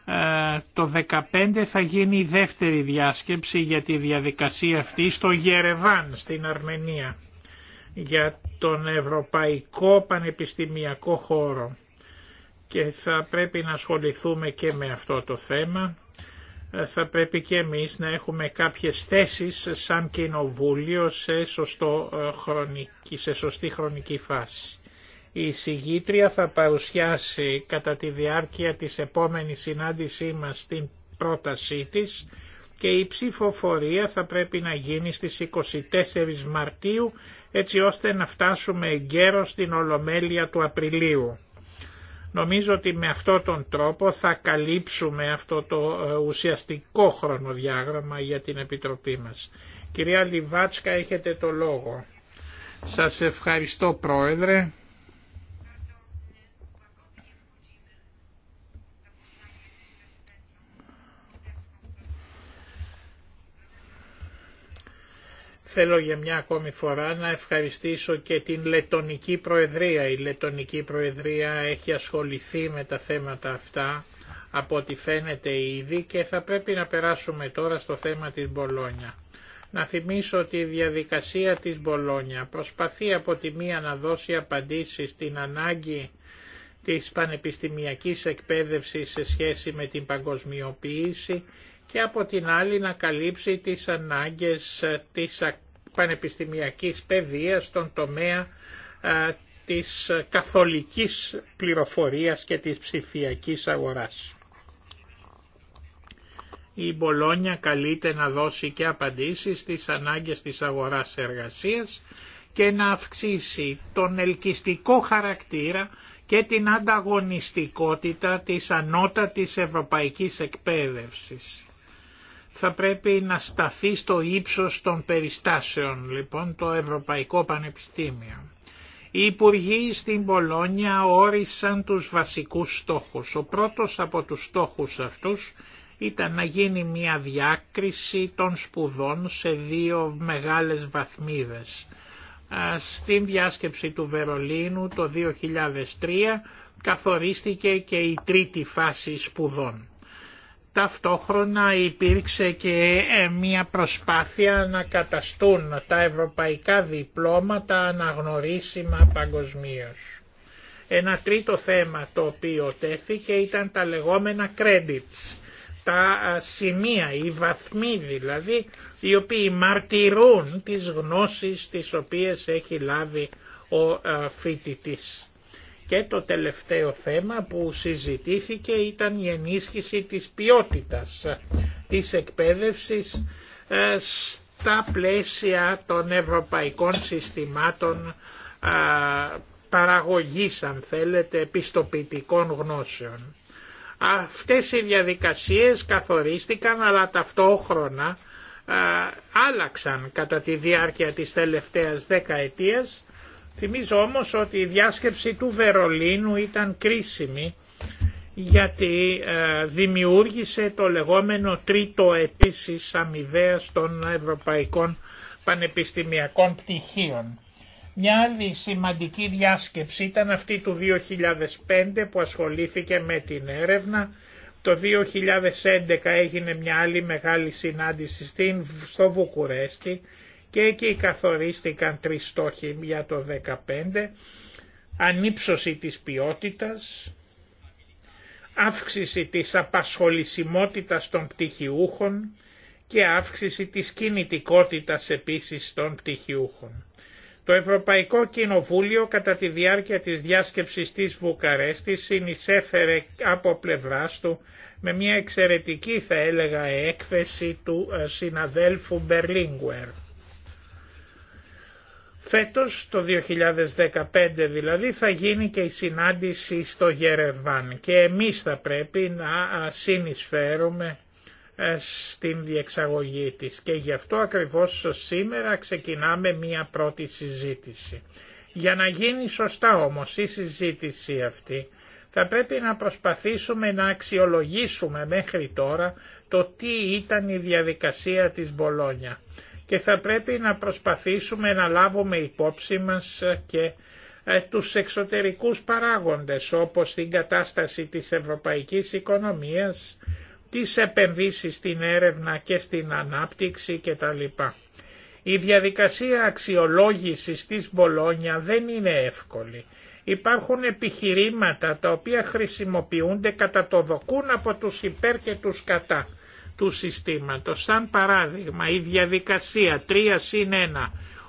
ε, το 15 θα γίνει η δεύτερη διάσκεψη για τη διαδικασία αυτή στο Γερεβάν στην Αρμενία για τον Ευρωπαϊκό Πανεπιστημιακό Χώρο και θα πρέπει να ασχοληθούμε και με αυτό το θέμα ε, θα πρέπει και εμείς να έχουμε κάποιες θέσεις σαν κοινοβούλιο σε, σωστό ε, χρονική, σε σωστή χρονική φάση. Η συγγήτρια θα παρουσιάσει κατά τη διάρκεια της επόμενης συνάντησή μας την πρότασή της και η ψηφοφορία θα πρέπει να γίνει στις 24 Μαρτίου έτσι ώστε να φτάσουμε εγκαίρως στην Ολομέλεια του Απριλίου. Νομίζω ότι με αυτόν τον τρόπο θα καλύψουμε αυτό το ε, ουσιαστικό χρονοδιάγραμμα για την Επιτροπή μας. Κυρία Λιβάτσκα, έχετε το λόγο. Σας ευχαριστώ Πρόεδρε. Θέλω για μια ακόμη φορά να ευχαριστήσω και την Λετονική Προεδρία. Η Λετονική Προεδρία έχει ασχοληθεί με τα θέματα αυτά από ό,τι φαίνεται ήδη και θα πρέπει να περάσουμε τώρα στο θέμα της Μπολόνια. Να θυμίσω ότι η διαδικασία της Μπολόνια προσπαθεί από τη μία να δώσει απαντήσεις στην ανάγκη της πανεπιστημιακής εκπαίδευσης σε σχέση με την παγκοσμιοποίηση και από την άλλη να καλύψει τις ανάγκες ε, της πανεπιστημιακής παιδείας στον τομέα της καθολικής πληροφορίας και της ψηφιακής αγοράς. Η Μπολόνια καλείται να δώσει και απαντήσεις στις ανάγκες της αγοράς εργασίας και να αυξήσει τον ελκυστικό χαρακτήρα και την ανταγωνιστικότητα της ανώτατης ευρωπαϊκής εκπαίδευσης θα πρέπει να σταθεί στο ύψος των περιστάσεων, λοιπόν, το Ευρωπαϊκό Πανεπιστήμιο. Οι Υπουργοί στην Πολόνια όρισαν τους βασικούς στόχους. Ο πρώτος από τους στόχους αυτούς ήταν να γίνει μια διάκριση των σπουδών σε δύο μεγάλες βαθμίδες. Στην διάσκεψη του Βερολίνου το 2003 καθορίστηκε και η τρίτη φάση σπουδών ταυτόχρονα υπήρξε και ε, μια προσπάθεια να καταστούν τα ευρωπαϊκά διπλώματα αναγνωρίσιμα παγκοσμίω. Ένα τρίτο θέμα το οποίο τέθηκε ήταν τα λεγόμενα credits, τα σημεία, οι βαθμοί δηλαδή, οι οποίοι μαρτυρούν τις γνώσεις τις οποίες έχει λάβει ο φοιτητής. Και το τελευταίο θέμα που συζητήθηκε ήταν η ενίσχυση της ποιότητας της εκπαίδευσης ε, στα πλαίσια των ευρωπαϊκών συστημάτων ε, παραγωγής, αν θέλετε, επιστοποιητικών γνώσεων. Αυτές οι διαδικασίες καθορίστηκαν αλλά ταυτόχρονα ε, άλλαξαν κατά τη διάρκεια της τελευταίας δεκαετίας Θυμίζω όμως ότι η διάσκεψη του Βερολίνου ήταν κρίσιμη γιατί ε, δημιούργησε το λεγόμενο τρίτο επίσης αμοιβαία των ευρωπαϊκών πανεπιστημιακών πτυχίων. Μια άλλη σημαντική διάσκεψη ήταν αυτή του 2005 που ασχολήθηκε με την έρευνα. Το 2011 έγινε μια άλλη μεγάλη συνάντηση στο Βουκουρέστι και εκεί καθορίστηκαν τρεις στόχοι για το 2015, ανύψωση της ποιότητας, αύξηση της απασχολησιμότητας των πτυχιούχων και αύξηση της κινητικότητας επίσης των πτυχιούχων. Το Ευρωπαϊκό Κοινοβούλιο κατά τη διάρκεια της διάσκεψης της Βουκαρέστης συνεισέφερε από πλευράς του με μια εξαιρετική θα έλεγα έκθεση του ε, συναδέλφου Μπερλίνγκουερ. Φέτος το 2015 δηλαδή θα γίνει και η συνάντηση στο Γερεβάν και εμείς θα πρέπει να συνεισφέρουμε ε, στην διεξαγωγή της και γι' αυτό ακριβώς σήμερα ξεκινάμε μία πρώτη συζήτηση. Για να γίνει σωστά όμως η συζήτηση αυτή θα πρέπει να προσπαθήσουμε να αξιολογήσουμε μέχρι τώρα το τι ήταν η διαδικασία της Μπολόνια και θα πρέπει να προσπαθήσουμε να λάβουμε υπόψη μας και ε, τους εξωτερικούς παράγοντες όπως την κατάσταση της ευρωπαϊκής οικονομίας, τις επενδύσεις στην έρευνα και στην ανάπτυξη κτλ. Η διαδικασία αξιολόγησης της Μπολόνια δεν είναι εύκολη. Υπάρχουν επιχειρήματα τα οποία χρησιμοποιούνται κατά το δοκούν από τους υπέρ και τους κατά του συστήματος. Σαν παράδειγμα η διαδικασία 3 συν 1.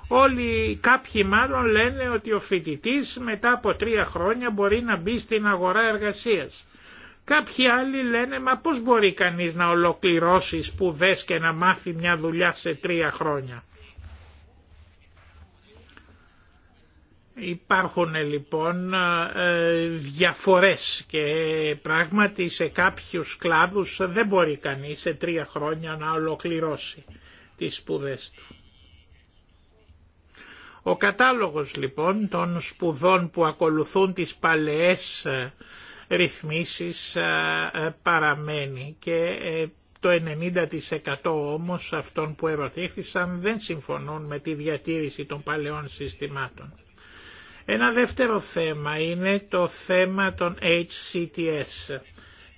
Όλοι κάποιοι μάλλον λένε ότι ο φοιτητή μετά από τρία χρόνια μπορεί να μπει στην αγορά εργασίας. Κάποιοι άλλοι λένε μα πώς μπορεί κανείς να ολοκληρώσει σπουδές και να μάθει μια δουλειά σε τρία χρόνια. Υπάρχουν λοιπόν ε, διαφορές και πράγματι σε κάποιους κλάδους δεν μπορεί κανείς σε τρία χρόνια να ολοκληρώσει τις σπουδές του. Ο κατάλογος λοιπόν των σπουδών που ακολουθούν τις παλαιές ε, ρυθμίσεις ε, παραμένει και το 90% όμως αυτών που ερωτήθησαν δεν συμφωνούν με τη διατήρηση των παλαιών συστημάτων. Ένα δεύτερο θέμα είναι το θέμα των HCTS,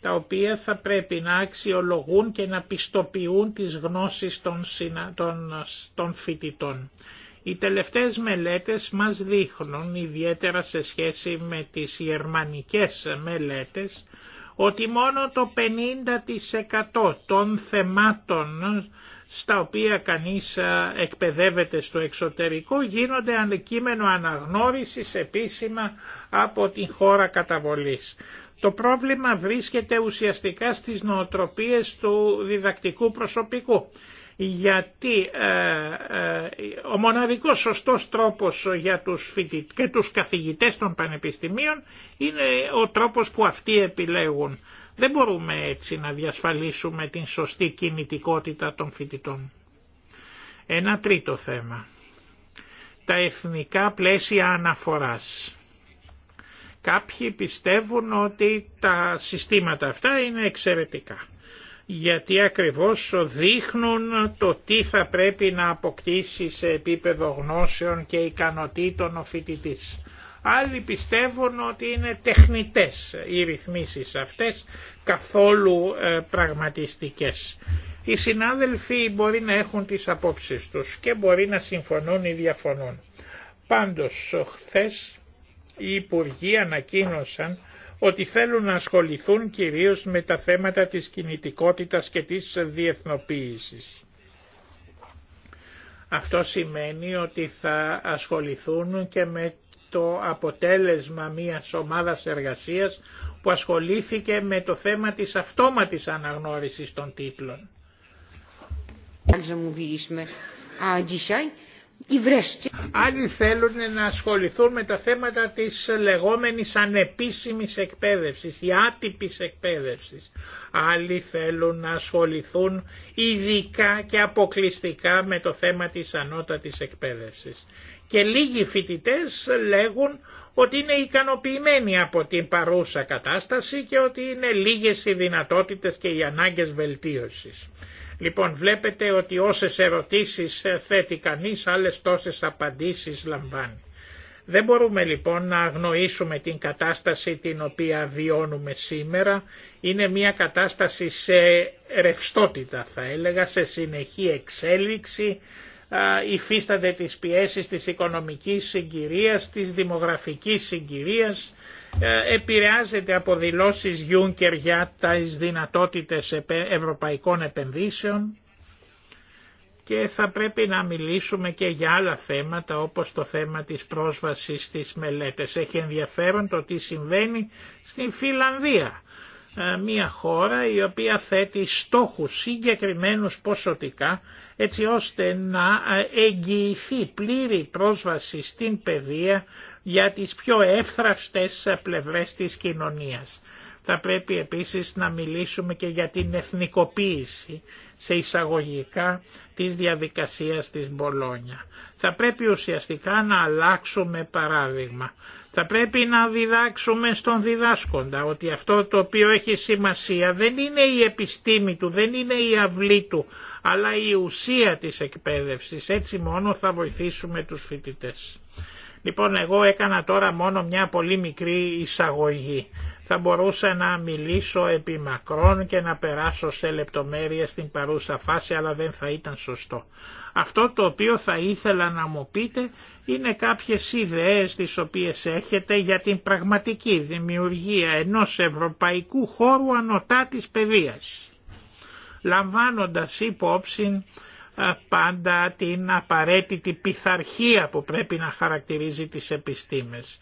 τα οποία θα πρέπει να αξιολογούν και να πιστοποιούν τις γνώσεις των, συνα... φοιτητών. Οι τελευταίες μελέτες μας δείχνουν, ιδιαίτερα σε σχέση με τις γερμανικές μελέτες, ότι μόνο το 50% των θεμάτων στα οποία κανείς εκπαιδεύεται στο εξωτερικό γίνονται αντικείμενο αναγνώρισης επίσημα από την χώρα καταβολής. Το πρόβλημα βρίσκεται ουσιαστικά στις νοοτροπίες του διδακτικού προσωπικού. Γιατί ε, ε, ο μοναδικός σωστός τρόπος για τους φοιτητές και τους καθηγητές των πανεπιστημίων είναι ο τρόπος που αυτοί επιλέγουν. Δεν μπορούμε έτσι να διασφαλίσουμε την σωστή κινητικότητα των φοιτητών. Ένα τρίτο θέμα. Τα εθνικά πλαίσια αναφοράς. Κάποιοι πιστεύουν ότι τα συστήματα αυτά είναι εξαιρετικά γιατί ακριβώς δείχνουν το τι θα πρέπει να αποκτήσει σε επίπεδο γνώσεων και ικανοτήτων ο φοιτητής. Άλλοι πιστεύουν ότι είναι τεχνητές οι ρυθμίσεις αυτές, καθόλου ε, πραγματιστικές. Οι συνάδελφοι μπορεί να έχουν τις απόψεις τους και μπορεί να συμφωνούν ή διαφωνούν. Πάντως, χθε οι Υπουργοί ανακοίνωσαν ότι θέλουν να ασχοληθούν κυρίως με τα θέματα της κινητικότητας και της διεθνοποίησης. Αυτό σημαίνει ότι θα ασχοληθούν και με το αποτέλεσμα μιας ομάδας εργασίας που ασχολήθηκε με το θέμα της αυτόματης αναγνώρισης των τίτλων. Άλλοι θέλουν να ασχοληθούν με τα θέματα της λεγόμενης ανεπίσημης εκπαίδευσης, η άτυπης εκπαίδευσης. Άλλοι θέλουν να ασχοληθούν ειδικά και αποκλειστικά με το θέμα της ανώτατης εκπαίδευσης. Και λίγοι φοιτητές λέγουν ότι είναι ικανοποιημένοι από την παρούσα κατάσταση και ότι είναι λίγες οι δυνατότητες και οι ανάγκες βελτίωσης. Λοιπόν βλέπετε ότι όσες ερωτήσεις ε, θέτει κανείς άλλες τόσες απαντήσεις λαμβάνει. Δεν μπορούμε λοιπόν να αγνοήσουμε την κατάσταση την οποία βιώνουμε σήμερα. Είναι μια κατάσταση σε ρευστότητα θα έλεγα, σε συνεχή εξέλιξη, υφίσταται τις πιέσεις της οικονομικής συγκυρίας, της δημογραφικής συγκυρίας, ε, επηρεάζεται από δηλώσεις Γιούνκερ για τις δυνατότητες ευρωπαϊκών επενδύσεων και θα πρέπει να μιλήσουμε και για άλλα θέματα όπως το θέμα της πρόσβασης στις μελέτες. Έχει ενδιαφέρον το τι συμβαίνει στην Φιλανδία, ε, μια χώρα η οποία θέτει στόχους συγκεκριμένους ποσοτικά έτσι ώστε να ε, εγγυηθεί πλήρη πρόσβαση στην παιδεία για τις πιο εύθραυστες πλευρές της κοινωνίας. Θα πρέπει επίσης να μιλήσουμε και για την εθνικοποίηση σε εισαγωγικά της διαδικασίας της Μπολόνια. Θα πρέπει ουσιαστικά να αλλάξουμε παράδειγμα. Θα πρέπει να διδάξουμε στον διδάσκοντα ότι αυτό το οποίο έχει σημασία δεν είναι η επιστήμη του, δεν είναι η αυλή του, αλλά η ουσία της εκπαίδευσης. Έτσι μόνο θα βοηθήσουμε τους φοιτητές. Λοιπόν, εγώ έκανα τώρα μόνο μια πολύ μικρή εισαγωγή. Θα μπορούσα να μιλήσω επί μακρόν και να περάσω σε λεπτομέρειες στην παρούσα φάση, αλλά δεν θα ήταν σωστό. Αυτό το οποίο θα ήθελα να μου πείτε είναι κάποιες ιδέες τις οποίες έχετε για την πραγματική δημιουργία ενός ευρωπαϊκού χώρου ανωτά της παιδείας. Λαμβάνοντας υπόψη πάντα την απαραίτητη πειθαρχία που πρέπει να χαρακτηρίζει τις επιστήμες.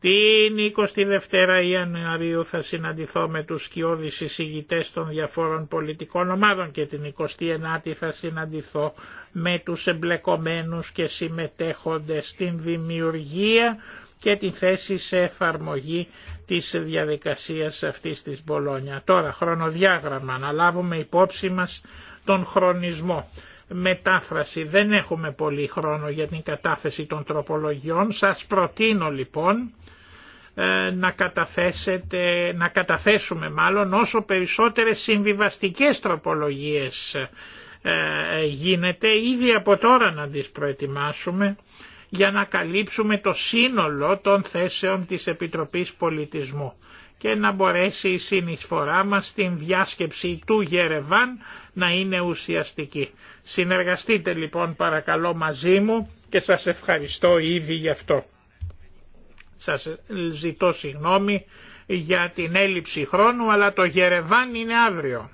Την 22η Ιανουαρίου θα συναντηθώ με τους σκιώδεις εισηγητές των διαφόρων πολιτικών ομάδων και την 29η θα συναντηθώ με τους εμπλεκομένους και συμμετέχοντες στην δημιουργία και τη θέση σε εφαρμογή της διαδικασίας αυτής της Μπολόνια. Τώρα χρονοδιάγραμμα, να λάβουμε υπόψη μας τον χρονισμό μετάφραση. Δεν έχουμε πολύ χρόνο για την κατάθεση των τροπολογιών. Σας προτείνω λοιπόν ε, να, καταθέσετε, να καταθέσουμε μάλλον όσο περισσότερες συμβιβαστικές τροπολογίες ε, γίνεται ήδη από τώρα να τις προετοιμάσουμε για να καλύψουμε το σύνολο των θέσεων της Επιτροπής Πολιτισμού και να μπορέσει η συνεισφορά μας στην διάσκεψη του Γερεβάν να είναι ουσιαστική. Συνεργαστείτε λοιπόν παρακαλώ μαζί μου και σας ευχαριστώ ήδη γι' αυτό. Σας ζητώ συγγνώμη για την έλλειψη χρόνου αλλά το Γερεβάν είναι αύριο.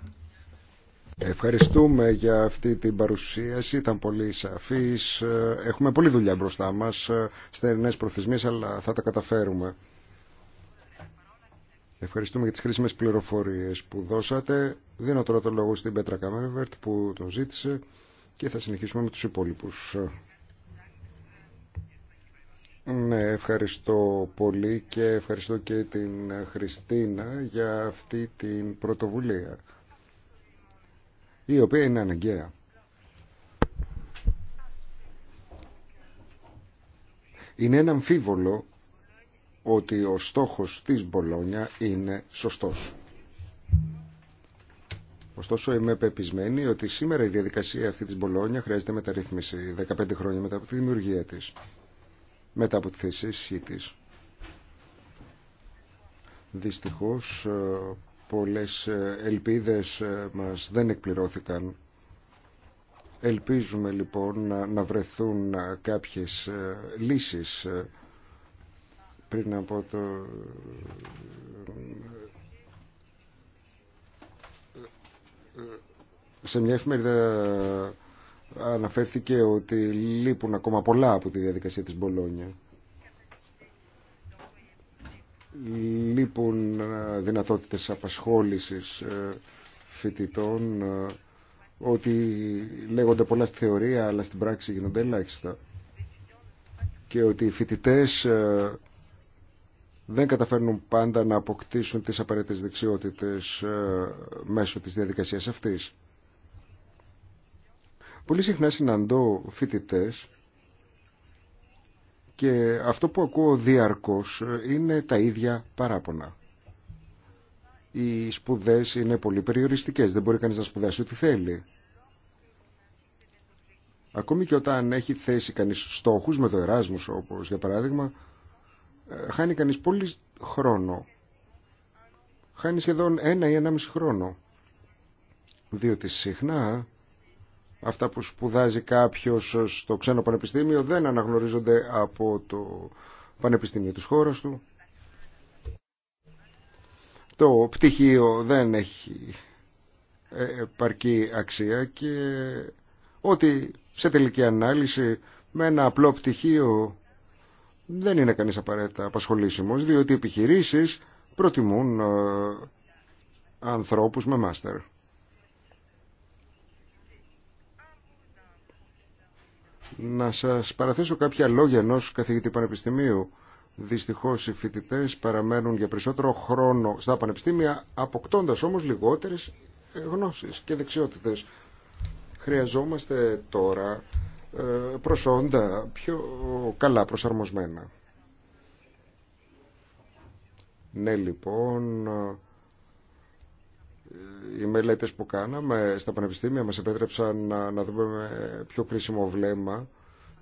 Ευχαριστούμε για αυτή την παρουσίαση, ήταν πολύ σαφής. Έχουμε πολλή δουλειά μπροστά μας, στερινές προθεσμίες, αλλά θα τα καταφέρουμε. Ευχαριστούμε για τις χρήσιμες πληροφορίες που δώσατε. Δίνω τώρα το λόγο στην Πέτρα Κάμερβερτ που τον ζήτησε και θα συνεχίσουμε με τους υπόλοιπους. Ναι, ευχαριστώ πολύ και ευχαριστώ και την Χριστίνα για αυτή την πρωτοβουλία η οποία είναι αναγκαία. Είναι ένα αμφίβολο ότι ο στόχος της Μπολόνια είναι σωστός. Ωστόσο είμαι πεπισμένη ότι σήμερα η διαδικασία αυτή της Μπολόνια χρειάζεται μεταρρύθμιση 15 χρόνια μετά από τη δημιουργία της, μετά από τη θέση ισχύ της. Δυστυχώς ε, πολλές ε, ελπίδες ε, μας δεν εκπληρώθηκαν. Ελπίζουμε λοιπόν να βρεθούν κάποιες λύσεις πριν από το σε μια εφημερίδα αναφέρθηκε ότι λείπουν ακόμα πολλά από τη διαδικασία της Μπολόνια. Λείπουν ε, δυνατότητες απασχόλησης ε, φοιτητών, ε, ότι λέγονται πολλά στη θεωρία αλλά στην πράξη γίνονται ελάχιστα και ότι οι φοιτητές δεν καταφέρνουν πάντα να αποκτήσουν τις απαραίτητες δεξιότητες ε, μέσω της διαδικασίας αυτής. Πολύ συχνά συναντώ φοιτητέ και αυτό που ακούω διαρκώς ε, είναι τα ίδια παράπονα. Οι σπουδές είναι πολύ περιοριστικές, δεν μπορεί κανείς να σπουδάσει ό,τι θέλει. Ακόμη και όταν έχει θέσει κανείς στόχους με το Εράσμος, όπως για παράδειγμα, χάνει κανείς πολύ χρόνο. Χάνει σχεδόν ένα ή ενάμιση χρόνο. Διότι συχνά αυτά που σπουδάζει κάποιος στο ξένο πανεπιστήμιο δεν αναγνωρίζονται από το πανεπιστήμιο της χώρας του. Το πτυχίο δεν έχει ε, επαρκή αξία και ότι σε τελική ανάλυση με ένα απλό πτυχίο δεν είναι κανείς απαραίτητα απασχολήσιμος διότι οι επιχειρήσεις προτιμούν ε, ανθρώπους με μάστερ. Να σας παραθέσω κάποια λόγια ενός καθηγητή πανεπιστημίου. Δυστυχώς οι φοιτητές παραμένουν για περισσότερο χρόνο στα πανεπιστήμια, αποκτώντας όμως λιγότερες γνώσεις και δεξιότητες. Χρειαζόμαστε τώρα ε, προσόντα πιο καλά προσαρμοσμένα. Ναι, λοιπόν, ε, οι μελέτες που κάναμε στα πανεπιστήμια μας επέτρεψαν να, δούμε με πιο κρίσιμο βλέμμα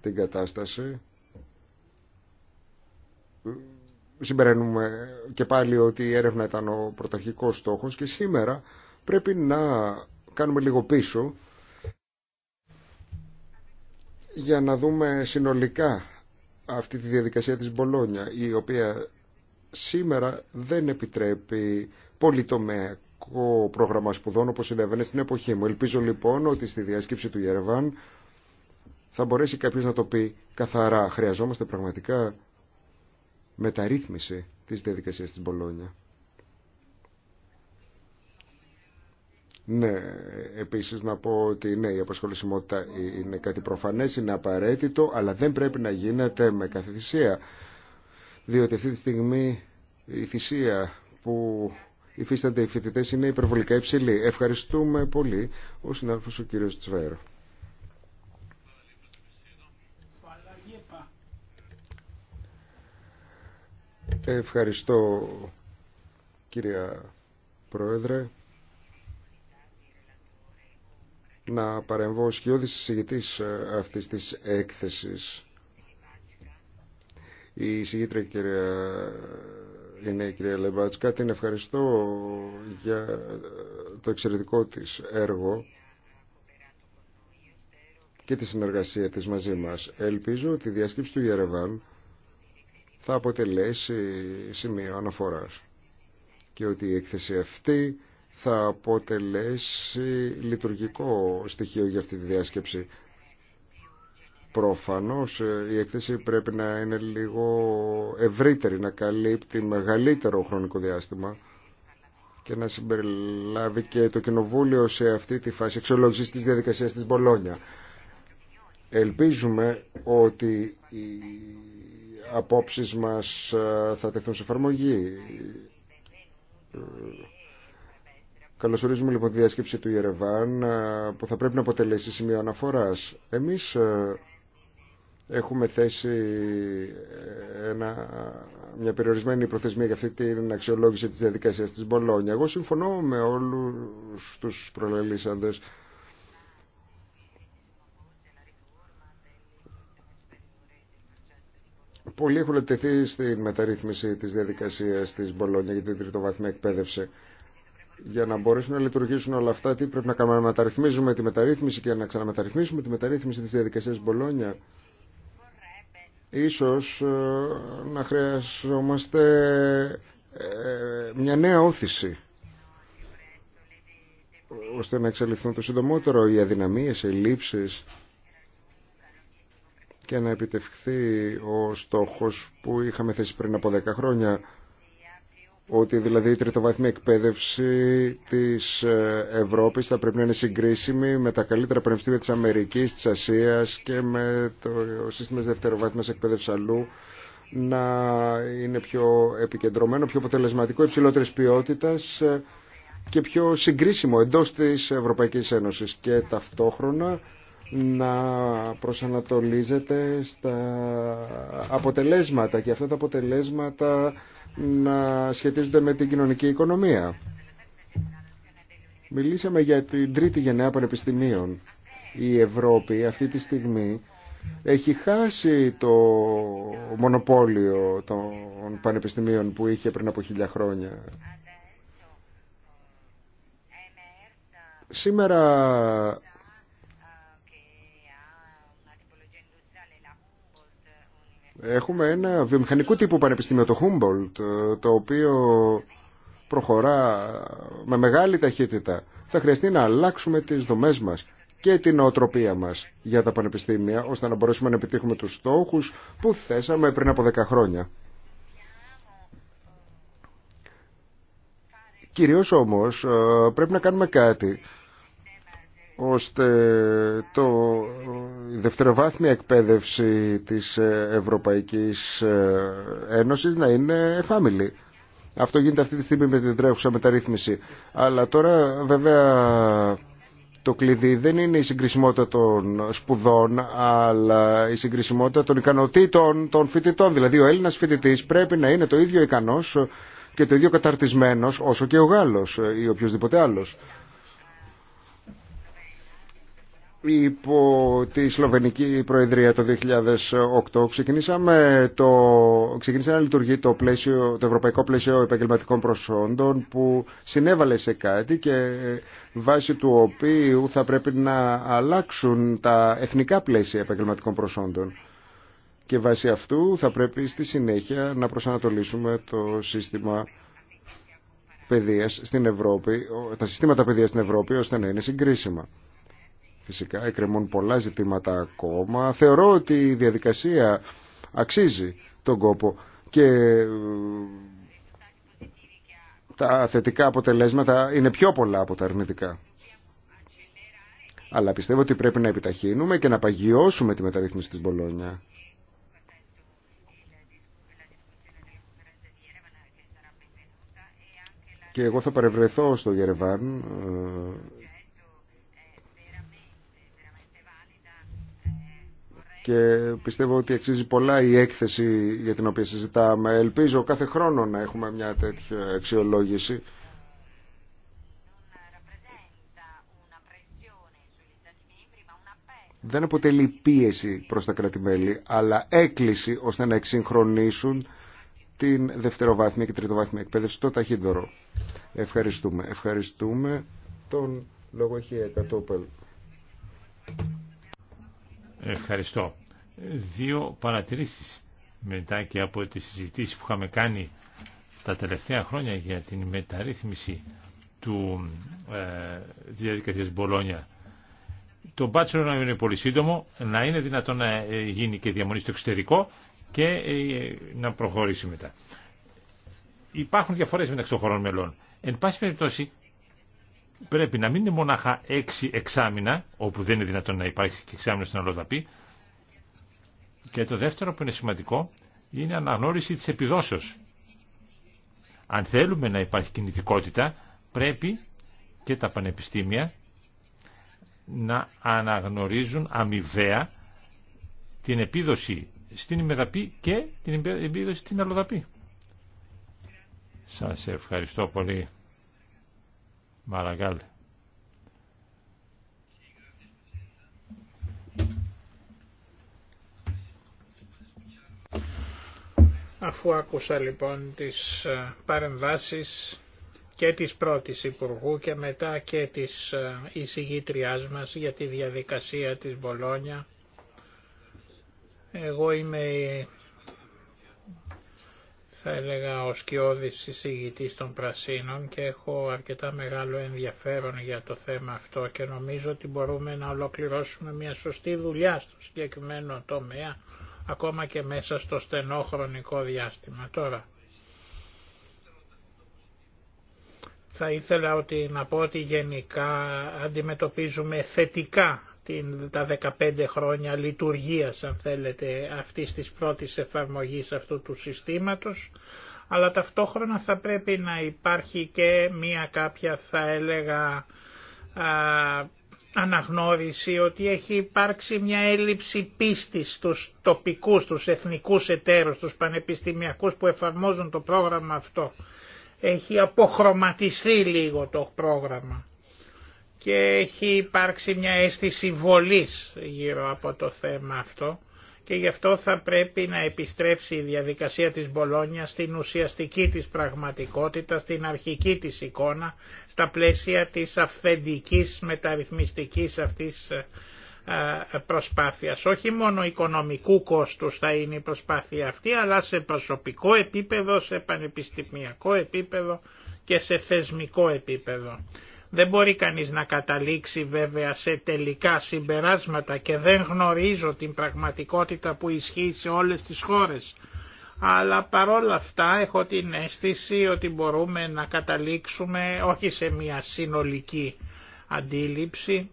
την κατάσταση. Συμπεραίνουμε και πάλι ότι η έρευνα ήταν ο πρωταρχικός στόχος και σήμερα πρέπει να κάνουμε λίγο πίσω για να δούμε συνολικά αυτή τη διαδικασία της Μπολόνια η οποία σήμερα δεν επιτρέπει πολυτομεακό πρόγραμμα σπουδών όπως συνέβαινε στην εποχή μου. Ελπίζω λοιπόν ότι στη διάσκεψη του Γερβάν θα μπορέσει κάποιος να το πει καθαρά. Χρειαζόμαστε πραγματικά μεταρρύθμιση της διαδικασίας της Μπολόνια. Ναι, επίσης να πω ότι ναι, η απασχολησιμότητα ε, είναι κάτι προφανές, είναι απαραίτητο, αλλά δεν πρέπει να γίνεται με κάθε θυσία. Διότι αυτή τη στιγμή η θυσία που υφίστανται οι φοιτητές είναι υπερβολικά υψηλή. Ευχαριστούμε πολύ ο συνάδελφος ο κύριος Τσβέρο. Ευχαριστώ κυρία Πρόεδρε. να παρεμβώ ως χειώδης συζητητής ε, αυτής της έκθεσης. Η συγγήτρια κυρία είναι η κυρία Λεμπάτσκα. Την ευχαριστώ για το εξαιρετικό της έργο και τη συνεργασία της μαζί μας. Ελπίζω ότι η διάσκεψη του Γερεβάν θα αποτελέσει σημείο αναφοράς και ότι η έκθεση αυτή θα αποτελέσει λειτουργικό στοιχείο για αυτή τη διάσκεψη. Προφανώς ε, η έκθεση πρέπει να είναι λίγο ευρύτερη, να καλύπτει μεγαλύτερο χρονικό διάστημα και να συμπεριλάβει και το Κοινοβούλιο σε αυτή τη φάση εξολόγησης της διαδικασίας της Μπολόνια. Ελπίζουμε ότι οι απόψεις μας ε, θα τεθούν σε εφαρμογή ε, Καλωσορίζουμε λοιπόν τη διάσκεψη του Ιερεβάν που θα πρέπει να αποτελέσει σημείο αναφοράς. Εμείς έχουμε θέσει ε, ένα, μια περιορισμένη προθεσμία για αυτή την αξιολόγηση της διαδικασίας της Μπολόνια. Εγώ συμφωνώ με όλους τους προλαλήσαντες Πολλοί έχουν τεθεί στην μεταρρύθμιση της διαδικασίας της Μπολόνια για την τριτοβαθμία εκπαίδευση για να μπορέσουν να λειτουργήσουν όλα αυτά, τι πρέπει να κάνουμε, να μεταρρυθμίζουμε τη μεταρρύθμιση και να ξαναμεταρρυθμίσουμε τη μεταρρύθμιση της διαδικασία Μπολόνια. Ίσως ε, να χρειαζόμαστε ε, μια νέα όθηση ώστε να εξελιχθούν το συντομότερο οι αδυναμίες, οι λήψεις και να επιτευχθεί ο στόχος που είχαμε θέσει πριν από 10 χρόνια ότι δηλαδή η τριτοβαθμία εκπαίδευση της ε, Ευρώπης θα πρέπει να είναι συγκρίσιμη με τα καλύτερα πανεπιστήμια της Αμερικής, της Ασίας και με το σύστημα της δευτεροβάθμιας εκπαίδευσης αλλού να είναι πιο επικεντρωμένο, πιο αποτελεσματικό, υψηλότερης ποιότητας ε, και πιο συγκρίσιμο εντός της Ευρωπαϊκής Ένωσης και ταυτόχρονα να προσανατολίζεται στα αποτελέσματα και αυτά τα αποτελέσματα να σχετίζονται με την κοινωνική οικονομία. Μιλήσαμε για την τρίτη γενναία πανεπιστημίων. Η Ευρώπη αυτή τη στιγμή έχει χάσει το μονοπόλιο των πανεπιστημίων που είχε πριν από χίλια χρόνια. Σήμερα Έχουμε ένα βιομηχανικού τύπου πανεπιστήμιο, το Humboldt, ε, το οποίο προχωρά με μεγάλη ταχύτητα. Θα χρειαστεί να αλλάξουμε τις δομές μας και την οτροπία μας για τα πανεπιστήμια, ώστε να μπορέσουμε να επιτύχουμε τους στόχους που θέσαμε πριν από 10 χρόνια. Κυρίως όμως ε, πρέπει να κάνουμε κάτι ώστε το, η δευτεροβάθμια εκπαίδευση της Ευρωπαϊκής ε, Ένωσης να είναι εφάμιλη. Αυτό γίνεται αυτή τη στιγμή με την τρέχουσα μεταρρύθμιση. Αλλά τώρα βέβαια το κλειδί δεν είναι η συγκρισιμότητα των σπουδών, αλλά η συγκρισιμότητα των ικανοτήτων των φοιτητών. Δηλαδή ο Έλληνας φοιτητής πρέπει να είναι το ίδιο ικανός και το ίδιο καταρτισμένος όσο και ο Γάλλος ή οποιοδήποτε άλλος. Υπό τη Σλοβενική Προεδρία το 2008 ξεκινήσαμε το, ξεκίνησε να λειτουργεί το, πλαίσιο, το Ευρωπαϊκό Πλαίσιο Επαγγελματικών Προσόντων που συνέβαλε σε κάτι και βάσει του οποίου θα πρέπει να αλλάξουν τα εθνικά πλαίσια επαγγελματικών προσόντων. Και βάσει αυτού θα πρέπει στη συνέχεια να προσανατολίσουμε το σύστημα στην Ευρώπη, τα συστήματα παιδείας στην Ευρώπη ώστε να είναι συγκρίσιμα. Φυσικά εκκρεμούν πολλά ζητήματα ακόμα. Θεωρώ ότι η διαδικασία αξίζει τον κόπο και ε, τα θετικά αποτελέσματα είναι πιο πολλά από τα αρνητικά. Αλλά πιστεύω ότι πρέπει να επιταχύνουμε και να παγιώσουμε τη μεταρρύθμιση της Μπολόνια. Και εγώ θα παρευρεθώ στο Γερεβάν ε, και πιστεύω ότι αξίζει πολλά η έκθεση για την οποία συζητάμε. Ελπίζω κάθε χρόνο να έχουμε μια τέτοια αξιολόγηση. Δεν αποτελεί πίεση προς τα κρατημέλη, αλλά έκκληση ώστε να εξυγχρονίσουν την δευτεροβάθμια και τριτοβάθμια εκπαίδευση το ταχύτερο. Ευχαριστούμε. Ευχαριστούμε. Τον λόγο έχει Ευχαριστώ. Δύο παρατηρήσεις μετά και από τις συζητήσεις που είχαμε κάνει τα τελευταία χρόνια για την μεταρρύθμιση του ε, διαδικασίας Μπολόνια. Το μπάτσελο να είναι πολύ σύντομο, να είναι δυνατόν να ε, γίνει και διαμονή στο εξωτερικό και ε, να προχωρήσει μετά. Υπάρχουν διαφορές μεταξύ των χωρών μελών. Εν πάση περιπτώσει πρέπει να μην είναι μονάχα έξι εξάμηνα, όπου δεν είναι δυνατόν να υπάρχει και στην Αλοδαπή. Και το δεύτερο που είναι σημαντικό είναι η αναγνώριση της επιδόσεως. Αν θέλουμε να υπάρχει κινητικότητα, πρέπει και τα πανεπιστήμια να αναγνωρίζουν αμοιβαία την επίδοση στην ημεδαπή και την επίδοση στην Αλοδαπή. Σας ευχαριστώ πολύ. Μαραγκάλ. Αφού άκουσα λοιπόν τις ε, παρεμβάσεις και της πρώτης Υπουργού και μετά και της ε, εισηγήτριάς μας για τη διαδικασία της Μπολόνια, εγώ είμαι θα έλεγα ο σκιώδης εισηγητής των Πρασίνων και έχω αρκετά μεγάλο ενδιαφέρον για το θέμα αυτό και νομίζω ότι μπορούμε να ολοκληρώσουμε μια σωστή δουλειά στο συγκεκριμένο τομέα ακόμα και μέσα στο στενό χρονικό διάστημα. Τώρα, θα ήθελα ότι, να πω ότι γενικά αντιμετωπίζουμε θετικά την, τα 15 χρόνια λειτουργίας αν θέλετε αυτής της πρώτης εφαρμογής αυτού του συστήματος αλλά ταυτόχρονα θα πρέπει να υπάρχει και μία κάποια θα έλεγα α, αναγνώριση ότι έχει υπάρξει μια καποια θα ελεγα αναγνωριση οτι πίστης στους τοπικούς, τους εθνικούς εταίρους, τους πανεπιστημιακούς που εφαρμόζουν το πρόγραμμα αυτό. Έχει αποχρωματιστεί λίγο το πρόγραμμα και έχει υπάρξει μια αίσθηση βολής γύρω από το θέμα αυτό και γι' αυτό θα πρέπει να επιστρέψει η διαδικασία της Μπολόνια στην ουσιαστική της πραγματικότητα, στην αρχική της εικόνα, στα πλαίσια της αυθεντικής μεταρρυθμιστικής αυτής ε, ε, προσπάθειας. Όχι μόνο οικονομικού κόστους θα είναι η προσπάθεια αυτή, αλλά σε προσωπικό επίπεδο, σε πανεπιστημιακό επίπεδο και σε θεσμικό επίπεδο. Δεν μπορεί κανείς να καταλήξει βέβαια σε τελικά συμπεράσματα και δεν γνωρίζω την πραγματικότητα που ισχύει σε όλες τις χώρες. Αλλά παρόλα αυτά έχω την αίσθηση ότι μπορούμε να καταλήξουμε όχι σε μια συνολική αντίληψη,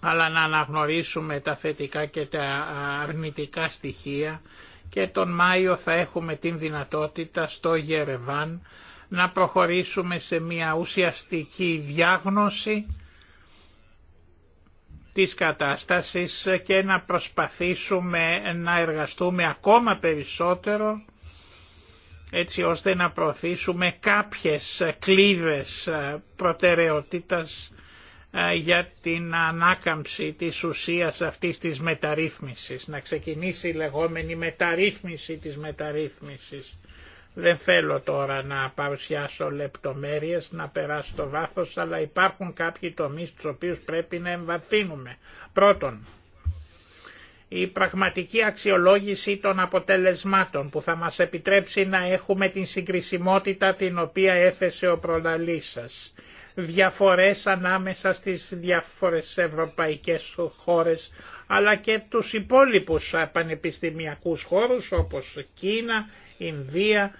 αλλά να αναγνωρίσουμε τα θετικά και τα αρνητικά στοιχεία και τον Μάιο θα έχουμε την δυνατότητα στο Γερεβάν να προχωρήσουμε σε μια ουσιαστική διάγνωση της κατάστασης και να προσπαθήσουμε να εργαστούμε ακόμα περισσότερο έτσι ώστε να προωθήσουμε κάποιες κλίδες προτεραιότητας ε, για την ανάκαμψη της ουσίας αυτής της μεταρρύθμισης, να ξεκινήσει η λεγόμενη μεταρρύθμιση της μεταρρύθμισης δεν θέλω τώρα να παρουσιάσω λεπτομέρειες, να περάσω στο βάθος, αλλά υπάρχουν κάποιοι τομείς τους οποίους πρέπει να εμβαθύνουμε. Πρώτον, η πραγματική αξιολόγηση των αποτελεσμάτων που θα μας επιτρέψει να έχουμε την συγκρισιμότητα την οποία έθεσε ο προλαλής σας. Διαφορές ανάμεσα στις διάφορες ευρωπαϊκές χώρες αλλά και τους υπόλοιπους πανεπιστημιακούς χώρους όπως Κίνα, Ινδία,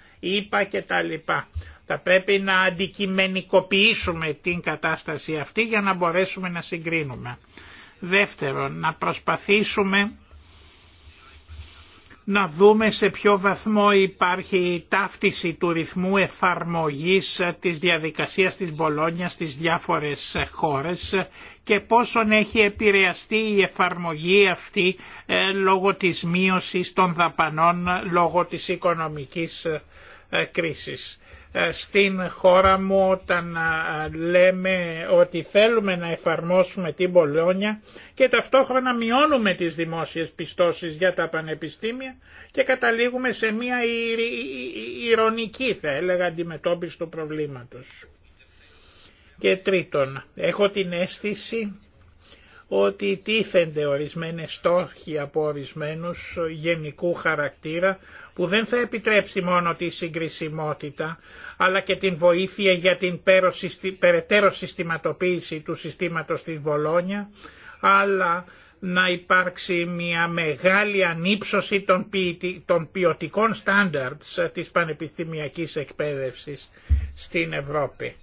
τα λοιπά. Θα πρέπει να αντικειμενικοποιήσουμε την κατάσταση αυτή για να μπορέσουμε να συγκρίνουμε. Δεύτερον, να προσπαθήσουμε να δούμε σε ποιο βαθμό υπάρχει η ταύτιση του ρυθμού εφαρμογής της διαδικασίας της Μπολόνιας στις διάφορες χώρες και πόσον έχει επηρεαστεί η εφαρμογή αυτή ε, λόγω της μείωσης των δαπανών, λόγω της οικονομικής ε, ε, ε, στην χώρα μου όταν ε, λέμε ότι θέλουμε να εφαρμόσουμε την Πολόνια και ταυτόχρονα μειώνουμε τις δημόσιες πιστώσεις για τα πανεπιστήμια και καταλήγουμε σε μια ηρωνική θα έλεγα αντιμετώπιση του προβλήματος. Και τρίτον, έχω την αίσθηση ότι τίθενται ορισμένες στόχοι από ορισμένους γενικού χαρακτήρα που δεν θα επιτρέψει μόνο τη συγκρισιμότητα αλλά και την βοήθεια για την περαιτέρω συστηματοποίηση του συστήματος της Βολόνια αλλά να υπάρξει μια μεγάλη ανύψωση των ποιοτικών στάνταρτς της πανεπιστημιακής εκπαίδευσης στην Ευρώπη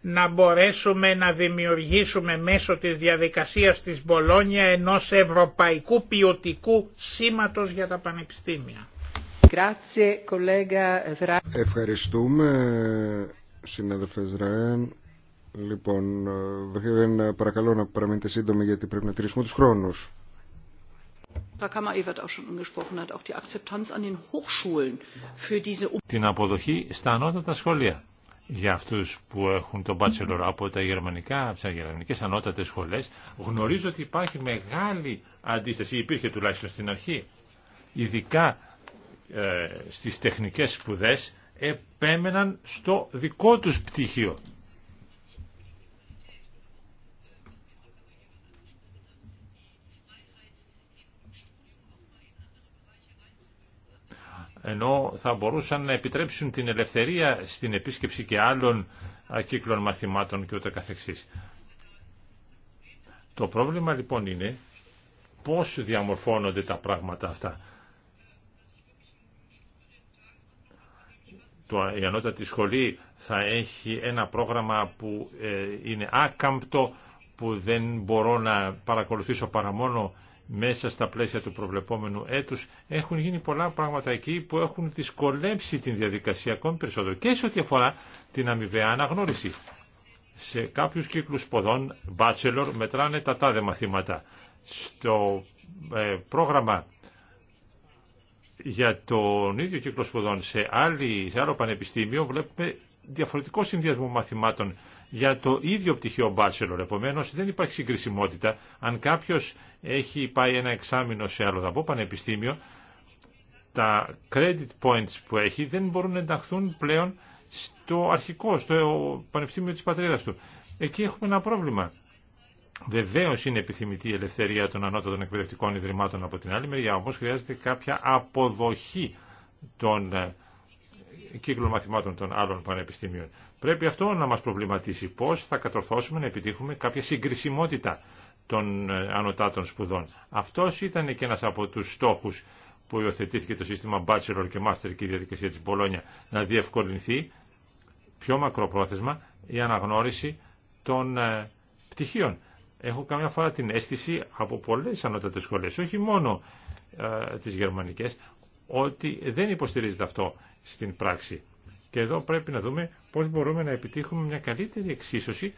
να μπορέσουμε να δημιουργήσουμε μέσω της διαδικασίας της Μπολόνια ενός ευρωπαϊκού ποιοτικού σήματος για τα πανεπιστήμια. Ευχαριστούμε συνάδελφε Ραέν. Λοιπόν, Βεχίδεν, παρακαλώ να παραμείνετε σύντομοι γιατί πρέπει να τηρήσουμε τους χρόνους. Την αποδοχή στα ανώτατα σχολεία για αυτούς που έχουν τον μπάτσελορ από τα γερμανικά, από τις γερμανικές ανώτατες σχολές, γνωρίζω ότι υπάρχει μεγάλη αντίσταση, υπήρχε τουλάχιστον στην αρχή, ειδικά ε, στις τεχνικές σπουδές, επέμεναν στο δικό τους πτυχίο. ενώ θα μπορούσαν να επιτρέψουν την ελευθερία στην επίσκεψη και άλλων κύκλων μαθημάτων και ούτε καθεξής. Το πρόβλημα λοιπόν είναι πώς διαμορφώνονται τα πράγματα αυτά. Το, η ανώτατη σχολή θα έχει ένα πρόγραμμα που ε, είναι άκαμπτο, που δεν μπορώ να παρακολουθήσω παρά μόνο μέσα στα πλαίσια του προβλεπόμενου έτους έχουν γίνει πολλά πράγματα εκεί που έχουν δυσκολέψει την διαδικασία ακόμη περισσότερο και σε ό,τι αφορά την αμοιβαία αναγνώριση. Σε κάποιους κύκλους σποδών, bachelor, μετράνε τα τάδε μαθήματα. Στο ε, πρόγραμμα για τον ίδιο κύκλο σπουδών σε, άλλη, σε άλλο πανεπιστήμιο βλέπουμε διαφορετικό συνδυασμό μαθημάτων για το ίδιο πτυχίο bachelor. Επομένω, δεν υπάρχει συγκρισιμότητα. Αν κάποιο έχει πάει ένα εξάμεινο σε άλλο δαπό πανεπιστήμιο, τα credit points που έχει δεν μπορούν να ενταχθούν πλέον στο αρχικό, στο πανεπιστήμιο της πατρίδας του. Εκεί έχουμε ένα πρόβλημα. Βεβαίω είναι επιθυμητή η ελευθερία των ανώτατων εκπαιδευτικών ιδρυμάτων από την άλλη μεριά, όμω χρειάζεται κάποια αποδοχή των ε, κύκλων μαθημάτων των άλλων πανεπιστήμιων. Πρέπει αυτό να μας προβληματίσει πώς θα κατορθώσουμε να επιτύχουμε κάποια συγκρισιμότητα των ε, ανωτάτων σπουδών. Αυτός ήταν και ένας από τους στόχους που υιοθετήθηκε το σύστημα Bachelor και Master και η διαδικασία της Μπολόνια να διευκολυνθεί πιο μακροπρόθεσμα η αναγνώριση των ε, πτυχίων. Έχω καμιά φορά την αίσθηση από πολλές ανώτατες σχολές, όχι μόνο ε, τις γερμανικές, ότι δεν υποστηρίζεται αυτό στην πράξη. Και εδώ πρέπει να δούμε πώς μπορούμε να επιτύχουμε μια καλύτερη εξίσωση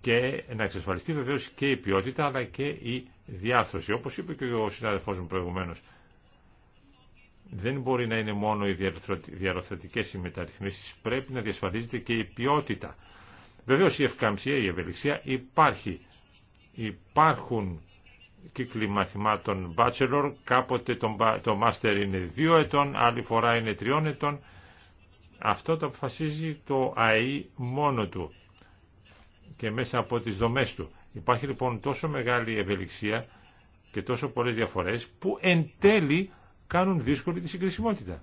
και να εξασφαλιστεί βεβαίω και η ποιότητα αλλά και η διάρθρωση. Όπως είπε και ο συνάδελφός μου προηγουμένως, δεν μπορεί να είναι μόνο οι διαρροθετικές οι πρέπει να διασφαλίζεται και η ποιότητα. Βεβαίω η ευκαμψία, η ευελιξία υπάρχει. Υπάρχουν κύκλοι μαθημάτων bachelor, κάποτε το master είναι δύο ετών, άλλη φορά είναι τριών ετών. Αυτό το αποφασίζει το ΑΕΗ μόνο του και μέσα από τις δομές του. Υπάρχει λοιπόν τόσο μεγάλη ευελιξία και τόσο πολλές διαφορές που εν τέλει κάνουν δύσκολη τη συγκρισιμότητα.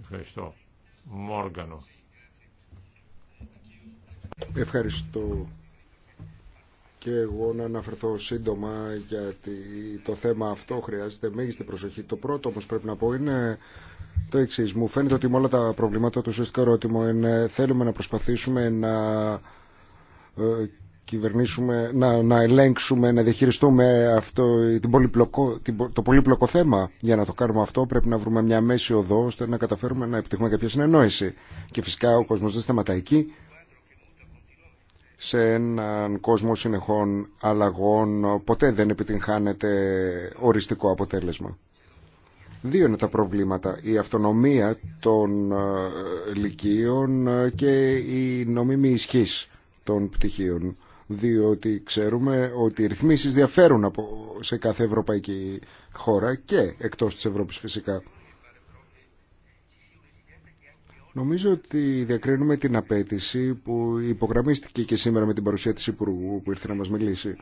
Ευχαριστώ. Μόργανο. Ευχαριστώ και εγώ να αναφερθώ σύντομα γιατί το θέμα αυτό χρειάζεται μέγιστη προσοχή. Το πρώτο όμως πρέπει να πω είναι το εξή. Μου φαίνεται ότι με όλα τα προβλήματα του ουσιαστικό ερώτημα είναι θέλουμε να προσπαθήσουμε να ε, κυβερνήσουμε, να, να ελέγξουμε, να διαχειριστούμε αυτό, την πολυπλοκο, το πολύπλοκο θέμα. Για να το κάνουμε αυτό πρέπει να βρούμε μια μέση οδό ώστε να καταφέρουμε να επιτύχουμε κάποια συνεννόηση. Και φυσικά ο κόσμος δεν σταματά εκεί σε έναν κόσμο συνεχών αλλαγών ποτέ δεν επιτυγχάνεται οριστικό αποτέλεσμα. Δύο είναι τα προβλήματα. Η αυτονομία των ε, λυκείων ε, και η νομίμη ισχύς των πτυχίων. Διότι ξέρουμε ότι οι ρυθμίσεις διαφέρουν σε κάθε ευρωπαϊκή χώρα και εκτός της Ευρώπης φυσικά. Νομίζω ότι διακρίνουμε την απέτηση που υπογραμμίστηκε και σήμερα με την παρουσία της Υπουργού που ήρθε να μας μιλήσει.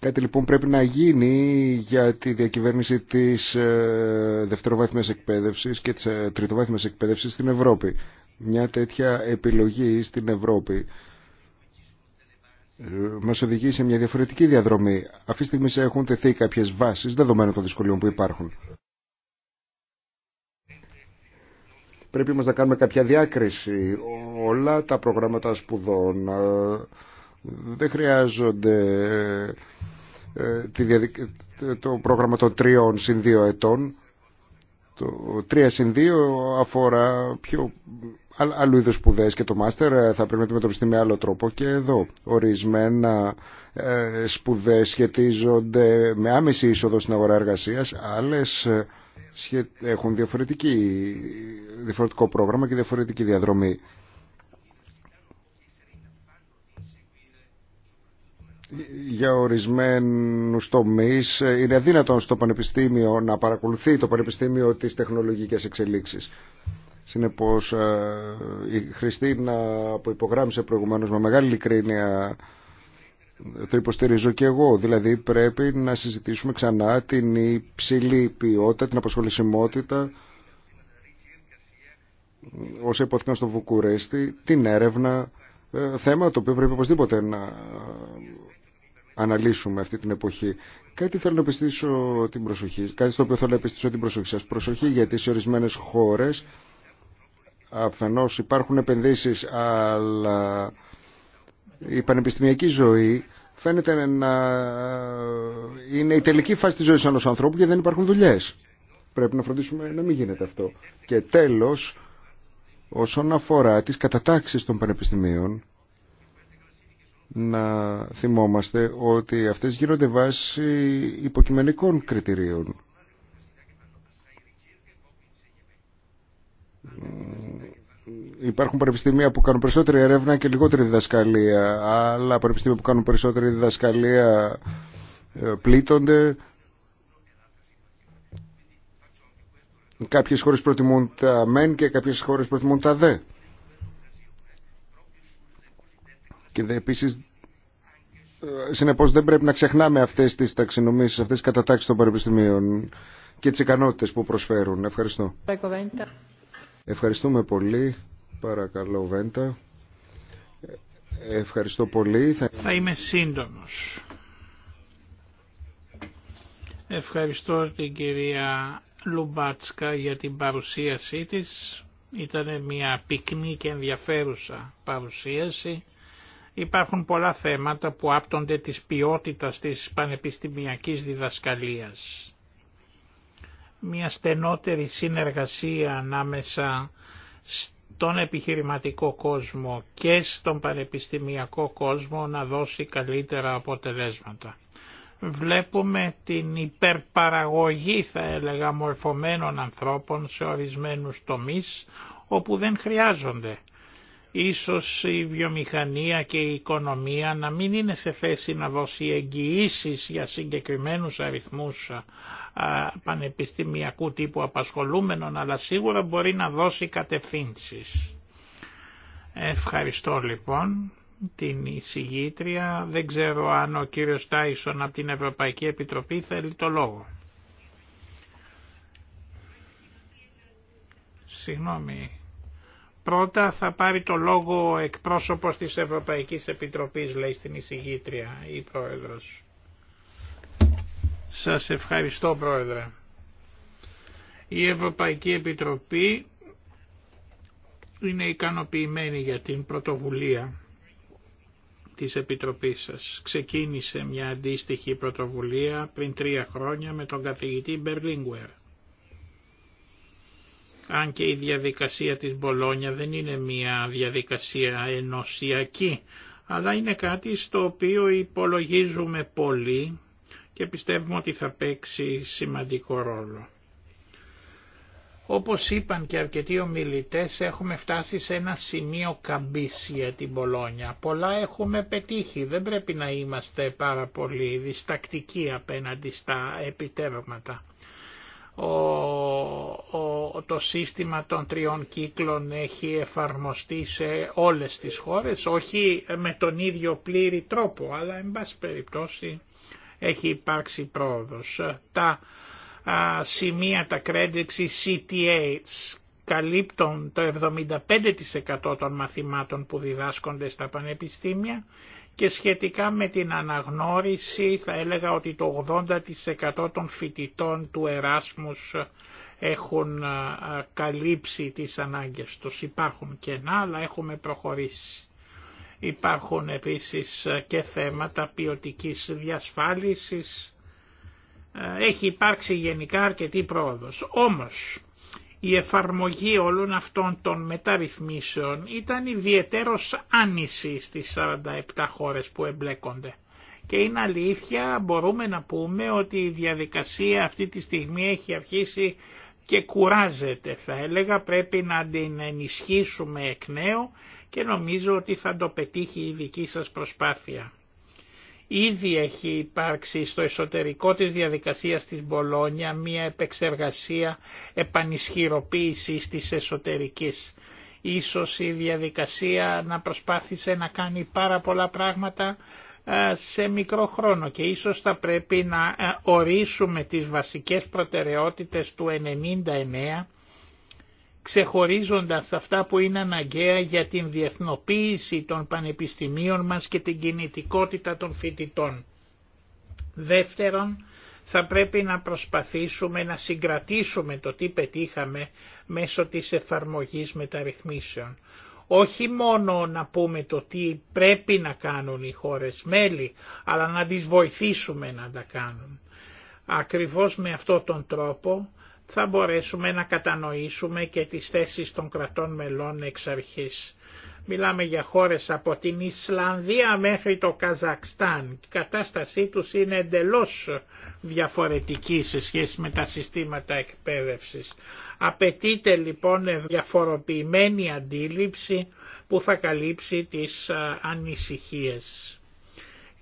Κάτι λοιπόν πρέπει να γίνει για τη διακυβέρνηση της ε, δευτεροβάθμιας εκπαίδευσης και της ε, τριτοβάθμιας εκπαίδευσης στην Ευρώπη. Μια τέτοια επιλογή στην Ευρώπη ε, Μα οδηγεί σε μια διαφορετική διαδρομή. Αυτή τη στιγμή έχουν τεθεί κάποιες βάσεις δεδομένων των δυσκολιών που υπάρχουν. Πρέπει όμως να κάνουμε κάποια διάκριση. Όλα τα προγράμματα σπουδών ε, δεν χρειάζονται ε, το πρόγραμμα των τριών συν δύο ετών. Το τρία συν δύο αφορά πιο άλλου είδου σπουδέ και το μάστερ ε, θα πρέπει να αντιμετωπιστεί με άλλο τρόπο και εδώ. Ορισμένα ε, σπουδέ σχετίζονται με άμεση είσοδο στην αγορά εργασία, άλλε ε, έχουν διαφορετική, διαφορετικό πρόγραμμα και διαφορετική διαδρομή. για ορισμένου τομείς είναι αδύνατον στο πανεπιστήμιο να παρακολουθεί το πανεπιστήμιο τι τεχνολογικέ εξελίξει. Συνεπώς ε, η Χριστίνα που υπογράμμισε προηγουμένως με μεγάλη ειλικρίνεια ε, το υποστηρίζω και εγώ. Δηλαδή πρέπει να συζητήσουμε ξανά την υψηλή ποιότητα, την αποσχολησιμότητα όσα υπόθηκαν στο Βουκουρέστι, την έρευνα, ε, θέμα το οποίο πρέπει οπωσδήποτε να αναλύσουμε αυτή την εποχή. Κάτι θέλω να επιστήσω την προσοχή, κάτι στο οποίο θέλω να επιστήσω την προσοχή σας. Προσοχή γιατί σε ορισμένες χώρες Αφενός υπάρχουν επενδύσεις, αλλά η πανεπιστημιακή ζωή φαίνεται να είναι η τελική φάση της ζωής ενός ανθρώπου και δεν υπάρχουν δουλειές. Πρέπει να φροντίσουμε να μην γίνεται αυτό. Και τέλος, όσον αφορά τις κατατάξεις των πανεπιστημίων, να θυμόμαστε ότι αυτές γίνονται βάσει υποκειμενικών κριτηρίων υπάρχουν πανεπιστήμια που κάνουν περισσότερη έρευνα και λιγότερη διδασκαλία. Άλλα πανεπιστήμια που κάνουν περισσότερη διδασκαλία ε, πλήττονται. Κάποιες χώρες προτιμούν τα μεν και κάποιες χώρες προτιμούν τα δε. Και δε, επίσης, ε, συνεπώς δεν πρέπει να ξεχνάμε αυτές τις ταξινομήσεις, αυτές τις κατατάξεις των πανεπιστημίων και τις ικανότητες που προσφέρουν. Ευχαριστώ. Ευχαριστούμε πολύ. Παρακαλώ, Βέντα. Ευχαριστώ πολύ. Θα είμαι σύντομος. Ευχαριστώ την κυρία Λουμπάτσκα για την παρουσίασή της. Ήταν μια πυκνή και ενδιαφέρουσα παρουσίαση. Υπάρχουν πολλά θέματα που άπτονται της ποιότητας της πανεπιστημιακής διδασκαλίας. Μια στενότερη συνεργασία ανάμεσα τον επιχειρηματικό κόσμο και στον πανεπιστημιακό κόσμο να δώσει καλύτερα αποτελέσματα. Βλέπουμε την υπερπαραγωγή θα έλεγα μορφωμένων ανθρώπων σε ορισμένους τομείς όπου δεν χρειάζονται Ίσως η βιομηχανία και η οικονομία να μην είναι σε θέση να δώσει εγγυήσει για συγκεκριμένους αριθμούς πανεπιστημιακού τύπου απασχολούμενων, αλλά σίγουρα μπορεί να δώσει κατευθύνσεις. Ευχαριστώ λοιπόν την εισηγήτρια. Δεν ξέρω αν ο κύριος Τάισον από την Ευρωπαϊκή Επιτροπή θέλει το λόγο. Συγγνώμη, Πρώτα θα πάρει το λόγο ο εκπρόσωπος της Ευρωπαϊκής Επιτροπής, λέει στην εισηγήτρια ή πρόεδρος. Σας ευχαριστώ πρόεδρε. Η Ευρωπαϊκή Επιτροπή είναι ικανοποιημένη για την πρωτοβουλία της Επιτροπής σας. Ξεκίνησε μια αντίστοιχη πρωτοβουλία πριν τρία χρόνια με τον καθηγητή Μπερλίνγκουερ αν και η διαδικασία της Μπολόνια δεν είναι μια διαδικασία ενωσιακή, αλλά είναι κάτι στο οποίο υπολογίζουμε πολύ και πιστεύουμε ότι θα παίξει σημαντικό ρόλο. Όπως είπαν και αρκετοί ομιλητές, έχουμε φτάσει σε ένα σημείο καμπής για την Πολόνια. Πολλά έχουμε πετύχει, δεν πρέπει να είμαστε πάρα πολύ διστακτικοί απέναντι στα επιτεύγματα ο, το σύστημα των τριών κύκλων έχει εφαρμοστεί σε όλες τις χώρες, όχι με τον ίδιο πλήρη τρόπο, αλλά εν πάση περιπτώσει έχει υπάρξει πρόοδος. Τα σημεία, τα κρέντεξη CTAs καλύπτουν το 75% των μαθημάτων που διδάσκονται στα πανεπιστήμια και σχετικά με την αναγνώριση θα έλεγα ότι το 80% των φοιτητών του Εράσμους έχουν καλύψει τις ανάγκες τους. Υπάρχουν κενά αλλά έχουμε προχωρήσει. Υπάρχουν επίσης και θέματα ποιοτικής διασφάλισης. Έχει υπάρξει γενικά αρκετή πρόοδος. Όμως η εφαρμογή όλων αυτών των μεταρρυθμίσεων ήταν ιδιαίτερος άνηση στις 47 χώρες που εμπλέκονται. Και είναι αλήθεια, μπορούμε να πούμε ότι η διαδικασία αυτή τη στιγμή έχει αρχίσει και κουράζεται θα έλεγα, πρέπει να την ενισχύσουμε εκ νέου και νομίζω ότι θα το πετύχει η δική σας προσπάθεια. Ήδη έχει υπάρξει στο εσωτερικό της διαδικασίας της Μπολόνια μία επεξεργασία επανισχυροποίησης της εσωτερικής. Ίσως η διαδικασία να προσπάθησε να κάνει πάρα πολλά πράγματα ε, σε μικρό χρόνο και ίσως θα πρέπει να ε, ορίσουμε τις βασικές προτεραιότητες του 99 ξεχωρίζοντας αυτά που είναι αναγκαία για την διεθνοποίηση των πανεπιστημίων μας και την κινητικότητα των φοιτητών. Δεύτερον, θα πρέπει να προσπαθήσουμε να συγκρατήσουμε το τι πετύχαμε μέσω της εφαρμογής μεταρρυθμίσεων. Όχι μόνο να πούμε το τι πρέπει να κάνουν οι χώρες μέλη, αλλά να τις βοηθήσουμε να τα κάνουν. Ακριβώς με αυτόν τον τρόπο θα μπορέσουμε να κατανοήσουμε και τις θέσεις των κρατών μελών εξ αρχής. Μιλάμε για χώρες από την Ισλανδία μέχρι το Καζακστάν. Η κατάστασή τους είναι εντελώς διαφορετική σε σχέση με τα συστήματα εκπαίδευσης. Απαιτείται λοιπόν διαφοροποιημένη αντίληψη που θα καλύψει τις ανησυχίες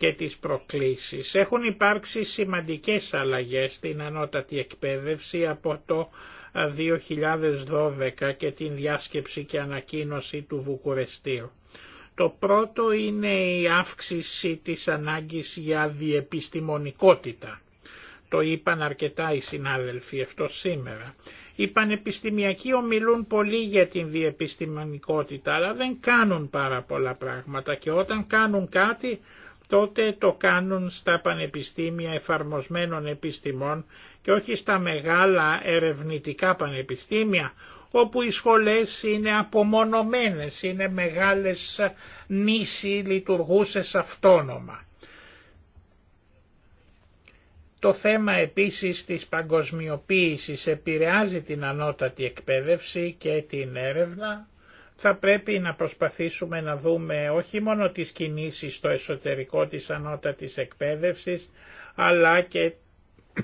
και τις προκλήσεις. Έχουν υπάρξει σημαντικές αλλαγές στην ανώτατη εκπαίδευση από το 2012 και την διάσκεψη και ανακοίνωση του Βουκουρεστίου. Το πρώτο είναι η αύξηση της ανάγκης για διεπιστημονικότητα. Το είπαν αρκετά οι συνάδελφοι αυτό σήμερα. Οι πανεπιστημιακοί ομιλούν πολύ για την διεπιστημονικότητα, αλλά δεν κάνουν πάρα πολλά πράγματα και όταν κάνουν κάτι τότε το κάνουν στα πανεπιστήμια εφαρμοσμένων επιστημών και όχι στα μεγάλα ερευνητικά πανεπιστήμια, όπου οι σχολές είναι απομονωμένες, είναι μεγάλες νήσοι λειτουργούσες αυτόνομα. Το θέμα επίσης της παγκοσμιοποίησης επηρεάζει την ανώτατη εκπαίδευση και την έρευνα, θα πρέπει να προσπαθήσουμε να δούμε όχι μόνο τις κινήσεις στο εσωτερικό της ανώτατης εκπαίδευσης, αλλά και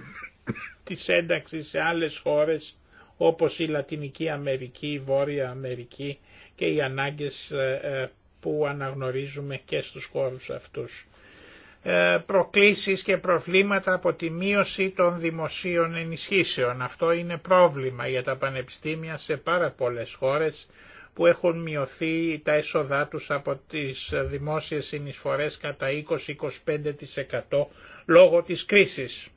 [COUGHS] της ένταξης σε άλλες χώρες όπως η Λατινική Αμερική, η Βόρεια Αμερική και οι ανάγκες ε, ε, που αναγνωρίζουμε και στους χώρους αυτούς. Ε, προκλήσεις και προβλήματα από τη μείωση των δημοσίων ενισχύσεων. Αυτό είναι πρόβλημα για τα πανεπιστήμια σε πάρα πολλές χώρες που έχουν μειωθεί τα έσοδά τους από τις δημόσιες συνεισφορές κατά 20-25% λόγω της κρίσης.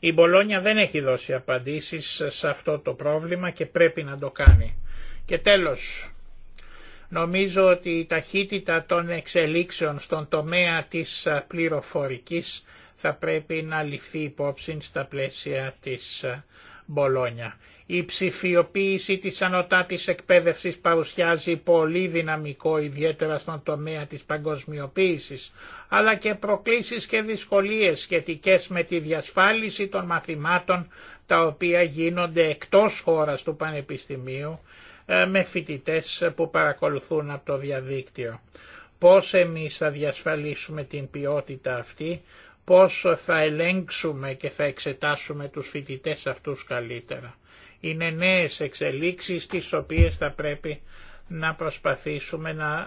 Η Μπολόνια δεν έχει δώσει απαντήσεις σε αυτό το πρόβλημα και πρέπει να το κάνει. Και τέλος, νομίζω ότι η ταχύτητα των εξελίξεων στον τομέα της πληροφορικής θα πρέπει να ληφθεί υπόψη στα πλαίσια της Μπολόνια. Η ψηφιοποίηση της ανωτάτης εκπαίδευσης παρουσιάζει πολύ δυναμικό ιδιαίτερα στον τομέα της παγκοσμιοποίησης, αλλά και προκλήσεις και δυσκολίες σχετικές με τη διασφάλιση των μαθημάτων τα οποία γίνονται εκτός χώρας του Πανεπιστημίου ε, με φοιτητές που παρακολουθούν από το διαδίκτυο. Πώς εμείς θα διασφαλίσουμε την ποιότητα αυτή, πώς θα ελέγξουμε και θα εξετάσουμε τους φοιτητές αυτούς καλύτερα. Είναι νέες εξελίξεις τις οποίες θα πρέπει να προσπαθήσουμε να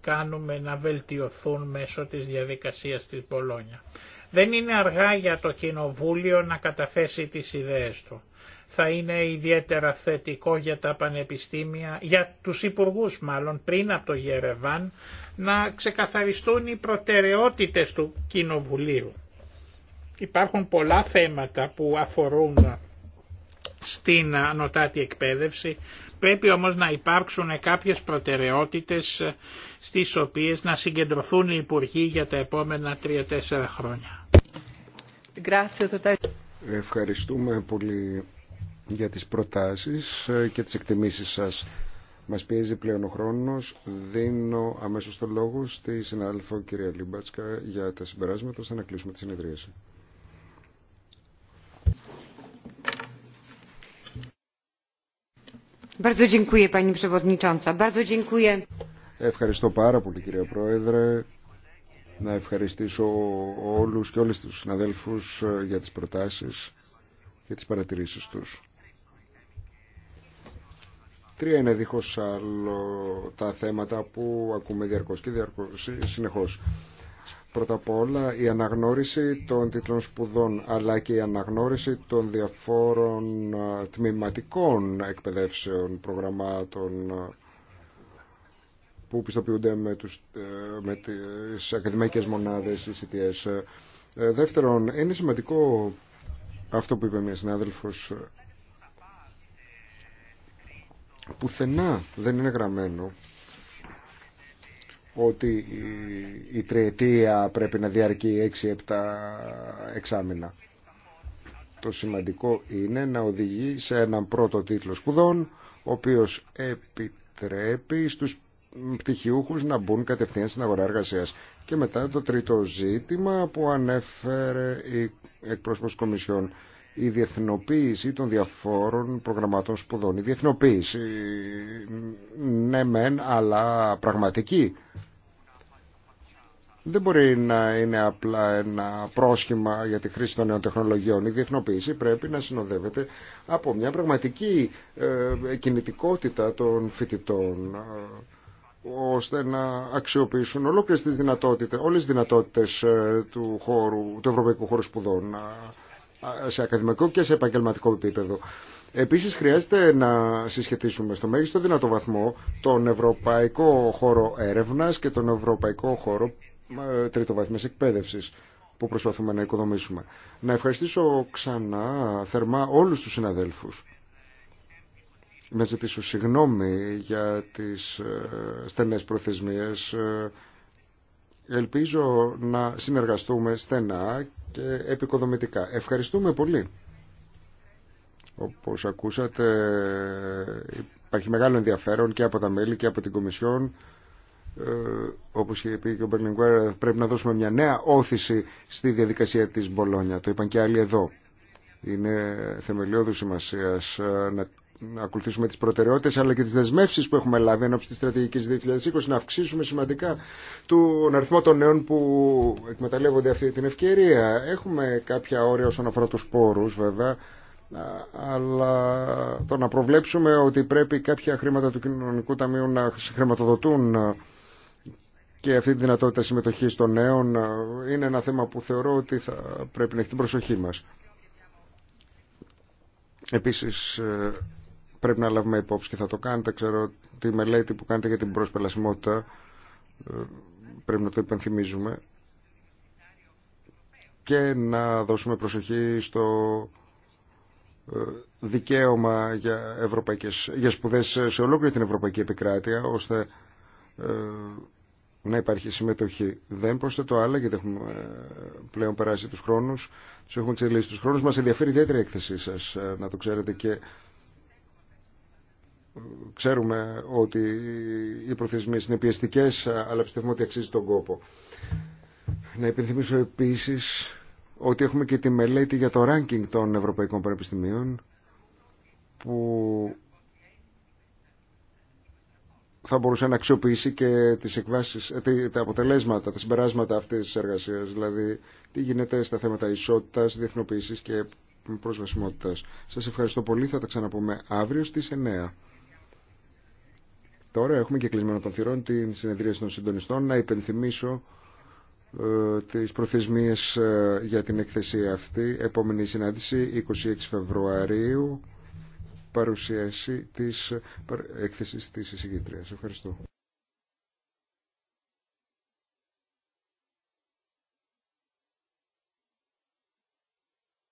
κάνουμε να βελτιωθούν μέσω της διαδικασίας της Πολόνια. Δεν είναι αργά για το Κοινοβούλιο να καταθέσει τις ιδέες του. Θα είναι ιδιαίτερα θετικό για τα πανεπιστήμια, για τους υπουργούς μάλλον πριν από το Γερεβάν, να ξεκαθαριστούν οι προτεραιότητες του Κοινοβουλίου. Υπάρχουν πολλά θέματα που αφορούν στην ανωτάτη εκπαίδευση, πρέπει όμως να υπάρξουν κάποιες προτεραιότητες ε, στις οποίες να συγκεντρωθούν οι υπουργοί για τα επομενα τρια τρία-τέσσερα χρόνια. Ευχαριστούμε πολύ για τις προτάσεις ε, και τις εκτιμήσεις σας. Μας πιέζει πλέον ο χρόνος. Δίνω αμέσως το λόγο στη συνάδελφο κυρία Λίμπατσκα για τα συμπεράσματα ώστε να κλείσουμε τη συνεδρίαση. Ευχαριστώ πάρα πολύ κύριε Πρόεδρε. Να ευχαριστήσω όλους και όλες τους συναδέλφους ε, για τις προτάσεις και τις παρατηρήσεις τους. Τρία είναι δίχως άλλο τα θέματα που ακούμε διαρκώς και διαρκώς, συνεχώς. Πρώτα απ' όλα η αναγνώριση των τίτλων σπουδών αλλά και η αναγνώριση των διαφόρων τμηματικών εκπαιδεύσεων προγραμμάτων που πιστοποιούνται με, τους, ε, με τις ακαδημαϊκές μονάδες, οι CTS. Ε, δεύτερον, είναι σημαντικό αυτό που είπε μια συνάδελφος ε, πουθενά δεν είναι γραμμένο ότι η τριετία πρέπει να διαρκεί 6-7 εξάμηνα. Το σημαντικό είναι να οδηγεί σε έναν πρώτο τίτλο σπουδών, ο οποίος επιτρέπει στους πτυχιούχους να μπουν κατευθείαν στην αγορά εργασίας. Και μετά το τρίτο ζήτημα που ανέφερε η εκπρόσωπος Κομισιόν, η διεθνοποίηση των διαφόρων προγραμμάτων σπουδών. Η διεθνοποίηση, ναι μεν, αλλά πραγματική δεν μπορεί να είναι απλά ένα πρόσχημα για τη χρήση των νέων τεχνολογιών. Η διεθνοποίηση πρέπει να συνοδεύεται από μια πραγματική ε, κινητικότητα των φοιτητών ε, ώστε να αξιοποιήσουν ολόκληρες τις δυνατότητες, όλες τις δυνατότητες ε, του, χώρου, του Ευρωπαϊκού Χώρου Σπουδών σε ακαδημαϊκό και σε επαγγελματικό επίπεδο. Επίσης χρειάζεται να συσχετίσουμε στο μέγιστο δυνατό βαθμό τον ευρωπαϊκό χώρο έρευνας και τον ευρωπαϊκό χώρο τριτοβάθμιας εκπαίδευσης που προσπαθούμε να οικοδομήσουμε. Να ευχαριστήσω ξανά θερμά όλους τους συναδέλφους. Να ζητήσω συγγνώμη για τις ε, στενές προθεσμίες. Ε, ελπίζω να συνεργαστούμε στενά και επικοδομητικά. Ευχαριστούμε πολύ. Όπως ακούσατε υπάρχει μεγάλο ενδιαφέρον και από τα μέλη και από την Κομισιόν ε, όπως είπε και ο Μπερλιγκουέρα πρέπει να δώσουμε μια νέα όθηση στη διαδικασία της Μπολόνια το είπαν και άλλοι εδώ είναι θεμελιώδου σημασία ε, να ακολουθήσουμε τις προτεραιότητες αλλά και τις δεσμεύσεις που έχουμε λάβει ενώπιση της στρατηγικής 2020 να αυξήσουμε σημαντικά τον αριθμό των νέων που εκμεταλλεύονται αυτή την ευκαιρία. Έχουμε κάποια όρια όσον αφορά του πόρους βέβαια αλλά το να προβλέψουμε ότι πρέπει κάποια χρήματα του κοινωνικού ταμείου να χρηματοδοτούν και αυτή τη δυνατότητα συμμετοχής των νέων ε, είναι ένα θέμα που θεωρώ ότι θα πρέπει να έχει την προσοχή μας. Επίσης ε, πρέπει να λάβουμε υπόψη και θα το κάνετε, ξέρω, τη μελέτη που κάνετε για την προσπελασιμότητα ε, πρέπει να το υπενθυμίζουμε και να δώσουμε προσοχή στο δικαίωμα για, ευρωπαϊκές, για σπουδές σε ολόκληρη την ευρωπαϊκή επικράτεια ώστε να υπάρχει συμμετοχή. Δεν προσθέτω άλλα γιατί έχουμε ε, πλέον περάσει τους χρόνους, τους έχουμε εξελίσει τους χρόνους. Μας ενδιαφέρει ιδιαίτερη η έκθεσή σας, ε, να το ξέρετε και ε, ξέρουμε ότι οι προθεσμίες είναι πιεστικές, αλλά πιστεύουμε ότι αξίζει τον κόπο. Να υπενθυμίσω επίσης ότι έχουμε και τη μελέτη για το ranking των Ευρωπαϊκών Πανεπιστημίων που θα μπορούσε να αξιοποιήσει και τις εκβάσεις, ε, τα αποτελέσματα, τα συμπεράσματα αυτής της εργασίας, δηλαδή τι γίνεται στα θέματα ισότητας, διεθνοποίησης και προσβασιμότητας. Σας ευχαριστώ πολύ, θα τα ξαναπούμε αύριο στις 9. Τώρα έχουμε και κλεισμένο των θυρών την συνεδρία των συντονιστών να υπενθυμίσω ε, τις προθεσμίες ε, για την εκθεσία αυτή. Επόμενη συνάντηση 26 Φεβρουαρίου παρουσίαση της ε, έκθεσης της εισηγήτριας. Ευχαριστώ.